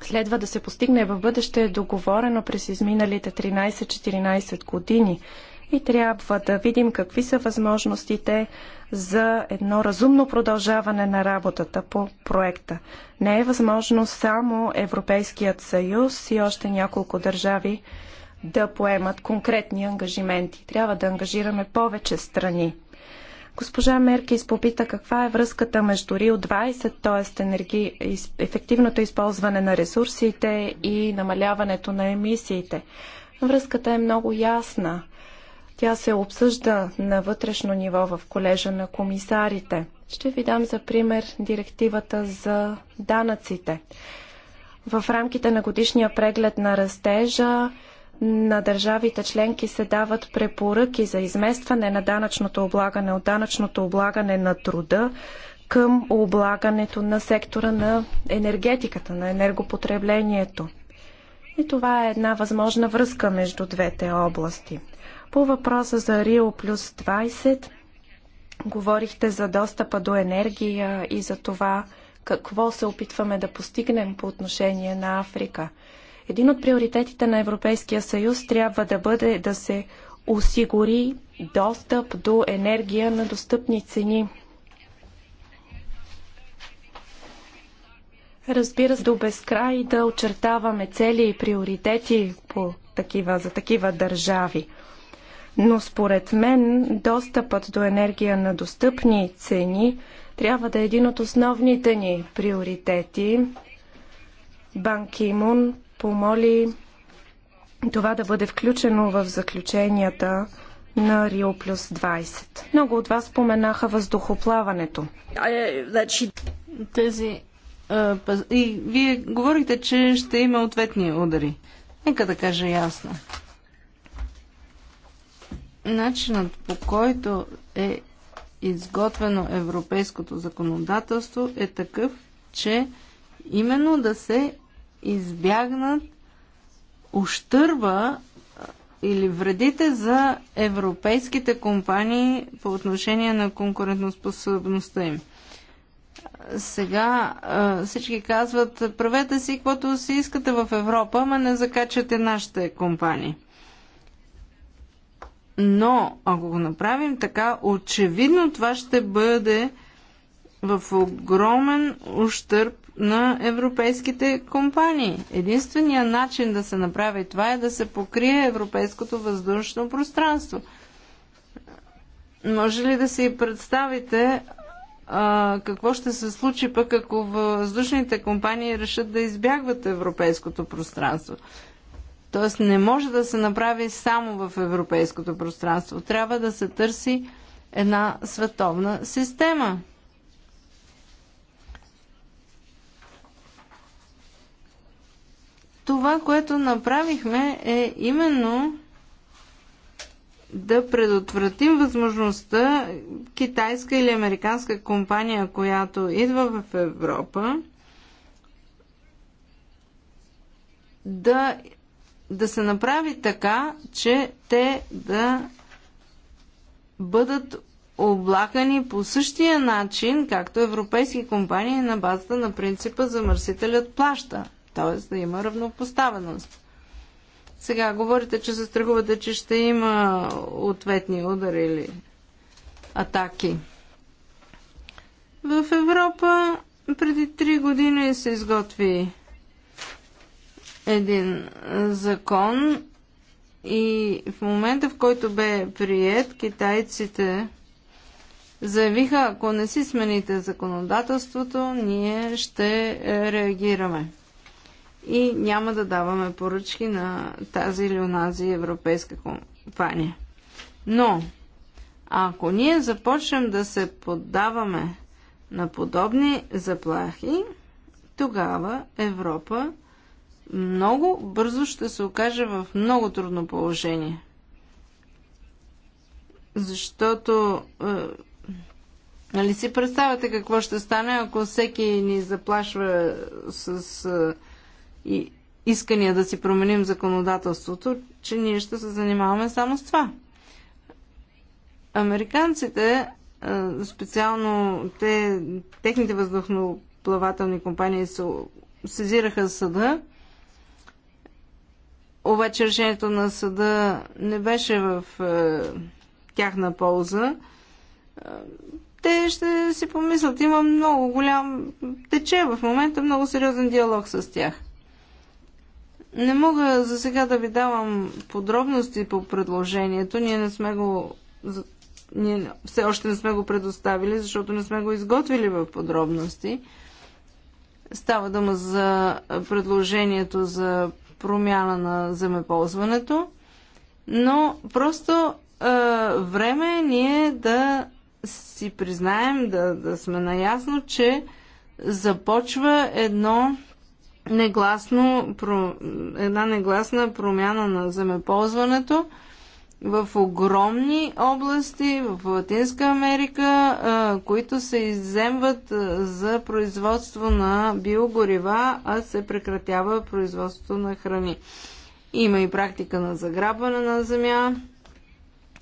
следва да се постигне в бъдеще е договорено през изминалите 13-14 години и трябва да видим какви са възможностите за едно разумно продължаване на работата по проекта. Не е възможно само Европейският съюз и още няколко държави да поемат конкретни ангажименти. Трябва да ангажираме повече страни. Госпожа Меркис попита каква е връзката между Рио 20, т.е. Енерги... ефективното използване на ресурсите и намаляването на емисиите. Връзката е много ясна. Тя се обсъжда на вътрешно ниво в колежа на комисарите. Ще ви дам за пример директивата за данъците. В рамките на годишния преглед на растежа на държавите членки се дават препоръки за изместване на данъчното облагане от данъчното облагане на труда към облагането на сектора на енергетиката, на енергопотреблението. И това е една възможна връзка между двете области. По въпроса за Рио плюс 20, говорихте за достъпа до енергия и за това какво се опитваме да постигнем по отношение на Африка. Един от приоритетите на Европейския съюз трябва да бъде да се осигури достъп до енергия на достъпни цени. Разбира се, до безкрай да очертаваме цели и приоритети по такива, за такива държави. Но според мен достъпът до енергия на достъпни цени трябва да е един от основните ни приоритети. Бан Кимун помоли това да бъде включено в заключенията на Рио плюс 20. Много от вас споменаха въздухоплаването. Тези. и вие говорите, че ще има ответни удари. Нека да кажа ясно начинът по който е изготвено европейското законодателство е такъв, че именно да се избягнат ущърба или вредите за европейските компании по отношение на конкурентоспособността им. Сега всички казват, правете си каквото си искате в Европа, ама не закачате нашите компании. Но ако го направим така, очевидно това ще бъде в огромен ущърп на европейските компании. Единствения начин да се направи това е да се покрие европейското въздушно пространство. Може ли да си представите а, какво ще се случи пък ако въздушните компании решат да избягват европейското пространство? Тоест не може да се направи само в европейското пространство. Трябва да се търси една световна система. Това, което направихме е именно да предотвратим възможността китайска или американска компания, която идва в Европа, да да се направи така, че те да бъдат облакани по същия начин, както европейски компании на базата на принципа замърсителят плаща, т.е. да има равнопоставеност. Сега говорите, че се страхувате, че ще има ответни удари или атаки. В Европа преди три години се изготви един закон и в момента, в който бе прият, китайците заявиха, ако не си смените законодателството, ние ще е, реагираме. И няма да даваме поръчки на тази или онази европейска компания. Но, ако ние започнем да се поддаваме на подобни заплахи, тогава Европа много бързо ще се окаже в много трудно положение. Защото е, нали си представяте какво ще стане, ако всеки ни заплашва с е, и, искания да си променим законодателството, че ние ще се занимаваме само с това. Американците, е, специално те, техните въздухноплавателни компании се сезираха съда, обаче решението на съда не беше в е, тяхна полза. Е, те ще си помислят. Има много голям... Тече в момента много сериозен диалог с тях. Не мога за сега да ви давам подробности по предложението. Ние не сме го. Ние все още не сме го предоставили, защото не сме го изготвили в подробности. Става дума за предложението за промяна на земеползването, но просто е, време е ние да си признаем, да, да сме наясно, че започва едно негласно, про, една негласна промяна на земеползването, в огромни области в Латинска Америка, които се изземват за производство на биогорива, а се прекратява производството на храни. Има и практика на заграбване на земя.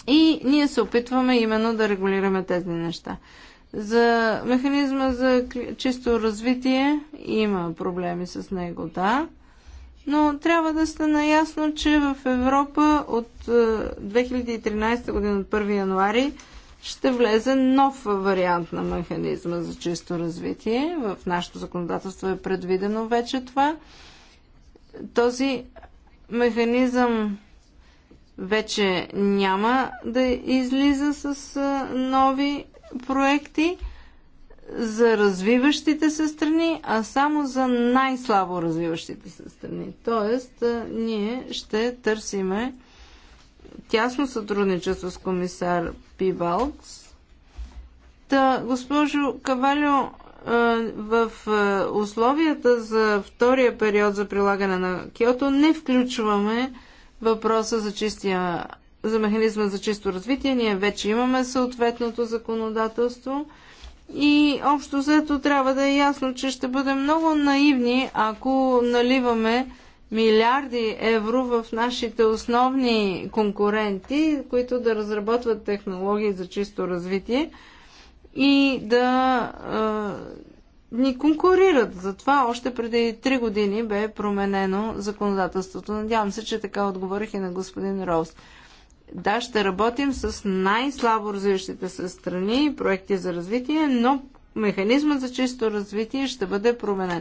И ние се опитваме именно да регулираме тези неща. За механизма за чисто развитие има проблеми с него, да но трябва да сте наясно, че в Европа от 2013 е, година, от 1 януари, ще влезе нов вариант на механизма за чисто развитие. В нашето законодателство е предвидено вече това. Този механизъм вече няма да излиза с е, нови проекти за развиващите се страни, а само за най-слабо развиващите се страни. Тоест, ние ще търсиме тясно сътрудничество с комисар Пибалкс. Та, госпожо Кавалио, в условията за втория период за прилагане на Киото не включваме въпроса за чистия за механизма за чисто развитие. Ние вече имаме съответното законодателство. И общо взето трябва да е ясно, че ще бъдем много наивни, ако наливаме милиарди евро в нашите основни конкуренти, които да разработват технологии за чисто развитие и да е, ни конкурират. Затова още преди 3 години бе променено законодателството. Надявам се, че така отговорих и на господин Роуз. Да, ще работим с най-слабо развиващите се страни и проекти за развитие, но механизмът за чисто развитие ще бъде променен.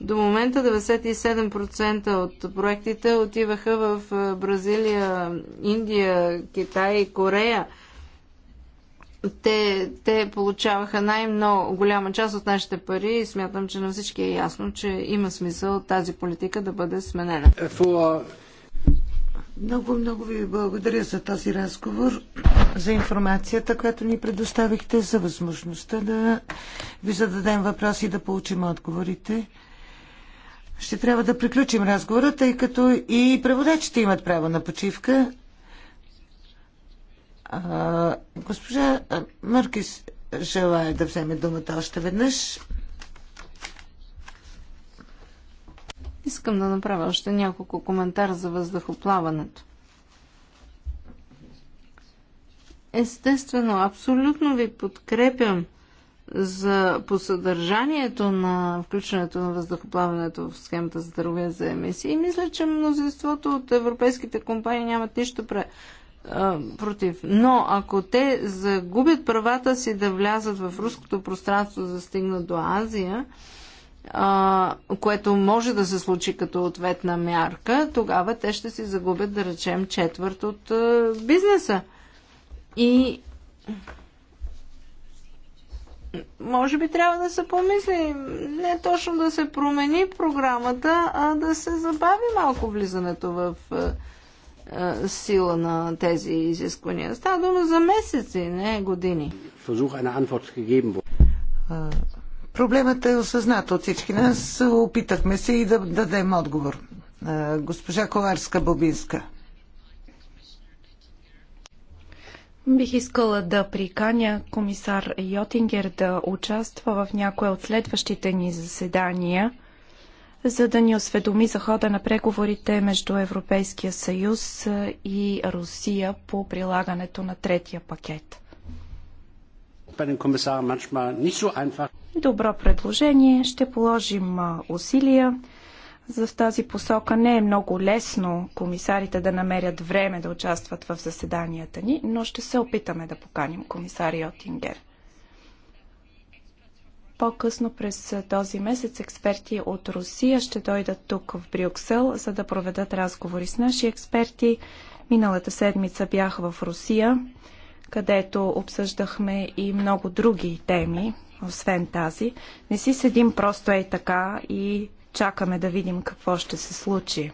До момента 97% от проектите отиваха в Бразилия, Индия, Китай и Корея. Те, те получаваха най-много голяма част от нашите пари и смятам, че на всички е ясно, че има смисъл тази политика да бъде сменена. For много, много ви благодаря за този разговор, за информацията, която ни предоставихте, за възможността да ви зададем въпроси и да получим отговорите. Ще трябва да приключим разговора, тъй като и преводачите имат право на почивка. А, госпожа Мъркис желая да вземе думата още веднъж. Искам да направя още няколко коментар за въздухоплаването. Естествено, абсолютно ви подкрепям за по съдържанието на включването на въздухоплаването в схемата за търговия за емисии. И мисля, че мнозинството от европейските компании нямат нищо пре, а, против. Но ако те загубят правата си да влязат в руското пространство, да стигнат до Азия, а, което може да се случи като ответна мярка, тогава те ще си загубят, да речем, четвърт от а, бизнеса. И може би трябва да се помисли не точно да се промени програмата, а да се забави малко влизането в а, сила на тези изисквания. Става дума за месеци, не години. Проблемът е осъзнат от всички нас. Опитахме се и да дадем отговор. Госпожа Коварска бобинска Бих искала да приканя комисар Йотингер да участва в някое от следващите ни заседания, за да ни осведоми за хода на преговорите между Европейския съюз и Русия по прилагането на третия пакет. Добро предложение. Ще положим усилия. За в тази посока не е много лесно комисарите да намерят време да участват в заседанията ни, но ще се опитаме да поканим комисари Отингер. По-късно през този месец експерти от Русия ще дойдат тук в Брюксел, за да проведат разговори с наши експерти. Миналата седмица бях в Русия където обсъждахме и много други теми, освен тази. Не си седим просто ей така и чакаме да видим какво ще се случи.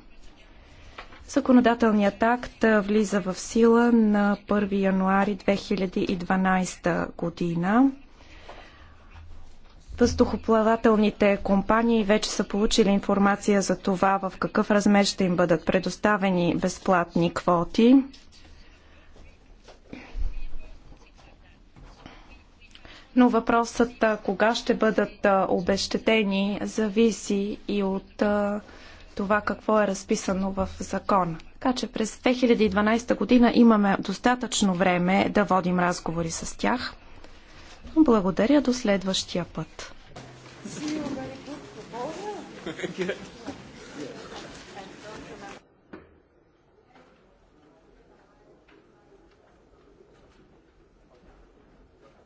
Законодателният акт влиза в сила на 1 януари 2012 година. Въздухоплавателните компании вече са получили информация за това в какъв размер ще им бъдат предоставени безплатни квоти. но въпросът кога ще бъдат обещетени зависи и от това какво е разписано в закона. Така че през 2012 година имаме достатъчно време да водим разговори с тях. Благодаря до следващия път. (laughs)